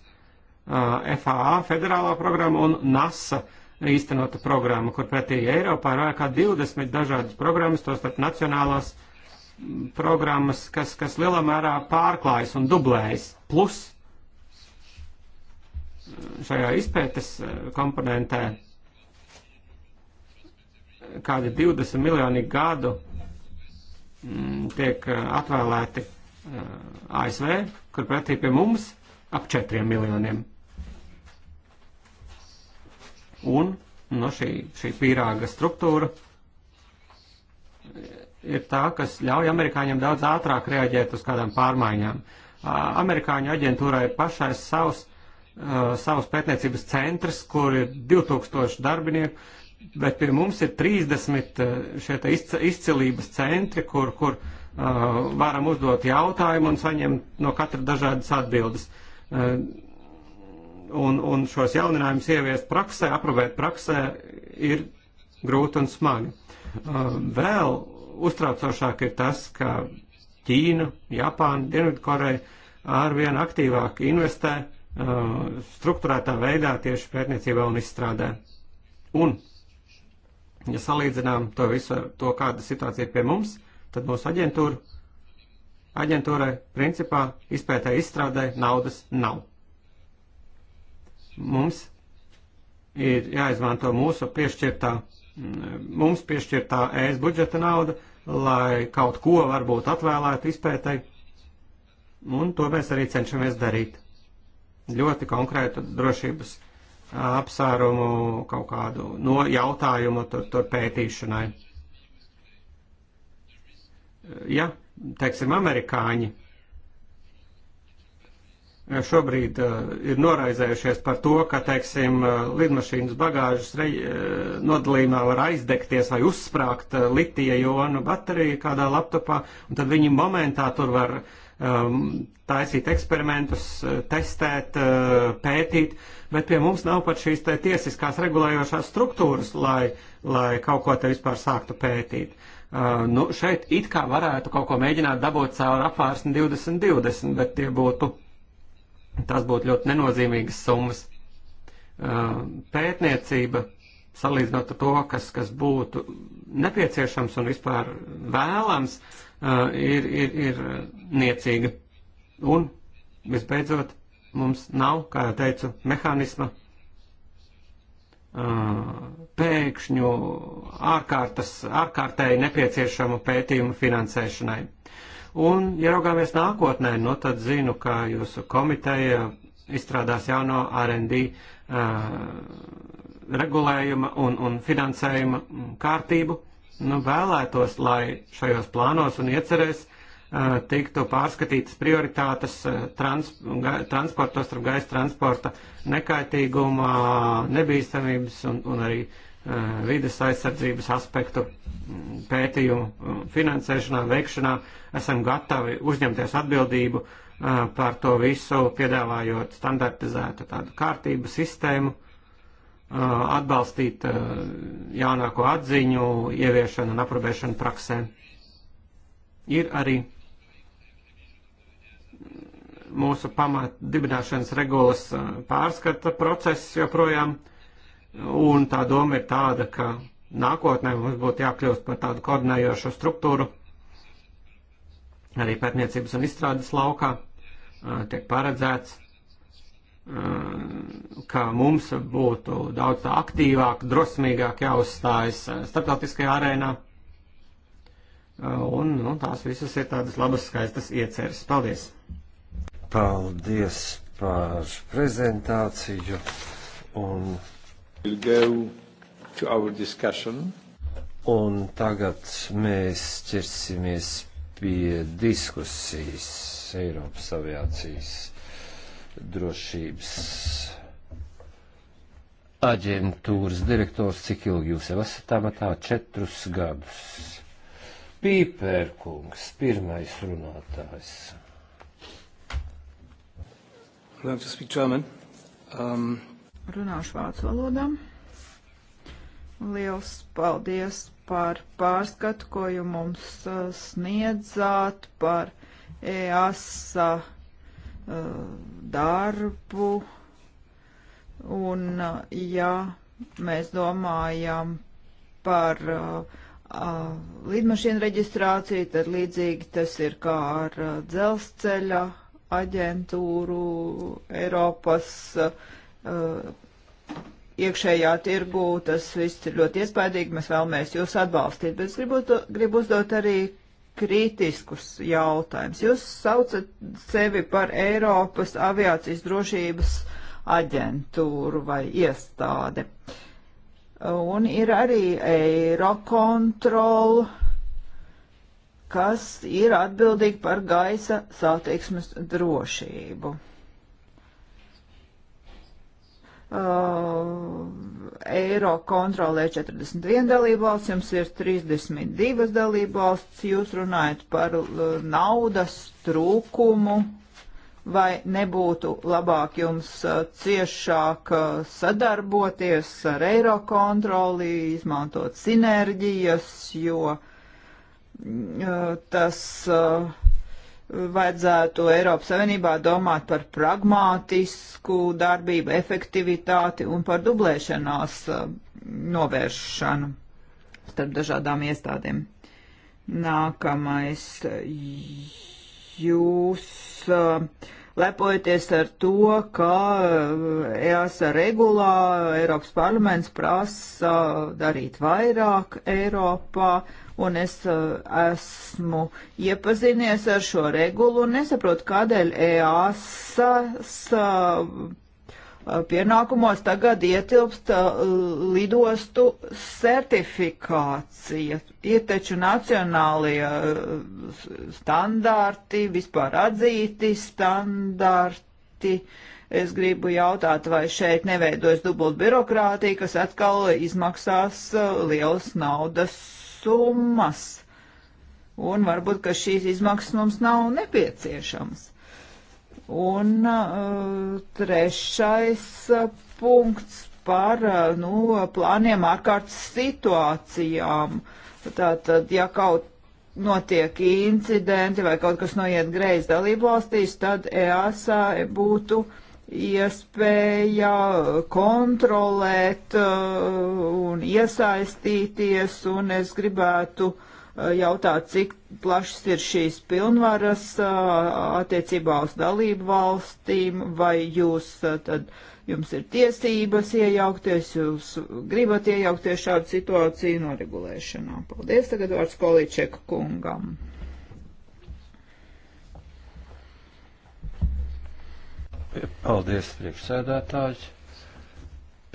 - FAA federālā programma un NASA īstenota programma, kur pretī Eiropā ir vairāk kā 20 dažādas programmas, tostarp nacionālās programmas, kas, kas lielā mērā pārklājas un dublējas. Plus šajā izpētes komponentē kādi 20 miljoni gadu mm, tiek eh, atvēlēti eh, ASV, kur pretī pie mums ap 4 miljoniem. Un no šī, šī pīrāga struktūra eh, ir tā, kas ļauj amerikāņiem daudz ātrāk reaģēt uz kādām pārmaiņām. Amerikāņu aģentūrai pašai savs, savs pētniecības centrs, kur ir 2000 darbinieku, bet pie mums ir 30 eh, šie izcilības centri, kur, kur uh, varam uzdot jautājumu un saņemt no katra dažādas atbildes. Uh, un, un šos jauninājumus ieviest praksē, aprobēt praksē ir grūti un smagi. Uh, vēl uztraucošāk ir tas, ka Ķīna, Japāna, Dienvidkoreja arvien aktīvāk investē uh, struktūrētā veidā tieši pētniecībā un izstrādē. Un Ja salīdzinām to visu ar to, kāda situācija ir pie mums, tad mūsu aģentūra, aģentūrai principā izpētē izstrādē naudas nav. Mums ir jāizmanto mūsu piešķirtā, mums piešķirtā ēs budžeta nauda, lai kaut ko varbūt atvēlētu izpētei, un to mēs arī cenšamies darīt. Ļoti konkrētu drošības apsvērumu kaut kādu no jautājumu tur, tur pētīšanai. Ja, teiksim, amerikāņi šobrīd eh, ir noraizējušies par to, ka, teiksim, eh, lidmašīnas bagāžas eh, nodalījumā var aizdegties vai uzsprāgt litija jonu bateriju kādā laptopā, un tad viņi momentā tur var uh, um, taisīt eksperimentus, uh, testēt, uh, pētīt, bet pie mums nav pat šīs tiesiskās regulējošās struktūras, lai, lai kaut ko te vispār sāktu pētīt. Uh, nu, šeit it kā varētu kaut ko mēģināt dabūt caur apvārsni 2020, bet tie būtu, tas būtu ļoti nenozīmīgas summas. Uh, pētniecība salīdzinot ar to, kas, kas būtu nepieciešams un vispār vēlams, uh, Ah, ir, ir, ir eh, niecīga. Un, visbeidzot, mums nav, kā jau teicu, mehānisma ah, pēkšņu ārkārtas, ārkārtēji nepieciešamu pētījumu finansēšanai. Un, ja raugāmies nākotnē, nu tad zinu, ka jūsu komiteja izstrādās jauno R&D uh, ah, regulējuma un, un finansējuma kārtību. Uh, nu, vēlētos, lai šajos plānos un iecerēs uh, tiktu pārskatītas prioritātes uh, trans, ga, transporta, starp gaisa transporta nekaitīgumā, nebīstamības un, un arī uh, vides aizsardzības aspektu mm, pētījumu mm, finansēšanā, veikšanā. Esam gatavi uzņemties atbildību uh, par to visu, piedāvājot standartizētu tādu kārtību sistēmu Uh, atbalstīt uh, jaunāko atziņu, ieviešanu un aprobēšanu praksē. Ir arī mūsu pamat dibināšanas regulas uh, pārskata process joprojām, un tā doma ir tāda, ka nākotnē mums būtu jākļūst par tādu koordinējošu struktūru arī pētniecības un izstrādes laukā tiek paredzēts Ehm, ka mums būtu daudz aktīvāk, drosmīgāk jāuzstājas eh, starptautiskajā arēnā. Ehm, un nu, tās visas ir tādas labas, skaistas ieceres. Paldies! Paldies par prezentāciju un. We'll go to our discussion. Un tagad mēs ķersimies pie diskusijas Eiropas aviācijas drošības aģentūras direktors, cik ilgi jūs jau esat amatā? Četrus gadus. Pīpērkungs, pirmais runātājs. Um... Runāšu vācu valodā. Liels paldies par pārskatu, ko jūs mums uh, sniedzāt par EASA Eh, darbu, un eh, ja mēs domājam par eh, lidmašīnu reģistrāciju, tad līdzīgi tas ir kā ar dzelzceļa aģentūru Eiropas iekšējā tirgū. Tas viss ir ļoti iespaidīgi. Mēs vēlamies jūs atbalstīt. Bet es gribu, gribu uzdot arī kritiskus jautājumus. Jūs saucat sevi par Eiropas aviācijas drošības aģentūru vai iestādi. Un ir arī Eirokontrola, kas ir atbildīga par gaisa satiksmes drošību. Uh, eiro kontrolē 41 dalībvalsts, jums ir 32 dalībvalsts, jūs runājat par uh, naudas trūkumu, vai nebūtu labāk jums uh, ciešāk uh, sadarboties ar eiro kontroli, izmantot sinerģijas, jo mm, uh, tas uh, vajadzētu Eiropas Savienībā domāt par pragmātisku darbību, efektivitāti un par dublēšanās eh, novēršanu starp dažādām iestādēm. Nākamais jūs eh, lepojaties ar to, ka EASA eh, e regulā Eiropas parlaments prasa darīt vairāk Eiropā un es uh, esmu iepazinies ar šo regulu un nesaprotu, kādēļ EASAS uh, pienākumos tagad ietilpst uh, lidostu certifikācija. Ir taču nacionālie standarti, vispār atzīti standarti. Es gribu jautāt, vai šeit neveidojas dubult birokrātija, kas atkal izmaksās lielas naudas summas, un varbūt, ka šīs izmaksas mums nav nepieciešamas. Un uh, trešais uh, punkts par uh, nu, plāniem ārkārtas situācijām. Tātad, ja kaut notiek incidenti vai kaut kas noiet greizi dalību valstīs, tad EASA būtu uh, iespēja kontrolēt uh, un iesaistīties, un es gribētu uh, jautāt, cik plašas ir šīs pilnvaras uh, attiecībā uz dalību valstīm, vai jūs tad, jums ir tiesības iejaukties, jūs gribat iejaukties šādu situāciju noregulēšanā. Paldies, tagad vārds Kolīčeka kungam. Paldies, priekšsēdētāji.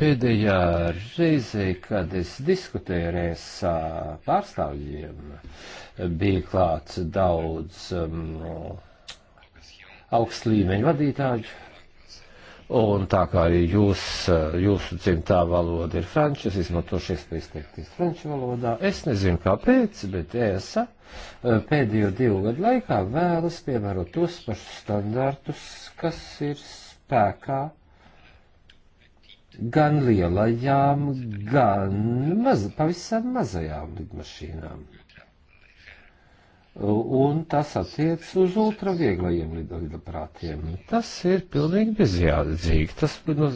Pēdējā reizē, kad es diskutēju ar ESA pārstāvjiem, bija klāts daudz um, augst līmeņu vadītāju Un tā kā jūs, eh, jūsu dzimtā valoda ir franču, es izmantošu iespēju izteikties franču valodā. Es nezinu kāpēc, bet ESA eh, pēdējo divu gadu laikā vēlas piemērot tos pašus standartus, kas ir spēkā gan lielajām, gan maz, pavisam mazajām lidmašīnām un tas attiecas uz ultravieglajiem lidaprātiem. Tas ir pilnīgi bezjādzīgi. Tas nu,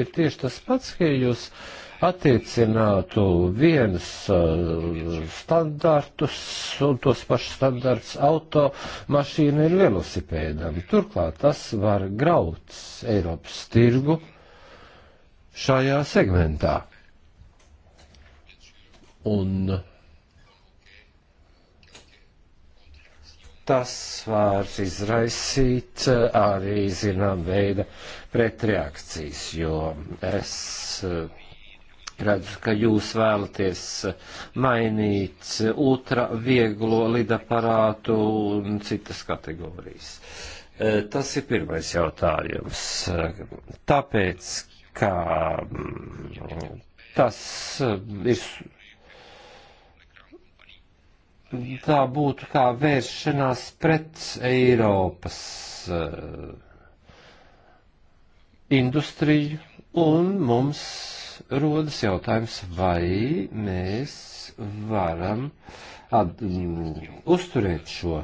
ir tieši tas pats, ka jūs attiecinātu vienas uh, standartus un tos pašus standarts auto mašīnai un velosipēdam. Turklāt tas var graut Eiropas tirgu šajā segmentā. Un uh, tas var izraisīt eh, arī zinām veida pretreakcijas, jo es eh, redzu, ka jūs vēlaties eh, mainīt ultra vieglo lidaparātu un citas kategorijas. Tas ir pirmais jautājums. Tāpēc, ka mm, tas ir tā būtu kā vēršanās pret Eiropas uh, industriju, un mums rodas jautājums, vai mēs varam at, um, mm, uzturēt šo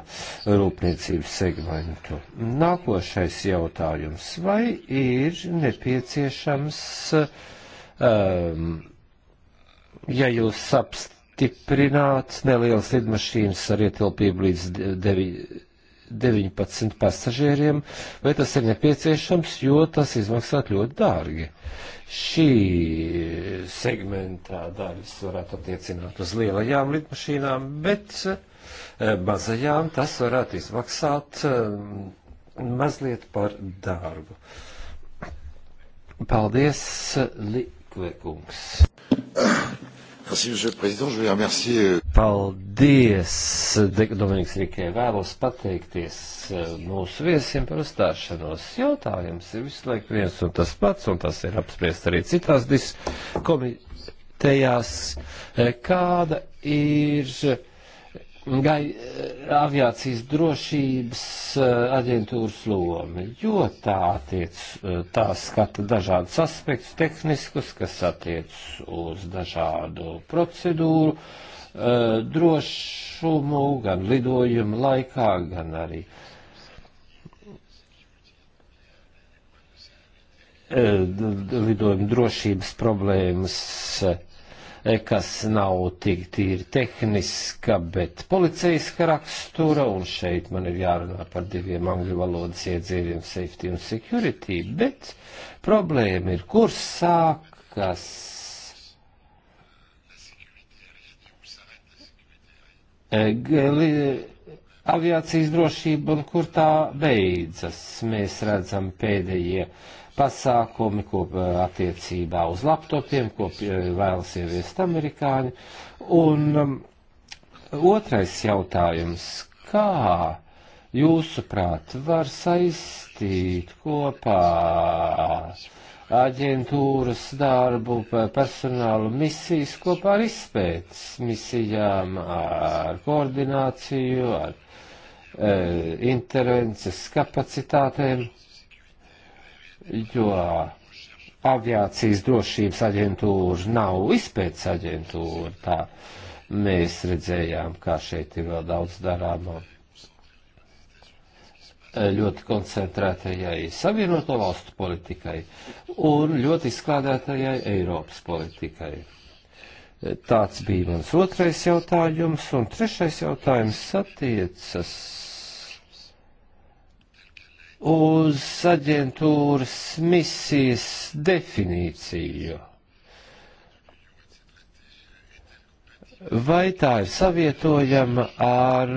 rūpniecības segmentu. Nākošais jautājums, vai ir nepieciešams, um, ja jūs apstāties, apstiprināts nelielas lidmašīnas ar ietilpību līdz 19 pasažieriem, vai tas ir nepieciešams, jo tas izmaksāt ļoti dārgi. Šī segmentā daļas varētu attiecināt uz lielajām lidmašīnām, bet eh, mazajām tas varētu izmaksāt eh, mazliet par dārgu. Paldies, Likvekungs! Euh, Paldies, Dominiks Rikē. Vēlos pateikties uh, mūsu viesiem par uzstāšanos. Jautājums ir visu laiku viens un tas pats, un tas ir apspriest arī citās diskomitejās. Uh, kāda ir gai, eh, aviācijas drošības eh, aģentūras lomi, jo tā attiec, eh, tā skata dažādus aspektus tehniskus, kas attiec uz dažādu procedūru, drošumu, gan lidojumu laikā, gan arī lidojumu drošības problēmas E, kas nav tik tīri tehniska, bet policijas rakstura, un šeit man ir jārunā par diviem angļu valodas iedzīviem safety un security, bet problēma ir kursā, kas e, aviācijas drošība un kur tā beidzas. Mēs redzam pēdējie pasākumi, ko eh, attiecībā uz laptopiem, ko vēlas ieviest amerikāņi. Un um, otrais jautājums, kā jūsuprāt var saistīt kopā aģentūras darbu, personālu misijas kopā ar izpētes misijām, ar koordināciju, ar e, intervences kapacitātēm? jo aviācijas drošības aģentūra nav izpētes aģentūra. Tā mēs redzējām, kā šeit ir vēl daudz darāmā ļoti koncentrētajai savienoto valstu politikai un ļoti izklādētajai Eiropas politikai. Tāds bija mans otrais jautājums, un trešais jautājums attiecas uz aģentūras misijas definīciju. Vai tā ir savietojama ar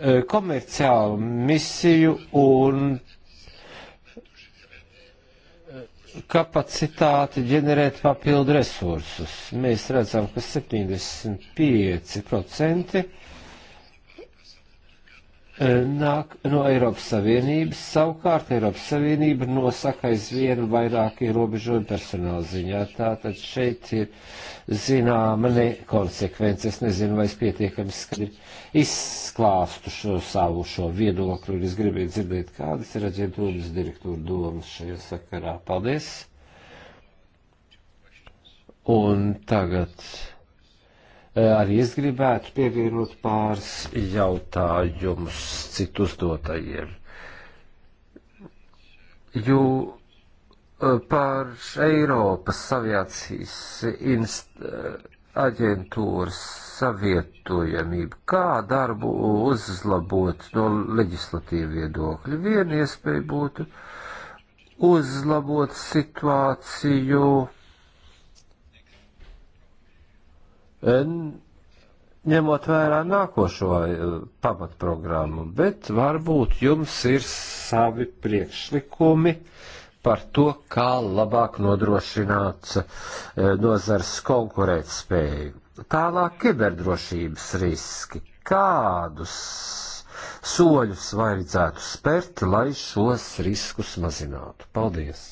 eh, komerciālu misiju un eh, kapacitāti ģenerēt papildu resursus? Mēs redzam, ka 75% Eh, nāk no Eiropas Savienības, savukārt Eiropas Savienība nosaka aizvien vairāk ierobežojumu personāla ziņā. Tātad šeit ir zināma nekonsekvence. Es nezinu, vai es pietiekami skaidri izklāstu šo savu šo viedokli, un es gribēju dzirdēt, kādas ir aģentūras direktora domas šajā sakarā. Paldies! Un tagad Eh, arī es gribētu pievienot pāris jautājumus citu uzdotajiem. Jo eh, par Eiropas aviācijas inst, eh, aģentūras savietojamību, kā darbu uzlabot no leģislatīva viedokļa. Viena iespēja būtu uzlabot situāciju ņemot vērā nākošo eh, pamatprogrammu, bet varbūt jums ir savi priekšlikumi par to, kā labāk nodrošināt eh, nozars konkurētspēju. Tālāk kiberdrošības riski. Kādus soļus vajadzētu spērt, lai šos riskus mazinātu? Paldies!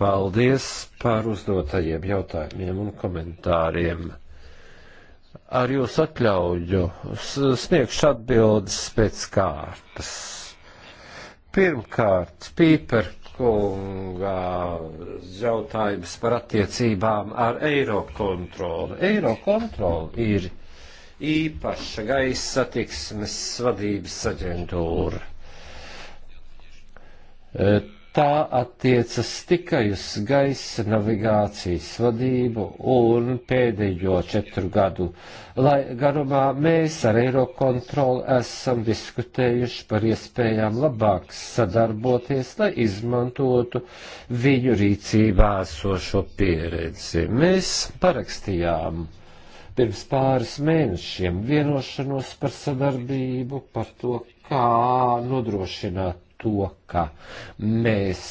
Paldies par uzdotajiem jautājumiem un komentāriem. Ar jūsu atļauju sniegšu atbildes pēc kārtas. Pirmkārt, Pīper kunga jautājums par attiecībām ar Eirokontrolu. Eirokontrola ir īpaša gaisa satiksmes vadības aģentūra tā attiecas tikai uz gaisa navigācijas vadību, un pēdējo četru gadu lai, garumā mēs ar Eirokontrolu esam diskutējuši par iespējām labāk sadarboties, lai izmantotu viņu rīcībā esošo pieredzi. Mēs parakstījām pirms pāris mēnešiem vienošanos par sadarbību, par to, kā nodrošināt to, ka mēs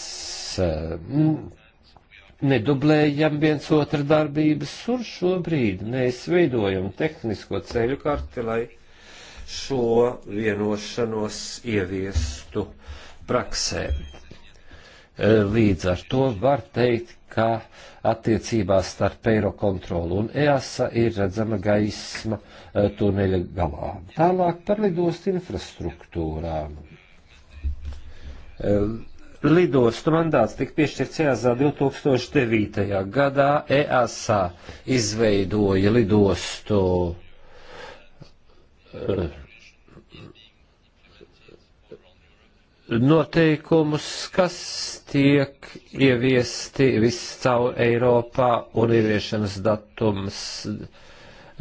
eh, nedublējam viens otru darbības, un šobrīd mēs veidojam tehnisko ceļu karti, lai šo vienošanos ieviestu praksē. Eh, līdz ar to var teikt, ka attiecībās starp Eirokontrolu un EASA ir redzama gaisma eh, tuneļa galā. Tālāk par lidostu infrastruktūrām Lidostu mandāts tika piešķirts EASA 2009. gadā. EASA izveidoja lidostu eh, noteikumus, kas tiek ieviesti viscaur Eiropā un ieviešanas datums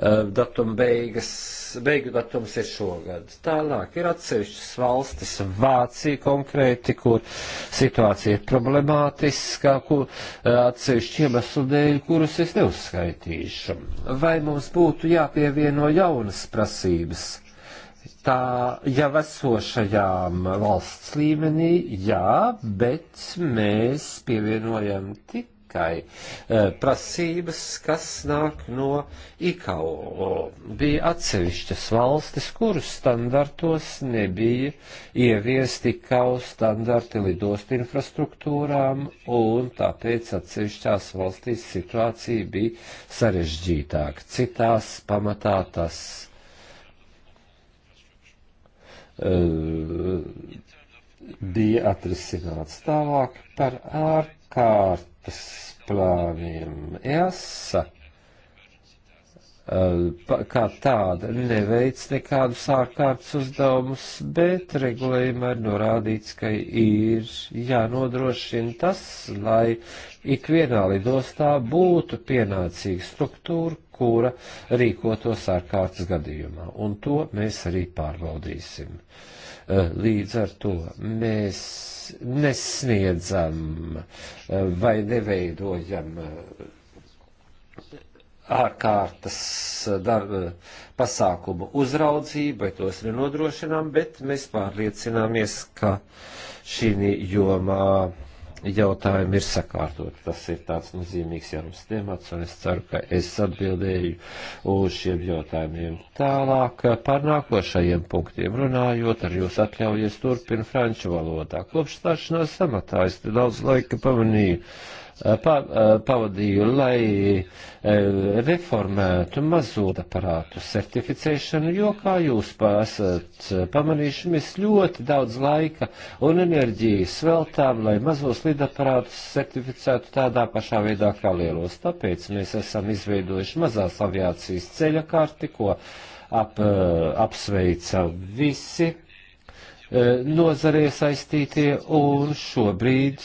Eh, datuma beigas, beigu datums ir šogad. Tālāk ir atsevišķas valstis, Vācija konkrēti, kur situācija ir problemātiska, kur eh, atsevišķi iemeslu dēļ, kurus es neuzskaitīšu. Vai mums būtu jāpievieno jaunas prasības? tā jau esošajām valsts līmenī, jā, bet mēs pievienojam tik tikai e, prasības, kas nāk no IKO. Bija atsevišķas valstis, kuru standartos nebija ieviesti IKO standarti lidostu infrastruktūrām, un tāpēc atsevišķās valstīs situācija bija sarežģītāka. Citās pamatā tas. Uh, bija atrisināts tālāk par ārkārt rīcības plāniem. EASA kā tāda neveic nekādus ārkārtas uzdevumus, bet regulējumā ir norādīts, ka ir jānodrošina tas, lai ikvienā lidostā būtu pienācīga struktūra, kura rīkotos ārkārtas gadījumā. Un to mēs arī pārbaudīsim. Uh, Eh, līdz ar to mēs nesniedzam eh, vai neveidojam eh, ārkārtas darba pasākumu uzraudzību, vai tos nenodrošinām, bet mēs pārliecināmies, ka šī jomā jautājumi ir sakārtot. Tas ir tāds nozīmīgs jaunas temats, un es ceru, ka es atbildēju uz šiem jautājumiem. Tālāk par nākošajiem punktiem runājot, ar jūs atļaujies turpina franču valodā. Kopš stāšanās samatā es daudz laika pamanīju Eh, pa, eh, pavadīju, lai eh, reformētu mazo aparātu certificēšanu, jo, kā jūs esat pamanījuši, mēs ļoti daudz laika un enerģijas veltām, lai mazos lidaparātus certificētu tādā pašā veidā kā lielos. Tāpēc mēs esam izveidojuši mazās aviācijas ceļa karti, ko ap, apsveica visi nozarē saistītie, un šobrīd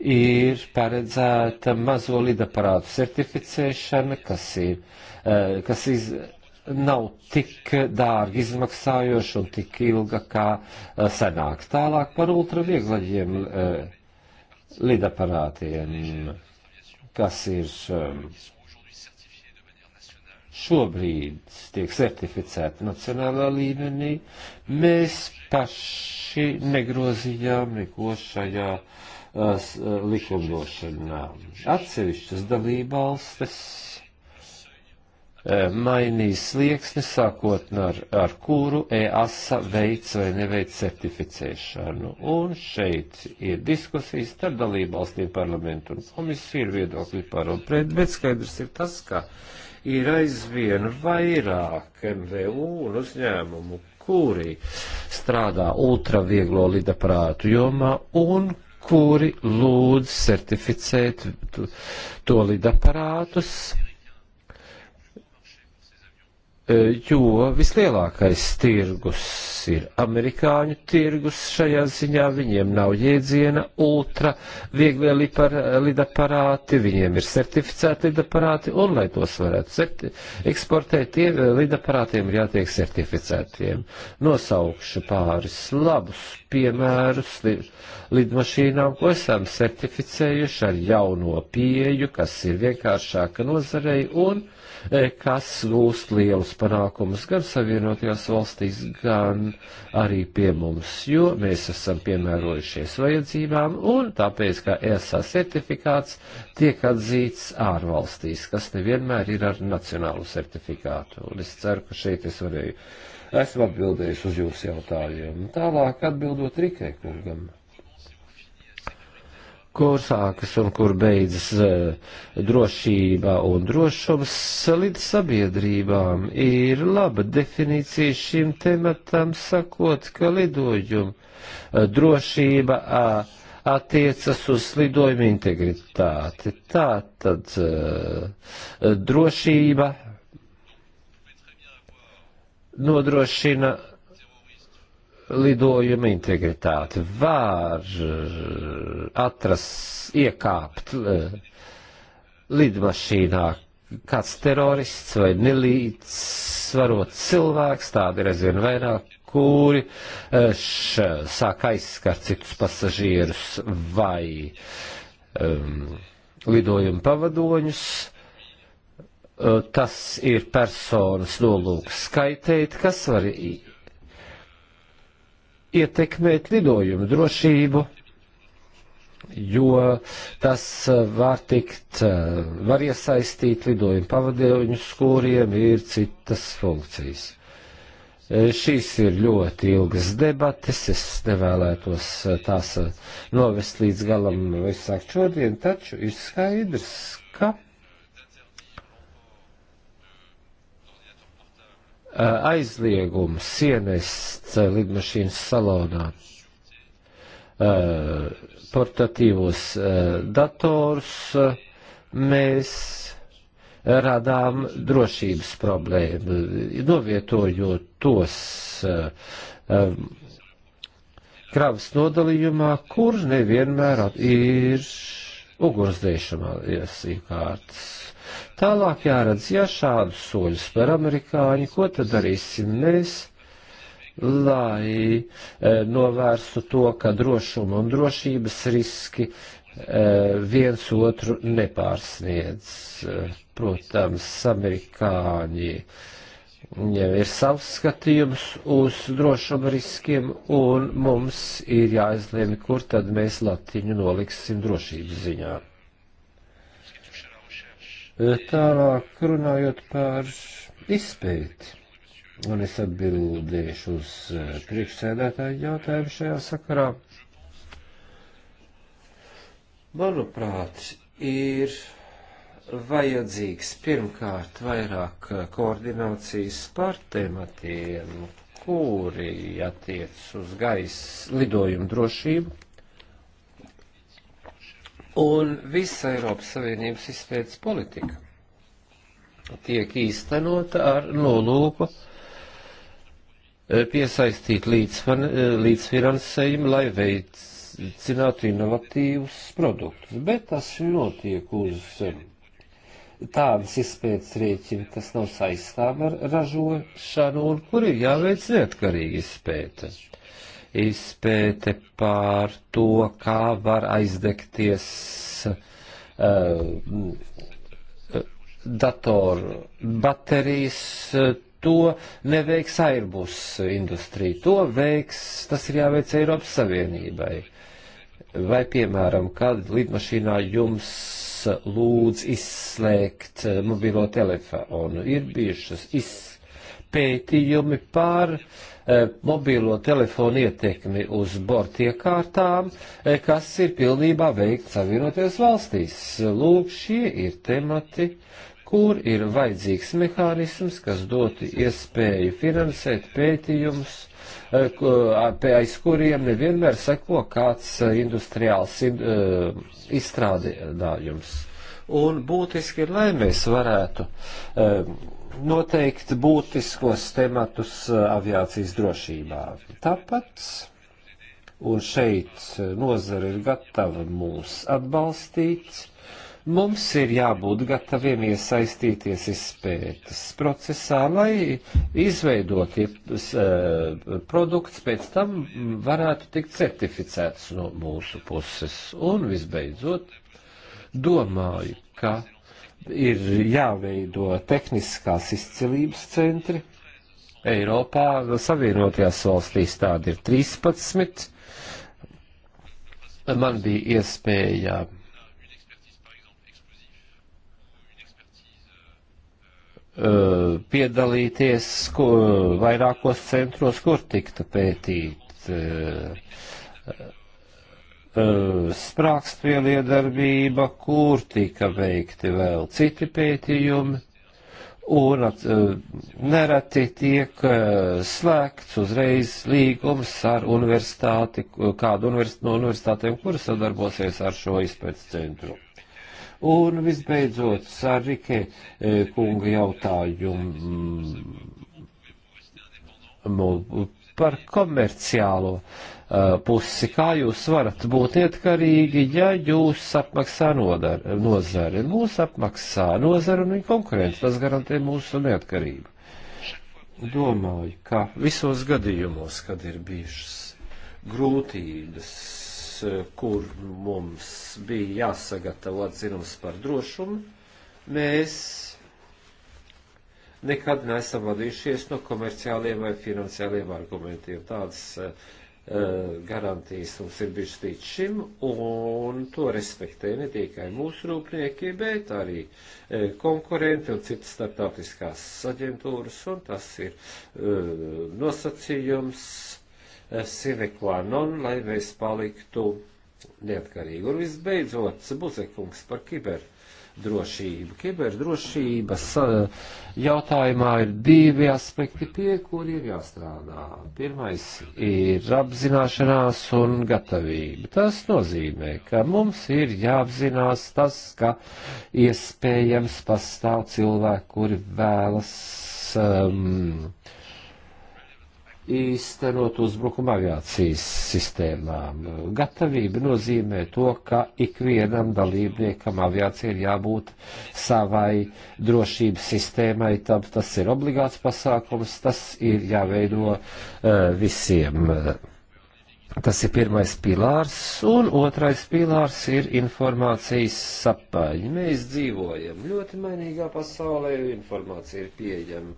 ir paredzēta mazo lidaparātu certificēšana, kas ir, eh, kas iz, nav tik dārgi izmaksājoša un tik ilga kā eh, senāk. Tālāk par ultravieglaģiem eh, lidaparātiem, kas ir ehm, šobrīd tiek certificēti nacionālā līmenī, mēs paši negrozījām neko šajā uh, E, likumdošanā. Atsevišķas dalībvalstis e, mainīs slieksni sākotnē ar, ar kuru EASA veic vai neveic certificēšanu. Un šeit ir diskusijas starp dalībvalstīm parlamentu un komisiju, ir viedokļi par un pret, bet skaidrs ir tas, ka ir aizvien vairāk MVU un uzņēmumu, kuri strādā ultravieglo lidaprātu jomā un kuri lūdz certificēt to lidaparātus. aparātus Eh, jo vislielākais tirgus ir amerikāņu tirgus šajā ziņā, viņiem nav jēdziena ultra vieglie lipar, lidaparāti, viņiem ir certificēti lidaparāti, un lai tos varētu certi, eksportēt, tie eh, lidaparātiem ir jātiek certificētiem. Nosaukšu pāris labus piemērus li, lidmašīnām, ko esam certificējuši ar jauno pieju, kas ir vienkāršāka nozarei un E, kas gūst lielus panākumus gan savienotajās valstīs, gan arī pie mums, jo mēs esam piemērojušies vajadzībām un tāpēc, ka ESA certifikāts tiek atzīts ārvalstīs, kas nevienmēr ir ar nacionālu certifikātu. Un es ceru, ka šeit es varēju. Esmu atbildējis uz jūsu jautājumu. Tālāk atbildot Rikai kungam kur sākas un kur beidzas e, drošība un drošums, līdz sabiedrībām ir laba definīcija šim tematam, sakot, ka lidojuma e, drošība attiecas uz lidojuma integritāti. Tā tad e, drošība nodrošina lidojuma integritāti, var eh, atrast, iekāpt eh, lidmašīnā kāds terorists vai nelīdzsvarot cilvēks, tādi ir aizvien vairāk, kuri eh, š, sāk aizskart citus pasažierus vai um, lidojuma pavadoņus. Tas ir personas nolūks skaitīt, kas var ietekmēt lidojumu drošību, jo tas eh, var tikt, eh, var iesaistīt lidojumu pavadējuņus, kuriem ir citas funkcijas. Eh, šīs ir ļoti ilgas debates, es nevēlētos tās novest līdz galam, vai sākt šodien, taču ir skaidrs, ka Eh, aizliegums ienest eh, lidmašīnas salonā eh, portatīvos dators, mēs radām drošības problēmu, novietojot tos kravas nodalījumā, kur nevienmēr ir ugunsdēšanās iekārtas Tālāk jāredz, ja šādus soļus par amerikāņu, ko tad darīsim mēs? lai e, novērstu to, ka drošuma un drošības riski e, viens otru nepārsniedz. Protams, amerikāņi jau ir savs skatījums uz drošuma riskiem, un mums ir jāizlēma, kur tad mēs latiņu noliksim drošības ziņā. Tālāk runājot par izpēti, un es atbildēšu uz eh, priekšsēdētāju jautājumu šajā sakarā. Manuprāt, ir vajadzīgs pirmkārt vairāk eh, koordinācijas par tematiem, kuri attiec uz gaisa lidojumu drošību, un visa Eiropas Savienības izpētes politika tiek īstenota ar nolūku eh, piesaistīt eh, līdzfinansējumu, lai veicinātu inovatīvus produktus, bet tas notiek uz eh, tādas izpētes rēķina, kas nav saistām ar ražošanu un kur ir jāveic neatkarīgi izpētes izpēte pār to, kā var aizdegties uh, eh, datoru baterijas. Uh, to neveiks Airbus industrija, to veiks, tas ir jāveic Eiropas Savienībai. Vai, piemēram, kad lidmašīnā jums lūdz izslēgt eh, mobilo telefonu, ir bijušas izpētījumi pār uh, Eh, mobīlo telefonu ietekmi uz bortiekārtām, eh, kas ir pilnībā veikts Savienotajās valstīs. Lūk, šie ir temati, kur ir vajadzīgs mehānisms, kas dotu iespēju finansēt pētījumus, eh, aiz kuriem nevienmēr seko kāds industriāls izstrādājums. Un būtiski ir, lai mēs varētu noteikt būtiskos tematus uh, aviācijas drošībā. Tāpat, un šeit uh, nozara ir gatava mūs atbalstīt, mums ir jābūt gataviem iesaistīties izpētes procesā, lai izveidotie uh, produkts pēc tam varētu tikt certificēts no mūsu puses. Un visbeidzot, domāju, ka ir jāveido tehniskās izcilības centri. Eiropā, Savienotajās valstīs tādi ir 13. Man bija iespēja eh, piedalīties ko, vairākos centros, kur tikta pētīt eh, Eh, sprākstvieliedarbība, kur tika veikti vēl citi pētījumi, un eh, nereti tiek eh, slēgts uzreiz līgums ar universitāti, kādu universit, no universitātēm, kuras sadarbosies ar šo izpētes centru. Un visbeidzot, Sarike kunga jautājumu mm, par komerciālo uh, Uh, pusi. Kā jūs varat būt neatkarīgi, ja jūs apmaksā nodar, nozari? Mūs apmaksā nozari un viņa konkurence. Tas garantē mūsu neatkarību. Domāju, ka visos gadījumos, kad ir bijušas grūtības, uh, kur mums bija jāsagatavo atzinums par drošumu, mēs nekad neesam vadījušies no komerciāliem vai finansiāliem argumentiem. Tādas uh, Eh, garantijas mums ir bijušas līdz šim, un to respektē ne tikai mūsu rūpnieki, bet arī eh, konkurenti un citas starptautiskās aģentūras, un tas ir eh, nosacījums sine qua non, lai mēs paliktu neatkarīgi. Un visbeidzot, Buzekungs par kiber drošību. Kiberdrošības eh, jautājumā ir divi aspekti, pie kuriem jāstrādā. Pirmais ir apzināšanās un gatavība. Tas nozīmē, ka mums ir jāapzinās tas, ka iespējams pastāv cilvēki, kuri vēlas um, īstenot uzbrukumu aviācijas sistēmām. Gatavība nozīmē to, ka ikvienam dalībniekam aviācija ir jābūt savai drošības sistēmai, tad tas ir obligāts pasākums, tas ir jāveido uh, visiem. Tas ir pirmais pilārs, un otrais pilārs ir informācijas sapaļi. Mēs dzīvojam ļoti mainīgā pasaulē, informācija ir pieejama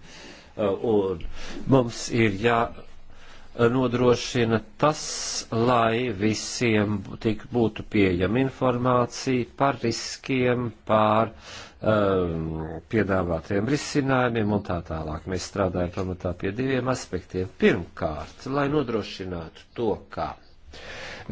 un mums ir jānodrošina tas, lai visiem tik būtu pieejama informācija par riskiem, par um, piedāvātiem risinājumiem un tā tālāk. Mēs strādājam pamatā pie diviem aspektiem. Pirmkārt, lai nodrošinātu to, kā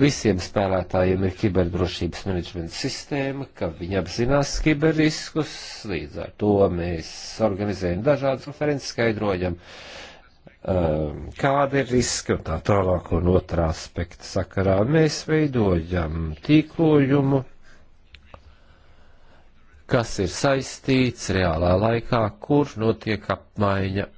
visiem spēlētājiem ir kiberdrošības menedžmenta sistēma, ka viņi apzinās kiberriskus, līdz ar to mēs organizējam dažādas konferences, skaidrojam, um, kāda ir riska un tā tālāk un otrā aspekta sakarā. Mēs veidojam tīklojumu kas ir saistīts reālā laikā, kur notiek apmaiņa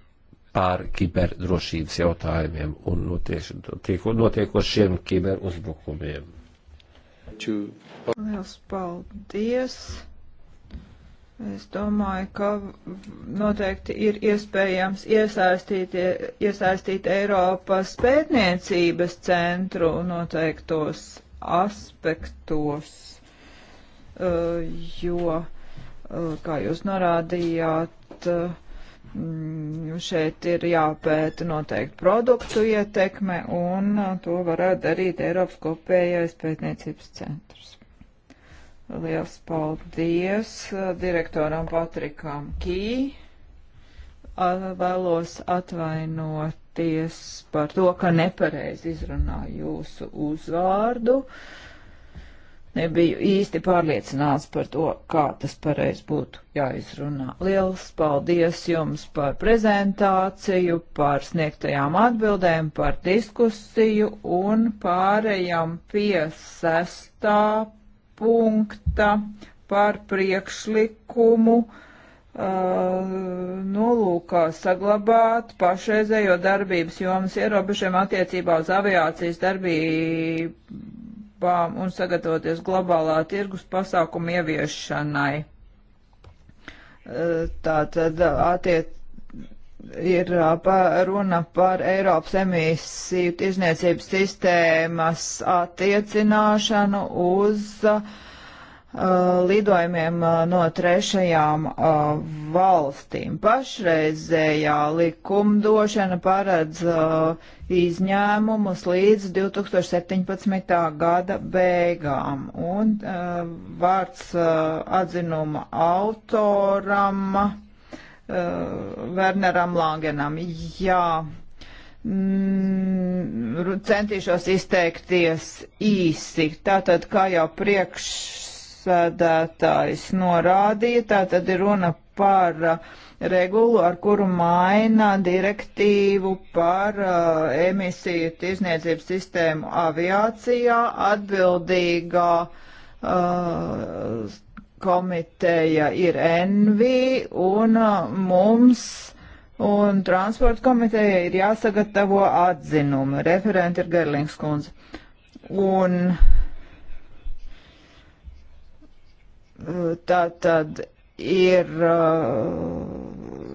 pār kiberdrošības jautājumiem un notiek, notiekošiem kiberuzbrukumiem. Liels paldies! Es domāju, ka noteikti ir iespējams iesaistīt, iesaistīt Eiropas pētniecības centru noteiktos aspektos, uh, jo, uh, kā jūs norādījāt, uh, Mm, šeit ir jāpēta noteikti produktu ietekme, un uh, to varētu darīt Eiropas kopējais pētniecības centrs. Liels paldies uh, direktoram Patrikam Kī. Uh, vēlos atvainoties par to, ka nepareizi izrunāju jūsu uzvārdu. Uh, nebiju īsti pārliecināts par to, kā tas pareiz būtu jāizrunā. Liels paldies jums par prezentāciju, par sniegtajām atbildēm, par diskusiju un pārējām pie sestā punkta par priekšlikumu. Uh, nolūkā saglabāt pašreizējo darbības jomas ierobežiem attiecībā uz aviācijas darbību grupām un sagatavoties globālā tirgus pasākumu ieviešanai. Eh, Tā tad eh, attiec ir eh, runa par Eiropas emisiju tirzniecības sistēmas attiecināšanu uz uh, Uh, lidojumiem uh, no trešajām uh, valstīm. Pašreizējā likumdošana paredz izņēmumus līdz 2017. gada beigām. Un vārds atzinuma autoram Werneram Langenam. Jā, mm, centīšos izteikties īsi. Tātad, kā jau priekš priekšsēdētājs norādīja, tā tad ir runa par uh, regulu, ar kuru maina direktīvu par uh, emisiju tirzniecības sistēmu aviācijā atbildīgā uh, komiteja ir NV un mums un transporta komiteja ir jāsagatavo atzinumi. Referenti ir Gerlings kundze. Un tā tad ir uh,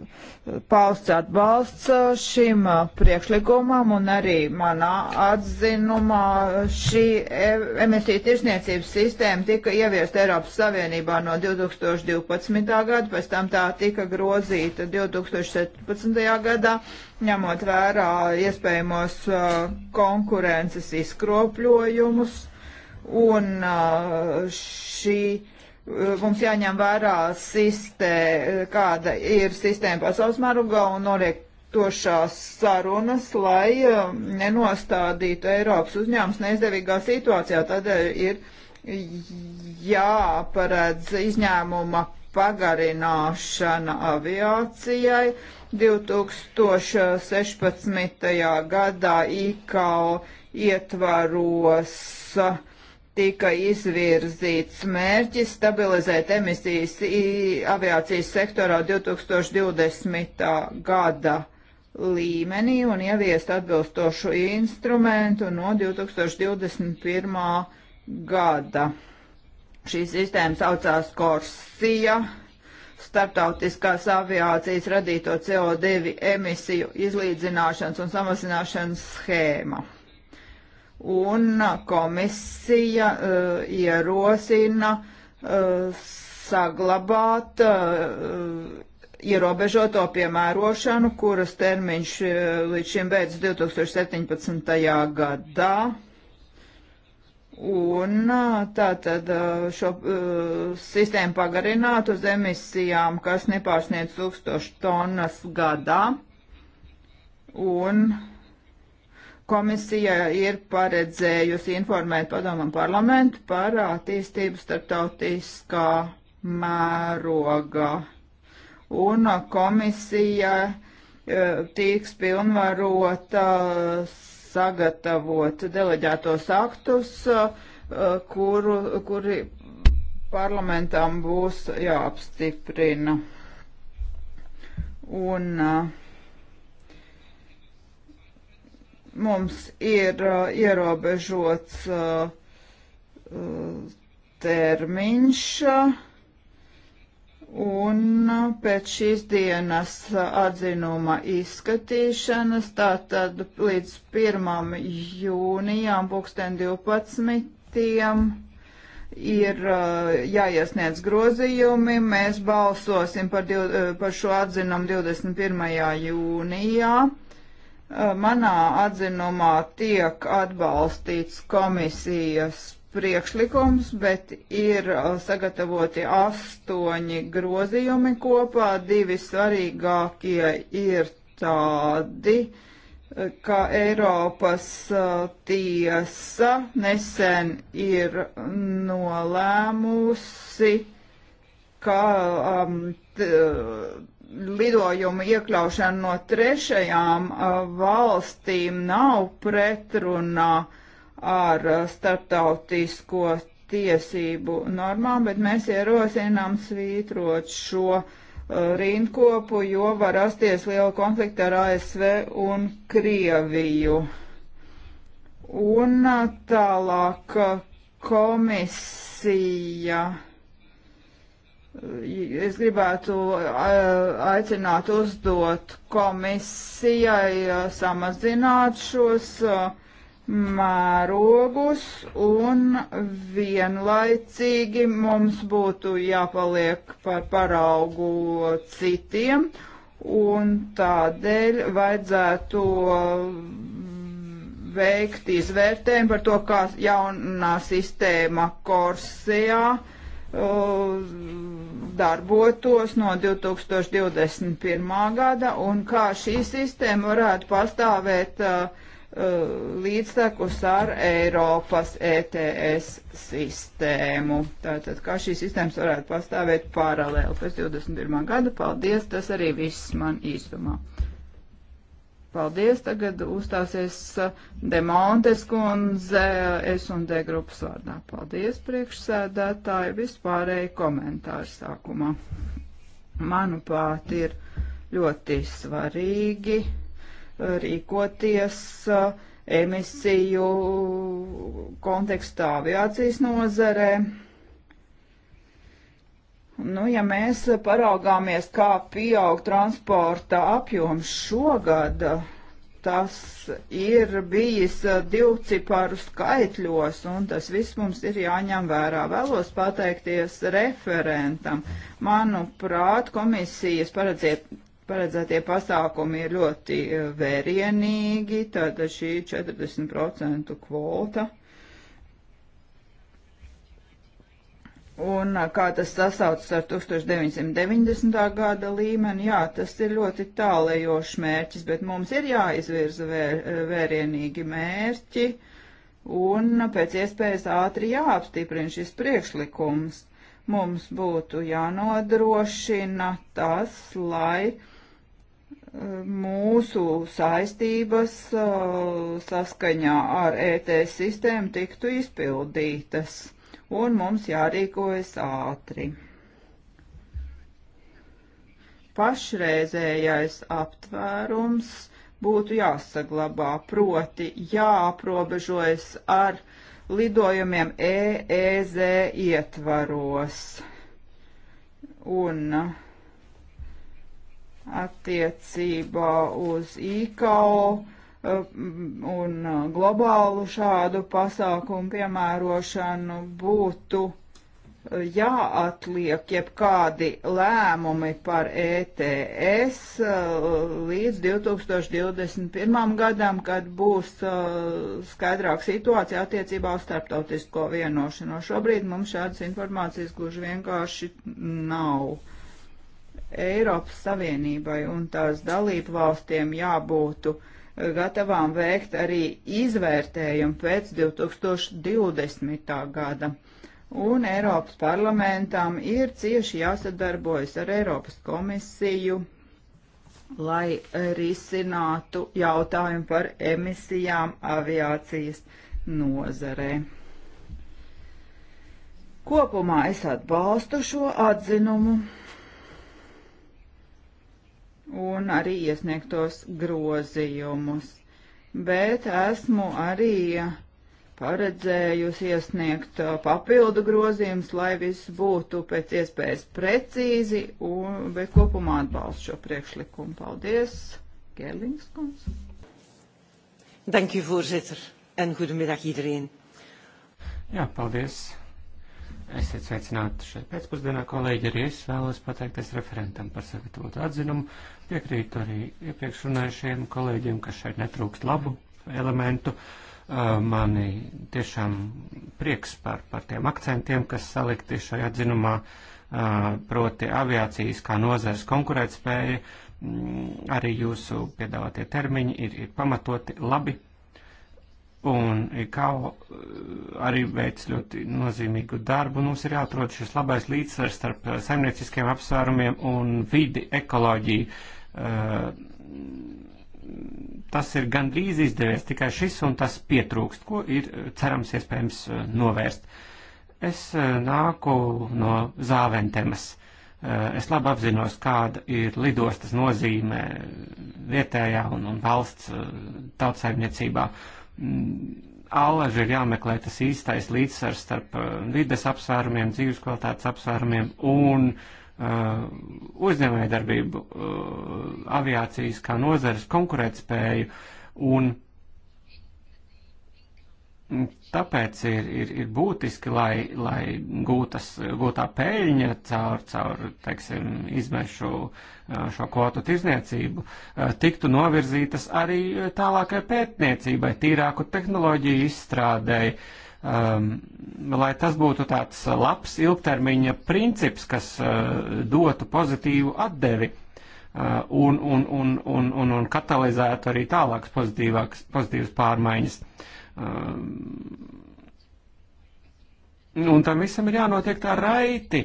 pausts atbalsts uh, šim uh, priekšlikumam un arī manā atzinumā šī e, emisiju tirsniecības sistēma tika ieviesta Eiropas Savienībā no 2012. gada, pēc tam tā tika grozīta 2017. gadā, ņemot vērā iespējamos konkurences izkropļojumus un šī Eh, mums jāņem vērā sistē, eh, kāda ir sistēma pasaules mērogā un noriek tošās sarunas, lai eh, nenostādītu Eiropas uzņēmums neizdevīgā situācijā. Tādēļ ir jāparedz izņēmuma pagarināšana aviācijai. 2016. gadā IKO ietvaros uh, tika izvirzīts mērķis stabilizēt emisijas aviācijas sektorā 2020. gada līmenī un ieviest atbilstošu instrumentu no 2021. gada. Šī sistēma saucās Korsija, starptautiskās aviācijas radīto CO2 emisiju izlīdzināšanas un samazināšanas schēma un komisija uh, ierosina uh, saglabāt uh, ierobežoto piemērošanu, kuras termiņš uh, līdz šim beidzas 2017. gadā. Un tā tad šo uh, sistēmu pagarināt uz emisijām, kas nepārsniedz 1000 tonnas gadā. Un uh, Komisija ir paredzējusi informēt padomu parlamentu par attīstību starptautiskā mēroga. Un komisija e, tiks pilnvarota sagatavot deleģētos aktus, e, kuru, kuri parlamentam būs jāapstiprina. Un uh, mums ir uh, ierobežots uh, uh, termiņš, un pēc šīs dienas atzinuma izskatīšanas, tātad līdz 1. jūnijām, pulksten 12. Ir uh, jāiesniedz grozījumi. Mēs balsosim par, div, uh, par šo atzinumu 21. jūnijā. Uh, Eh, manā atzinumā tiek atbalstīts komisijas priekšlikums, bet ir eh, sagatavoti astoņi grozījumi kopā. Divi svarīgākie ir tādi, eh, ka Eiropas tiesa nesen ir nolēmusi, ka um, t, lidojumu iekļaušana no trešajām valstīm nav pretrunā ar starptautisko tiesību normām, bet mēs ierosinām svītrot šo rīnkopu, jo var rasties liela konflikta ar ASV un Krieviju. Un tālāk komisija Es gribētu aicināt uzdot komisijai samazināt šos mērogus un vienlaicīgi mums būtu jāpaliek par paraugu citiem un tādēļ vajadzētu veikt izvērtējumu par to, kā jaunā sistēma Korsijā uh, Uh, darbotos no 2021. gada un kā šī sistēma varētu pastāvēt uh, uh, līdztekus ar Eiropas ETS sistēmu. Tātad, kā šīs sistēmas varētu pastāvēt paralēli pēc 21. gada. Paldies, tas arī viss man īsumā. Paldies, tagad uzstāsies uh, Demontes kundze uh, S un D grupas vārdā. Paldies, priekšsēdētāji, vispārēji komentāri sākumā. Manuprāt, ir ļoti svarīgi uh, rīkoties emisiju kontekstā aviācijas nozarē Nu, ja mēs paraugāmies, kā pieaug transporta apjoms šogad, tas ir bijis divciparu skaitļos, un tas viss mums ir jāņem vērā. Vēlos pateikties referentam. Manuprāt, komisijas paredziet, paredzētie pasākumi ir ļoti eh, vērienīgi, tāda šī 40% kvota. Un kā tas sasaucas ar 1990. gada līmeni, jā, tas ir ļoti tālējošs mērķis, bet mums ir jāizvirza vēr, vērienīgi mērķi un pēc iespējas ātri jāapstiprina šis priekšlikums. Mums būtu jānodrošina tas, lai mūsu saistības saskaņā ar ET sistēmu tiktu izpildītas un mums jārīkojas ātri. Pašreizējais aptvērums būtu jāsaglabā, proti jāaprobežojas ar lidojumiem EEZ ietvaros. Un attiecībā uz IKO un globālu šādu pasākumu piemērošanu būtu jāatliek jebkādi lēmumi par ETS līdz 2021. gadam, kad būs skaidrāk situācija attiecībā uz starptautisko vienošanos. Šobrīd mums šādas informācijas gluži vienkārši nav. Eiropas Savienībai un tās dalību valstiem jābūtu uh, gatavām veikt arī izvērtējumu pēc 2020. gada. Un Eiropas parlamentam ir cieši jāsadarbojas ar Eiropas komisiju, lai risinātu jautājumu par emisijām aviācijas nozarē. Kopumā es atbalstu šo atzinumu un arī iesniegtos grozījumus. Bet esmu arī paredzējusi iesniegt uh, papildu grozījumus, lai viss būtu pēc iespējas precīzi, un, bet kopumā atbalstu šo priekšlikumu. Paldies, Gerlings kungs. Dank u, voorzitter, en goedemiddag iedereen. Ja, paldies, Esiet sveicināti šeit pēcpusdienā, kolēģi, arī es vēlos pateikties referentam par sagatavotu atzinumu. Piekrītu arī iepriekš runājušiem kolēģiem, ka šeit netrūkst labu elementu. Uh, mani tiešām prieks par, par tiem akcentiem, kas salikti šajā atzinumā, uh, proti aviācijas kā nozars konkurētspēja, mm, arī jūsu piedāvātie termiņi ir, ir pamatoti labi Un kā eh, arī veic ļoti nozīmīgu darbu, mums ir jāatrod šis labais līdzsvars starp eh, saimnieciskiem apsvērumiem un vidi, ekoloģiju. Eh, tas ir gandrīz izdevies, tikai šis un tas pietrūkst, ko ir cerams iespējams novērst. Es nāku no Zāventemas. Es labi apzinos, kāda ir lidostas nozīme vietējā un, un valsts tautsaimniecībā. Uh, Mm, Allaži ir jāmeklē tas īstais līdzsvars starp uh, vides apsvērumiem, dzīves kvalitātes apsvērumiem un uh, uzņēmējdarbību, uh, aviācijas kā nozares konkurētspēju un Tāpēc ir, ir, ir būtiski, lai, lai gūtas, gūtā peļņa caur, caur teiksim, izmešu šo kvotu tirzniecību tiktu novirzītas arī tālākai pētniecībai, tīrāku tehnoloģiju izstrādēji, um, lai tas būtu tāds labs ilgtermiņa princips, kas uh, dotu pozitīvu atdevi uh, un, un, un, un, un, un katalizētu arī tālākas pozitīvas pārmaiņas. Uh, Um, un tam visam ir jānotiek tā raiti,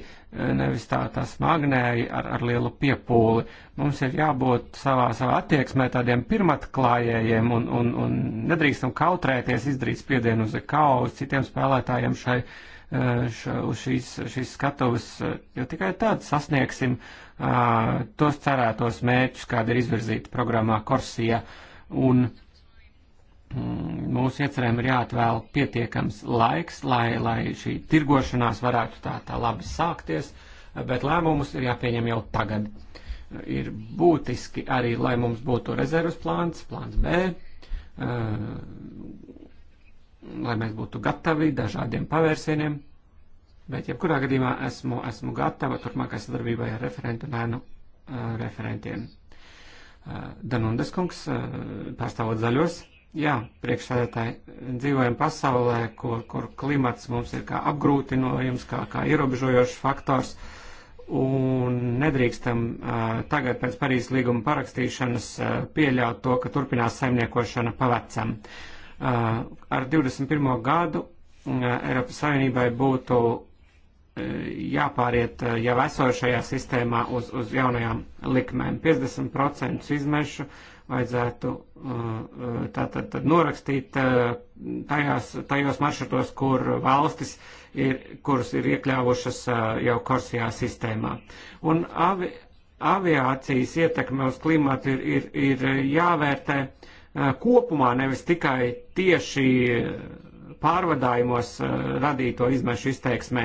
nevis tā, tā smagnēji ar, ar lielu piepūli. Mums ir jābūt savā, savā attieksmē tādiem pirmatklājējiem un, un, un nedrīkstam kautrēties, izdarīt spiedienu uz ekau, uz citiem spēlētājiem šai, uh, š, uz šīs, šīs skatuves, uh, jo tikai tad sasniegsim uh, tos cerētos mērķus, kādi ir izvirzīti programmā Korsija. Un, uh, Mm, mūsu iecerēm ir jāatvēl pietiekams laiks, lai, lai šī tirgošanās varētu tā, tā labi sākties, bet lēmumus ir jāpieņem jau tagad. Ir būtiski arī, lai mums būtu rezervas plāns, plāns B, eh, lai mēs būtu gatavi dažādiem pavērsieniem, bet jebkurā gadījumā esmu, esmu gatava turpmākai sadarbībai ar referentu un ēnu eh, referentiem. Eh, Danundes kungs, pārstāvot zaļos. Jā, priekšsēdētāji, dzīvojam pasaulē, kur, kur klimats mums ir kā apgrūtinojums, kā, kā ierobežojošs faktors, un nedrīkstam uh, tagad pēc Parīzes līguma parakstīšanas uh, pieļaut to, ka turpinās saimniekošana pavecam. Uh, ar 21. gadu uh, Eiropas Savienībai būtu jāpāriet jau esošajā sistēmā uz, uz jaunajām likmēm. 50% izmešu vajadzētu uh, uh, tātad norakstīt uh, tajās, tajos maršrutos, kur valstis ir, kuras ir iekļāvušas jau Korsijā sistēmā. Un avi, aviācijas ietekme uz klimatu ir, ir, ir jāvērtē kopumā, nevis tikai tieši pārvadājumos radīto izmešu izteiksmē.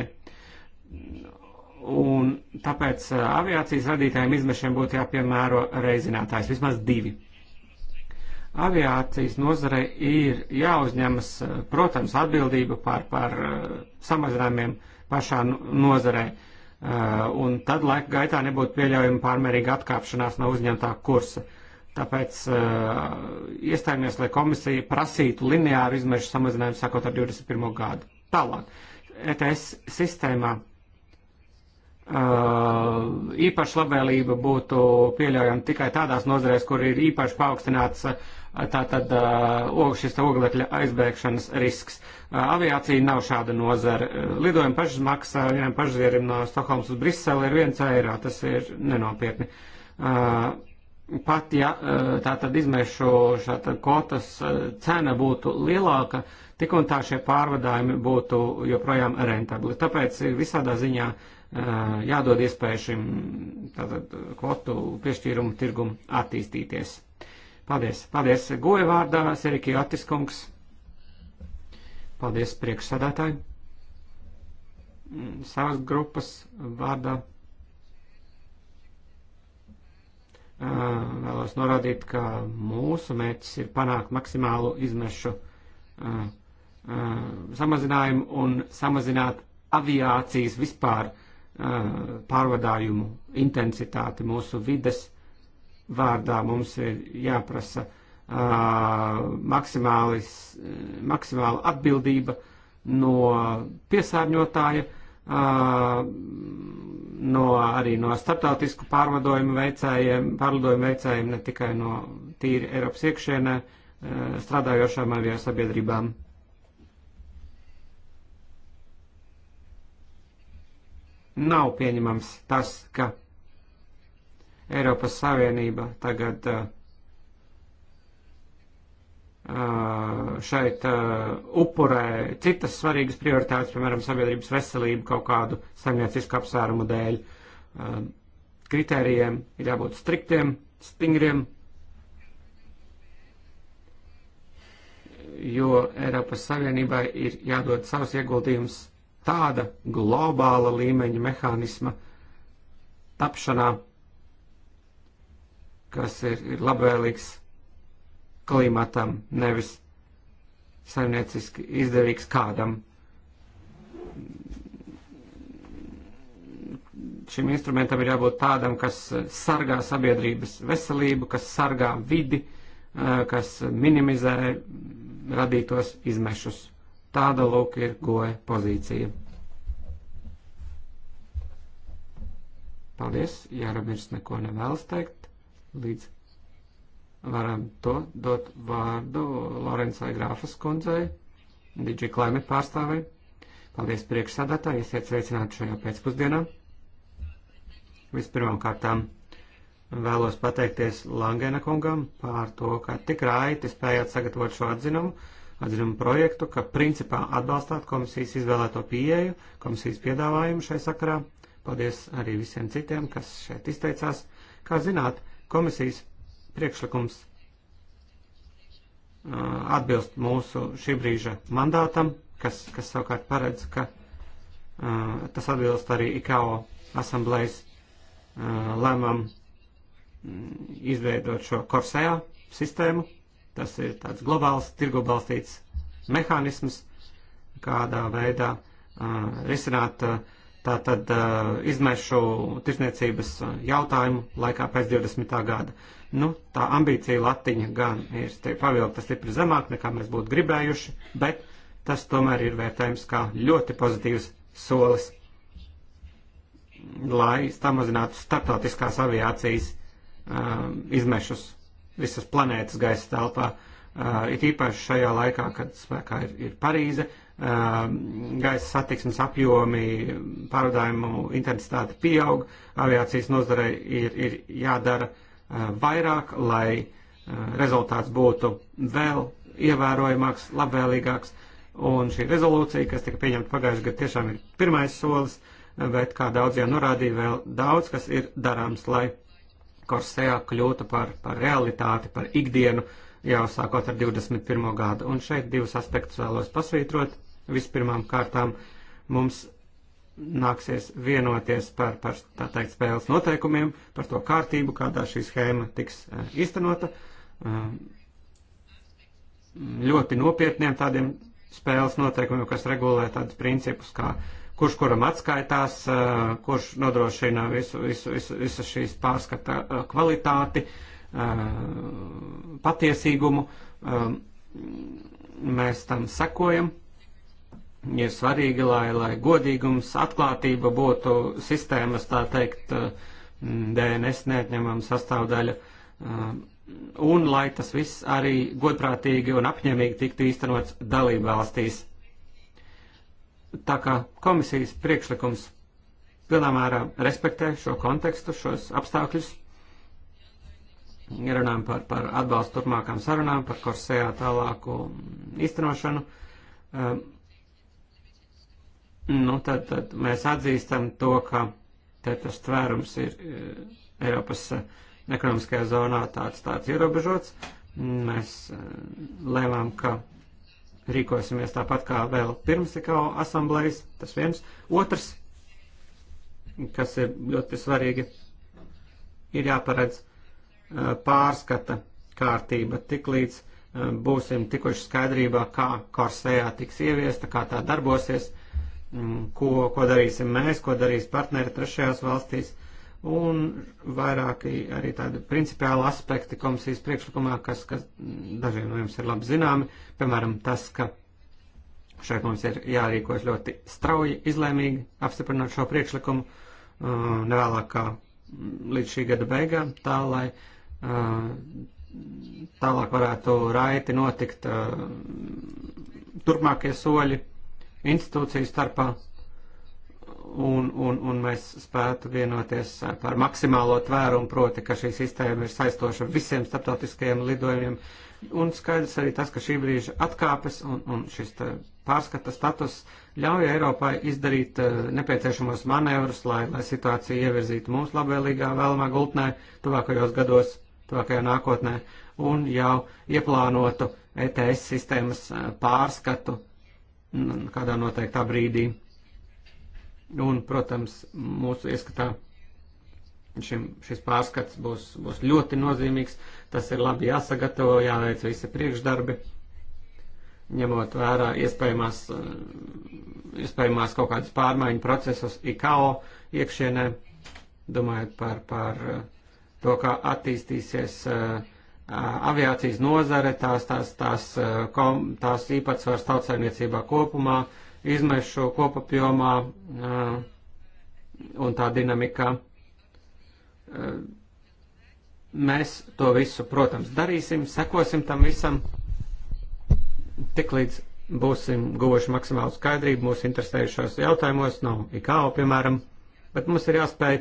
Un tāpēc aviācijas radītājiem izmešiem būtu jāpiemēro reizinātājs, vismaz divi aviācijas nozare ir jāuzņemas, eh, protams, atbildība par, par eh, samazinājumiem pašā nozarē. Eh, un tad laika gaitā nebūtu pieļaujama pārmērīga atkāpšanās no uzņemtā kursa. Tāpēc iestājamies, lai komisija prasītu lineāru izmešu samazinājumu sākot ar 21. gadu. Tālāk, ETS sistēmā īpaša labvēlība būtu pieļaujama tikai tādās nozarēs, kur ir īpaši paaugstināts uh, tātad šis oglekļa aizbēgšanas risks. Aviācija nav šāda nozara. Lidojuma pašmaksā vienam pašzierim no Stokholmas uz Briseli ir viens eiro, tas ir nenopietni. Pat ja tātad izmešu šāda kvotas cena būtu lielāka, tik un tā šie pārvadājumi būtu joprojām rentabli. Tāpēc ir visādā ziņā jādod iespēju šim tātad, kvotu piešķīrumu tirgumu attīstīties. Paldies. Paldies goja vārdā, Seriki Atiskungs. Paldies priekšsādātāji. Savas grupas vārdā. Vēlos norādīt, ka mūsu mērķis ir panākt maksimālu izmešu samazinājumu un samazināt aviācijas vispār pārvadājumu intensitāti mūsu vides vārdā mums ir jāprasa maksimāla atbildība no piesārņotāja, no, arī no starptautisku pārvadojumu veicējiem, pārlidojumu veicējiem, ne tikai no tīri Eiropas iekšienē strādājošām avio sabiedrībām. Nav pieņemams tas, ka Eiropas Savienība tagad uh, uh, šeit uh, upurē citas svarīgas prioritātes, piemēram, sabiedrības veselību kaut kādu saimniecisku apsvērumu dēļ. Kritērijiem ir jābūt striktiem, stingriem, jo Eiropas Savienībai ir jādod savs ieguldījums tāda globāla līmeņa mehānisma tapšanā kas ir, ir labvēlīgs klimatam, nevis saimnieciski izdevīgs kādam. Šim instrumentam ir jābūt tādam, kas sargā sabiedrības veselību, kas sargā vidi, eh, kas minimizē radītos izmešus. Tāda lūk ir goja pozīcija. Paldies, Jāra Mirs neko nevēlas teikt līdz varam to dot vārdu Lorencai Grāfas kundzei, Digi Climate pārstāvei. Paldies priekšsādātāji, esiet sveicināti šajā pēcpusdienā. Vispirmām kārtām vēlos pateikties Langena kungam par to, ka tik raiti spējāt sagatavot šo atzinumu, atzinumu projektu, ka principā atbalstāt komisijas izvēlēto pieeju, komisijas piedāvājumu šai sakarā. Paldies arī visiem citiem, kas šeit izteicās. Kā zināt, Komisijas priekšlikums uh, atbilst mūsu šī brīža mandātam, kas, kas savukārt paredz, ka uh, tas atbilst arī IKO asamblējas uh, lēmām mm, izveidot šo korsējā sistēmu. Tas ir tāds globāls, tirgu balstīts mehānisms, kādā veidā risināt uh, tātad izmešu tirsniecības jautājumu laikā pēc 20. gada. Nu, tā ambīcija latiņa gan ir pavilkta stipri zemāk, nekā mēs būtu gribējuši, bet tas tomēr ir vērtējums kā ļoti pozitīvs solis, lai samazinātu starptautiskās aviācijas um, izmešus visas planētas gaisa telpā. Uh, it īpaši šajā laikā, kad spēkā ir, ir Parīze, uh, gaisa satiksmes apjomi, pārvadājumu intensitāte pieaug, aviācijas nozarei ir, ir jādara vairāk, lai rezultāts būtu vēl ievērojamāks, labvēlīgāks. Un šī rezolūcija, kas tika pieņemta pagājušajā gadā, tiešām ir pirmais solis, bet, kā daudz jau norādīja, vēl daudz, kas ir darāms, lai Korsējā kļūtu par, par realitāti, par ikdienu, jau sākot ar 21. gadu. Un šeit divus aspektus vēlos pasvītrot. Vispirmām kārtām mums nāksies vienoties par, par tā teikt, spēles noteikumiem, par to kārtību, kādā šī schēma tiks e, īstenota. E, ļoti nopietniem tādiem spēles noteikumiem, kas regulē tādus principus, kā kurš kuram atskaitās, e, kurš nodrošina visu, visu, visu, visu šīs pārskata kvalitāti, patiesīgumu. Mēs tam sekojam ir svarīgi, lai, lai godīgums, atklātība būtu sistēmas, tā teikt, mm, DNS neatņemama sastāvdaļa, uh, un lai tas viss arī godprātīgi un apņēmīgi tiktu īstenots dalību valstīs. Tā kā komisijas priekšlikums pilnā mērā respektē šo kontekstu, šos apstākļus, runājam par, par atbalstu turpmākām sarunām, par korsējā tālāku īstenošanu uh, nu, tad, tad mēs atzīstam to, ka tas tvērums ir e, Eiropas e, ekonomiskajā zonā tāds, tāds ierobežots. Mēs e, lēmām, ka rīkosimies tāpat kā vēl pirms tikau asamblējas, tas viens. Otrs, kas ir ļoti svarīgi, ir jāparedz pārskata kārtība tik līdz būsim tikuši skaidrībā, kā korsējā tiks ieviesta, kā tā darbosies. Uh, Mm, ko, ko darīsim mēs, ko darīs partneri trešajās valstīs, un vairāki arī tādi principiāli aspekti komisijas priekšlikumā, kas, kas dažiem no jums ir labi zināmi, piemēram, tas, ka šeit mums ir jārīkojas ļoti strauji, izlēmīgi, apstiprinot šo priekšlikumu uh, nevēlāk kā līdz šī gada beigām, tā lai uh, tālāk varētu raiti notikt uh, turpmākie soļi institūciju starpā, un, un, un mēs spētu vienoties par maksimālo tvērumu, proti, ka šī sistēma ir saistoša visiem starptautiskajiem lidojumiem, un skaidrs arī tas, ka šī brīža atkāpes un, un šis pārskata status ļauj Eiropai izdarīt uh, nepieciešamos manevrus, lai, lai situācija ievirzītu mūsu labvēlīgā vēlamā gultnē tuvākajos gados, tuvākajā nākotnē, un jau ieplānotu ETS sistēmas eh, pārskatu kādā noteiktā brīdī. Un, protams, mūsu ieskatā šim, šis pārskats būs, būs ļoti nozīmīgs. Tas ir labi jāsagatavo, jāveic visi priekšdarbi, ņemot vērā iespējamās, iespējamās kaut kādas pārmaiņu procesus IKO iekšienē, domājot par, par to, kā attīstīsies uh, aviācijas nozare, tās, tās, tās, kom, tās īpatsvars tautsainiecībā kopumā, izmešu kopapjomā un tā dinamikā. Mēs to visu, protams, darīsim, sekosim tam visam, tiklīdz būsim guvuši maksimālu skaidrību mūsu interesējušos jautājumos, nav no IKO, piemēram, bet mums ir jāspēj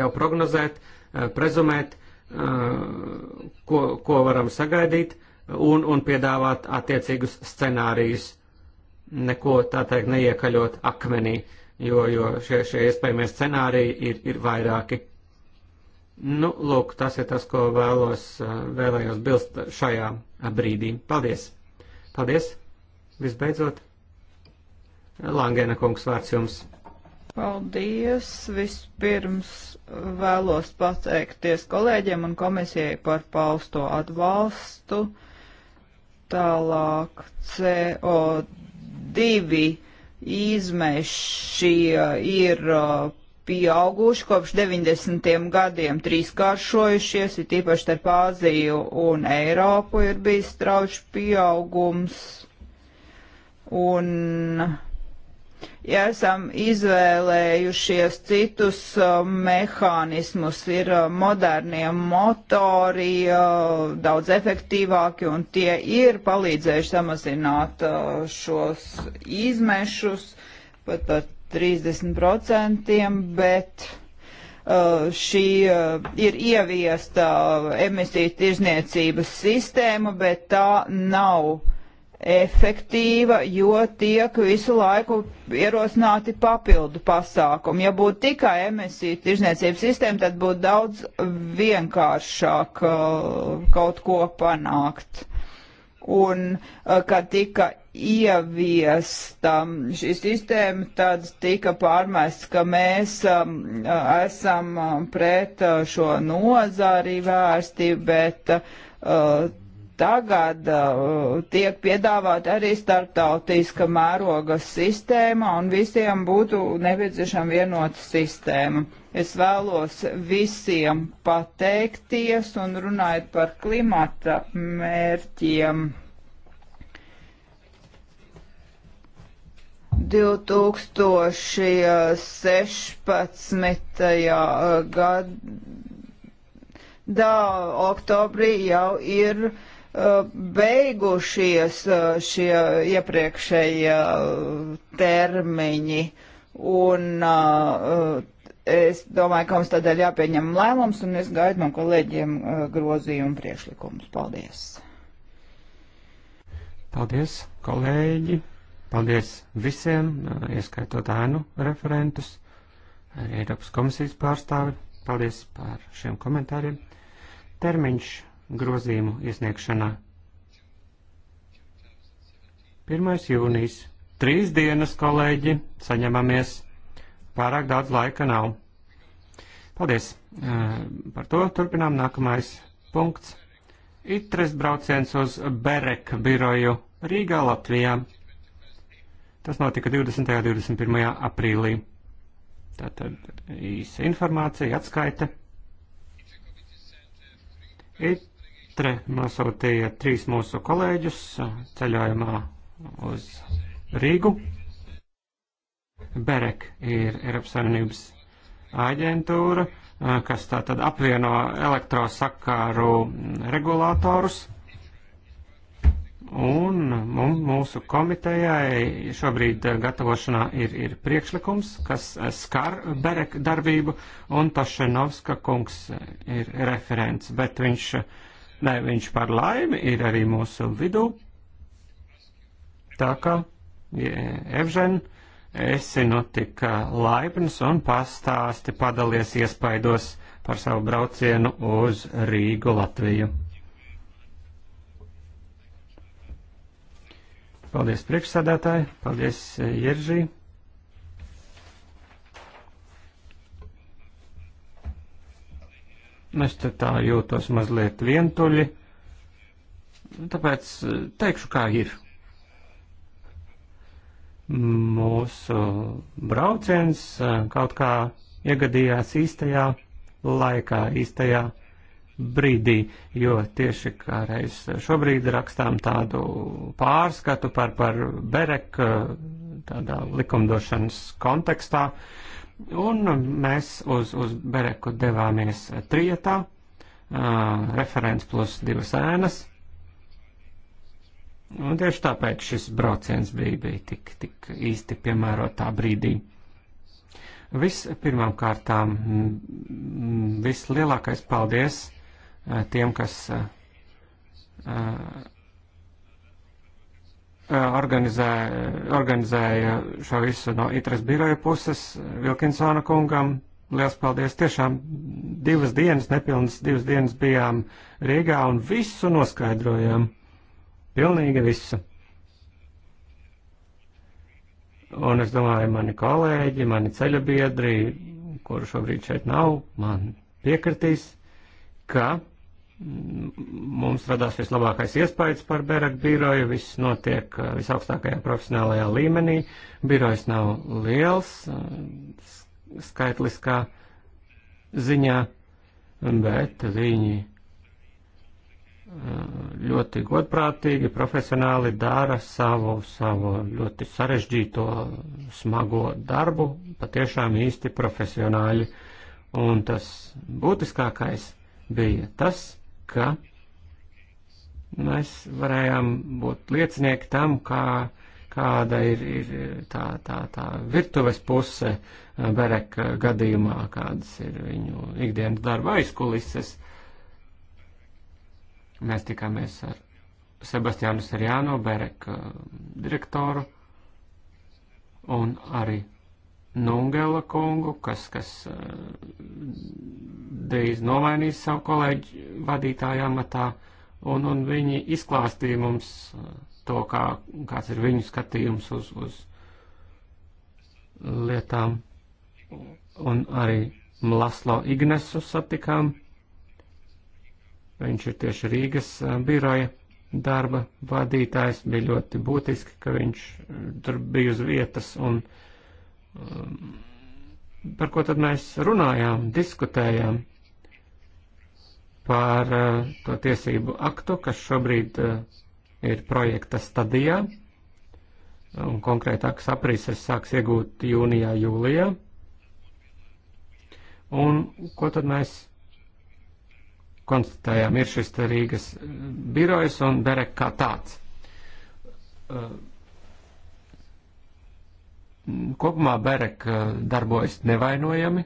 jau prognozēt, prezumēt, ko, ko varam sagaidīt un, un piedāvāt attiecīgus scenārijus, neko tā teikt neiekaļot akmenī, jo, jo šie, šie iespējamie scenāriji ir, ir vairāki. Nu, lūk, tas ir tas, ko vēlos, vēlējos bilst šajā brīdī. Paldies! Paldies! Visbeidzot, Langēna kungs vārds jums! Paldies! Vispirms vēlos pateikties kolēģiem un komisijai par pausto atbalstu. Tālāk CO2 izmeši uh, ir uh, pieauguši kopš 90. gadiem trīskāršojušies, ir tīpaši starp Āziju un Eiropu ir bijis strauši pieaugums. Un esam izvēlējušies citus uh, mehānismus, ir uh, modernie motori, uh, daudz efektīvāki, un tie ir palīdzējuši samazināt šos izmešus pat par 30%, bet šī ir ieviesta emisiju tirzniecības sistēma, bet tā nav efektīva, jo tiek visu laiku ierosināti papildu pasākumi. Ja būtu tikai emisiju tirzniecības sistēma, tad būtu daudz vienkāršāk uh, kaut ko panākt. Un, uh, kad tika ieviesta šī sistēma, tad tika pārmests, ka mēs um, uh, esam pret šo nozari vērsti, bet uh, Tagad uh, tiek piedāvāta arī starptautiska mēroga sistēma, un visiem būtu nepieciešama vienota sistēma. Es vēlos visiem pateikties un runājot par klimata mērķiem. 2016. Uh, gadā oktobrī jau ir beigušies uh, šie iepriekšējie uh, termiņi, un uh, es domāju, ka mums tādēļ jāpieņem lēmums, un es gaidu no kolēģiem grozījumu priekšlikumus. Paldies! Paldies, kolēģi! Paldies visiem, ieskaitot ēnu referentus, arī Eiropas komisijas pārstāvi. Paldies par šiem komentāriem. Termiņš grozījumu iesniegšanā. 1. jūnijas. Trīs dienas, kolēģi, saņemamies. Pārāk daudz laika nav. Paldies par to. Turpinām nākamais punkts. Itres brauciens uz Berek biroju Rīgā, Latvijā. Tas notika 20. un 21. aprīlī. Tātad īsa informācija, atskaita. It ITRE nosūtīja trīs mūsu kolēģus ceļojumā uz Rīgu. BEREK ir Eiropas Savienības aģentūra, kas tātad apvieno elektrosakāru regulātorus. Un mūsu komitejai šobrīd gatavošanā ir, ir priekšlikums, kas skar Berek darbību, un Tošenovska kungs ir referents, bet viņš uh, Nē, viņš par laimi ir arī mūsu vidū. Tā kā, Evžen, esi nu tik laipns un pastāsti padalies iespaidos par savu braucienu uz Rīgu Latviju. Paldies priekšsādātāji, paldies Jeržī. Es te tā jūtos mazliet vientuļi, tāpēc eh, teikšu, kā ir. Mūsu brauciens eh, kaut kā iegadījās īstajā laikā, īstajā brīdī, jo tieši kā reiz šobrīd rakstām tādu pārskatu par, par Berek eh, tādā likumdošanas kontekstā. Uh, Un mēs uz, uz Bereku devāmies trijatā, uh, referents plus divas ēnas. Un tieši tāpēc šis brauciens bija, bija tik, tik īsti piemērotā brīdī. Vispirmām kārtām vislielākais paldies tiem, kas organizēja, organizēja šo visu no Itras biroja puses Vilkinsona kungam. Liels paldies! Tiešām divas dienas, nepilnas divas dienas bijām Rīgā un visu noskaidrojām. Pilnīgi visu. Un es domāju, mani kolēģi, mani ceļabiedri, kuru šobrīd šeit nav, man piekritīs, ka Mums radās vislabākais iespējas par Beraka biroju. Viss notiek eh, visaugstākajā profesionālajā līmenī. Birojs nav liels eh, skaitliskā ziņā, bet viņi eh, ļoti godprātīgi, profesionāli dara savu, savu ļoti sarežģīto, smago darbu, patiešām īsti profesionāļi. Un tas būtiskākais bija tas, ka mēs varējām būt liecinieki tam, kā, kāda ir, ir tā, tā, tā virtuves puse eh, Bereka eh, gadījumā, kādas ir viņu ikdienas darba aizkulises. Mēs tikāmies ar Sebastiānu Serjāno, Bereka eh, direktoru, un arī Nungela kungu, kas, kas eh, drīz nomainīs savu kolēģi vadītāju amatā, un, un viņi izklāstīja mums eh, to, kā, kāds ir viņu skatījums uz, uz lietām. Un arī Mlaslo Ignesu satikām. Viņš ir tieši Rīgas eh, biroja darba vadītājs. Bija ļoti būtiski, ka viņš tur bija uz vietas un uh, Um, par ko tad mēs runājām, diskutējām par uh, to tiesību aktu, kas šobrīd uh, ir projekta stadijā, un konkrētākas aprīses sāks iegūt jūnijā, jūlijā. Un ko tad mēs konstatējām? Ir šis Rīgas birojs un Berek kā tāds. Uh, Kopumā Berek eh, darbojas nevainojami.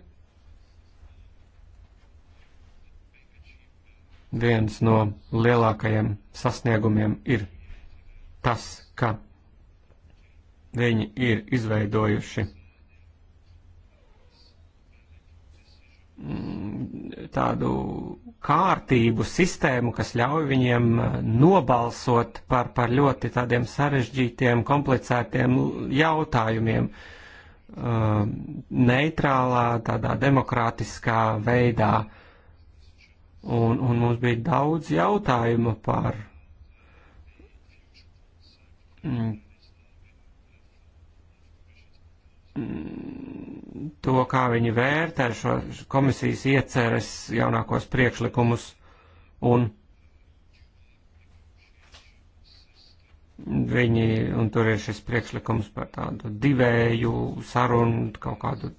Viens no lielākajiem sasniegumiem ir tas, ka viņi ir izveidojuši mm, tādu kārtību, sistēmu, kas ļauj viņiem uh, nobalsot par, par ļoti tādiem sarežģītiem, komplicētiem jautājumiem uh, neitrālā, tādā demokrātiskā veidā. Un, un mums bija daudz jautājumu par mm, to, kā viņi vērtē šo komisijas ieceres jaunākos priekšlikumus un viņi, un tur ir šis priekšlikums par tādu divēju sarunu, kaut kādu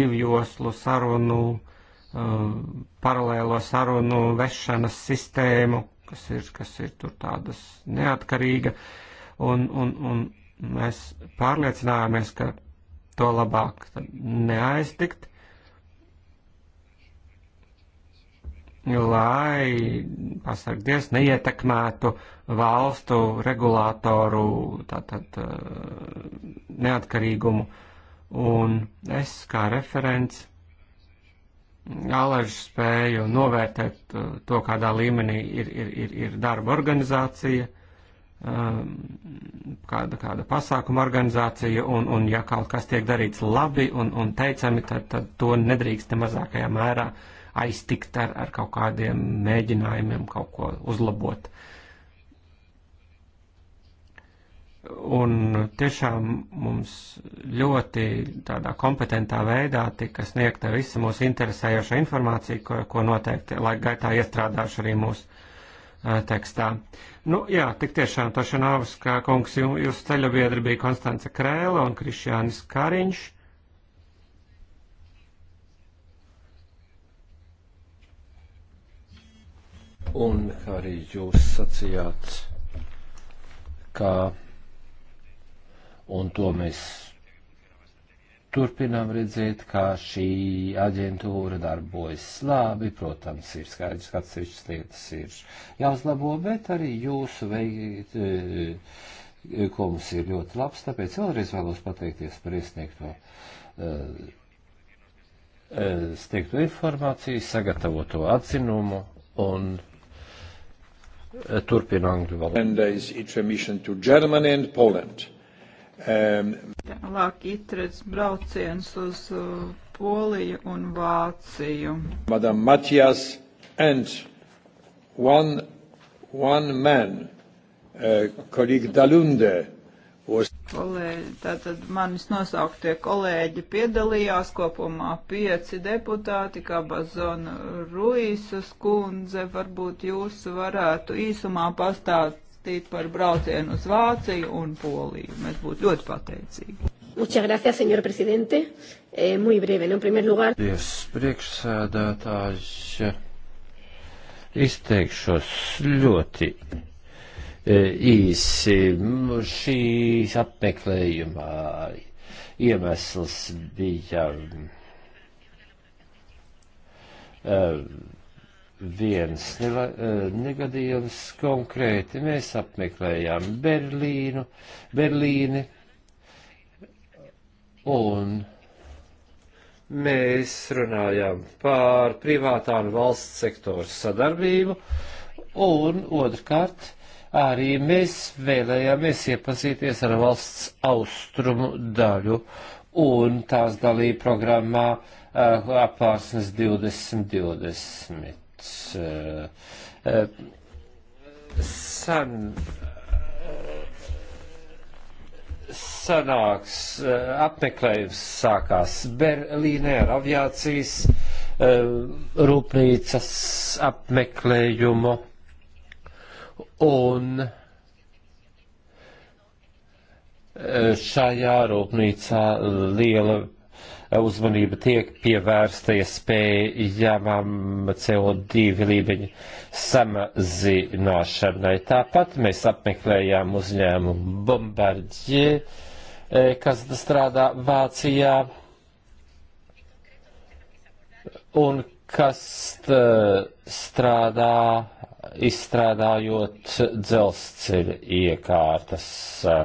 divjoslu sarunu, uh, paralēlo sarunu vešanas sistēmu, kas ir, kas ir tur tādas neatkarīga, un, un, un mēs pārliecinājāmies, ka to labāk neaiztikt, lai pasargties neietekmētu valstu regulātoru tātad eh, neatkarīgumu. Un es kā referents alaži spēju novērtēt eh, to, kādā līmenī ir, ir, ir, ir darba organizācija, uh, Um, kāda, kāda pasākuma organizācija, un, un ja kaut kas tiek darīts labi un, un teicami, tad, tad to nedrīkst ne mazākajā mērā aiztikt ar, ar kaut kādiem mēģinājumiem kaut ko uzlabot. Un tiešām mums ļoti tādā kompetentā veidā tika sniegta visa mūsu interesējoša informācija, ko, ko noteikti laika gaitā iestrādāšu arī mūsu tekstā. Nu, jā, tik tiešām Tošanovs, kā kungs, jūsu ceļobiedri bija Konstance Krēla un Krišjānis Kariņš. Un kā arī jūs sacījāt, kā, un to mēs turpinām redzēt, kā šī aģentūra darbojas labi. Protams, ir skaidrs, ka atsevišķas lietas ir jāuzlabo, bet arī jūsu veikums eh, ir ļoti labs. Tāpēc vēlreiz vēlos pateikties par iesniegto, eh, eh, sniegto informāciju, sagatavoto atzinumu un turpinām angļu valodu. Um, Tālāk itrets brauciens uz uh, Poliju un Vāciju. Madam Matijas and one, one man, uh, kolīgi Dalunde. Was... Kolēģi, tātad manis nosauktie kolēģi piedalījās kopumā pieci deputāti, kā Bazona Ruīsas kundze. Varbūt jūs varētu īsumā pastāstīt uzrakstīt par braucienu uz Vāciju un Poliju. Mēs būtu ļoti pateicīgi. Muchas gracias, señor presidente. Eh, muy breve, ¿no? En primer lugar. Dievs, priekšsēdētājs, izteikšos ļoti eh, īsi. Šīs apmeklējumā iemesls bija. Um, viens neva, eh, negadījums konkrēti. Mēs apmeklējām Berlīnu, Berlīni un mēs runājām par privātā un valsts sektoru sadarbību, un otrkārt arī mēs vēlējāmies iepazīties ar valsts austrumu daļu un tās dalību programmā eh, apārsnes 2020. Eh, eh, san, eh, sanāks, apmeklējums sākās Berlīnē ar aviācijas rūpnīcas apmeklējumu un šajā rūpnīcā liela uzmanība tiek pievērsta iespējamam CO2 līmeņa samazināšanai. Tāpat mēs apmeklējām uzņēmumu Bombardier, e, kas strādā Vācijā un kas strādā izstrādājot dzelzceļa iekārtas. Uh,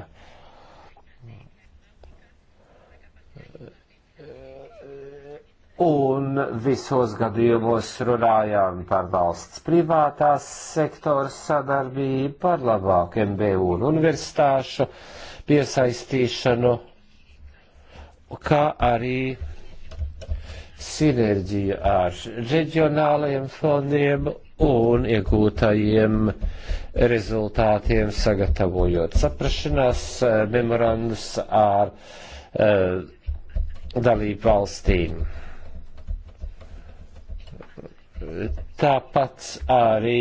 Un visos gadījumos runājām par valsts privātās sektora sadarbību, par labāku MBU un universitāšu piesaistīšanu, kā arī sinerģiju ar reģionālajiem fondiem un iegūtajiem rezultātiem, sagatavojot saprašanās eh, memorandus ar uh, dalību valstīm. Tāpat arī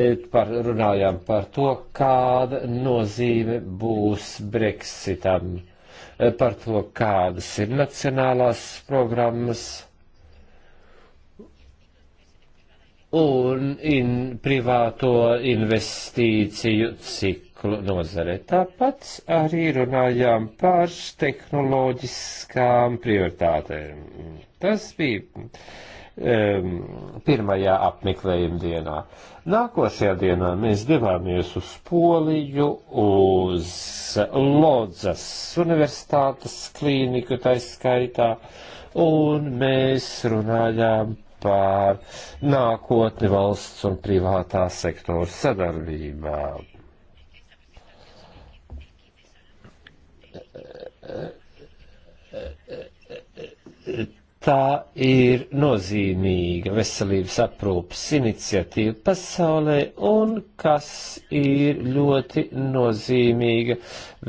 e, par, runājām par to, kāda nozīme būs Brexitam, e, par to, kādas ir nacionālās programmas un in, privāto investīciju ciklu nozare. Tāpat arī runājām par tehnoloģiskām prioritātēm. Tas bija pirmajā apmeklējuma dienā. Nākošajā dienā mēs devāmies uz Poliju, uz Lodzas universitātes klīniku taiskaitā, un mēs runājām par nākotni valsts un privātā sektora sadarbībā. Uh, uh, uh, uh, uh, uh, uh, tā ir nozīmīga veselības aprūpas iniciatīva pasaulē un kas ir ļoti nozīmīga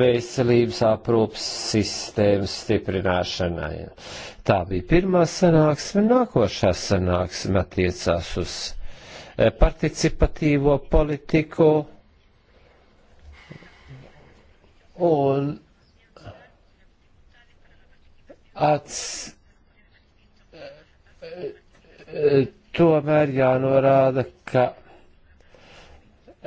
veselības aprūpas sistēmas stiprināšanai. Tā bija pirmā sanāksme, nākošā sanāksme attiecās uz eh, participatīvo politiku un ats Tomēr jānorāda, ka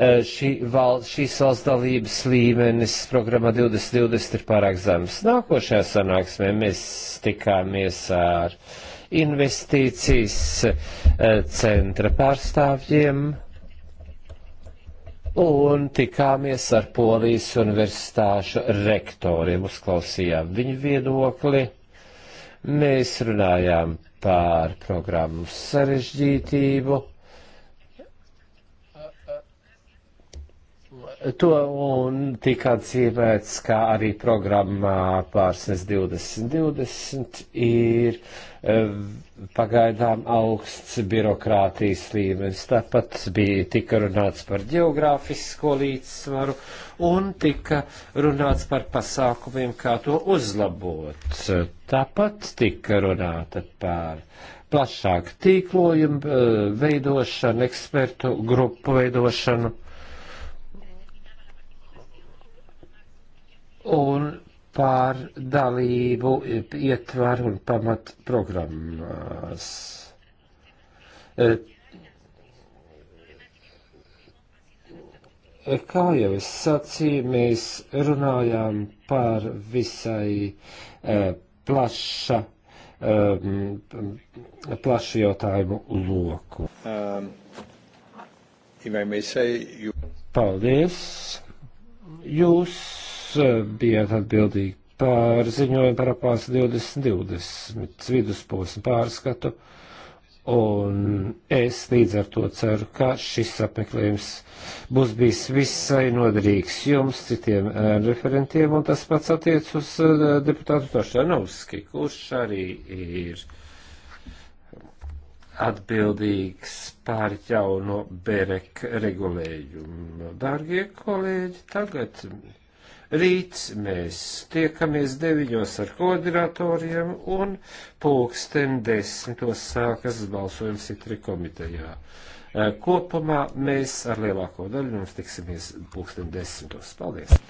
e, šī val, šīs valsts dalības līmenis programmā 2020 ir pārāk zems. Nākošajā sanāksmē mēs tikāmies ar investīcijas e, centra pārstāvjiem un tikāmies ar Polijas universitāšu rektoriem, uzklausījām viņu viedokli. Mēs runājām par programmu sarežģītību To un tika atzīmēts, kā arī programmā pārsnes 2020 ir eh, pagaidām augsts birokrātijas līmenis. Tāpat bija tika runāts par geogrāfisko līdzsvaru un tika runāts par pasākumiem, kā to uzlabot. Tāpat tika runāta par plašāku tīklojumu eh, veidošanu, ekspertu grupu veidošanu un par dalību ietvaru un pamat programmās. E, kā jau es sacīju, mēs runājām par visai e, plaša, e, plašu jautājumu loku. Um, say, you... Paldies! Jūs Uh, bijāt atbildīgi par ziņojumu par apās 2020 vidusposmu pārskatu, un es līdz ar to ceru, ka šis apmeklējums būs bijis visai noderīgs jums, citiem referentiem, un tas pats attiec uz uh, deputātu Tošanovski, kurš arī ir atbildīgs pār jauno Berek regulējumu. Dārgie kolēģi, tagad Rīt mēs tiekamies deviņos ar koordinatoriem un pulksten desmitos sākas balsojums itri komitejā. Kopumā mēs ar lielāko daļu mums tiksimies pulksten desmitos. Paldies!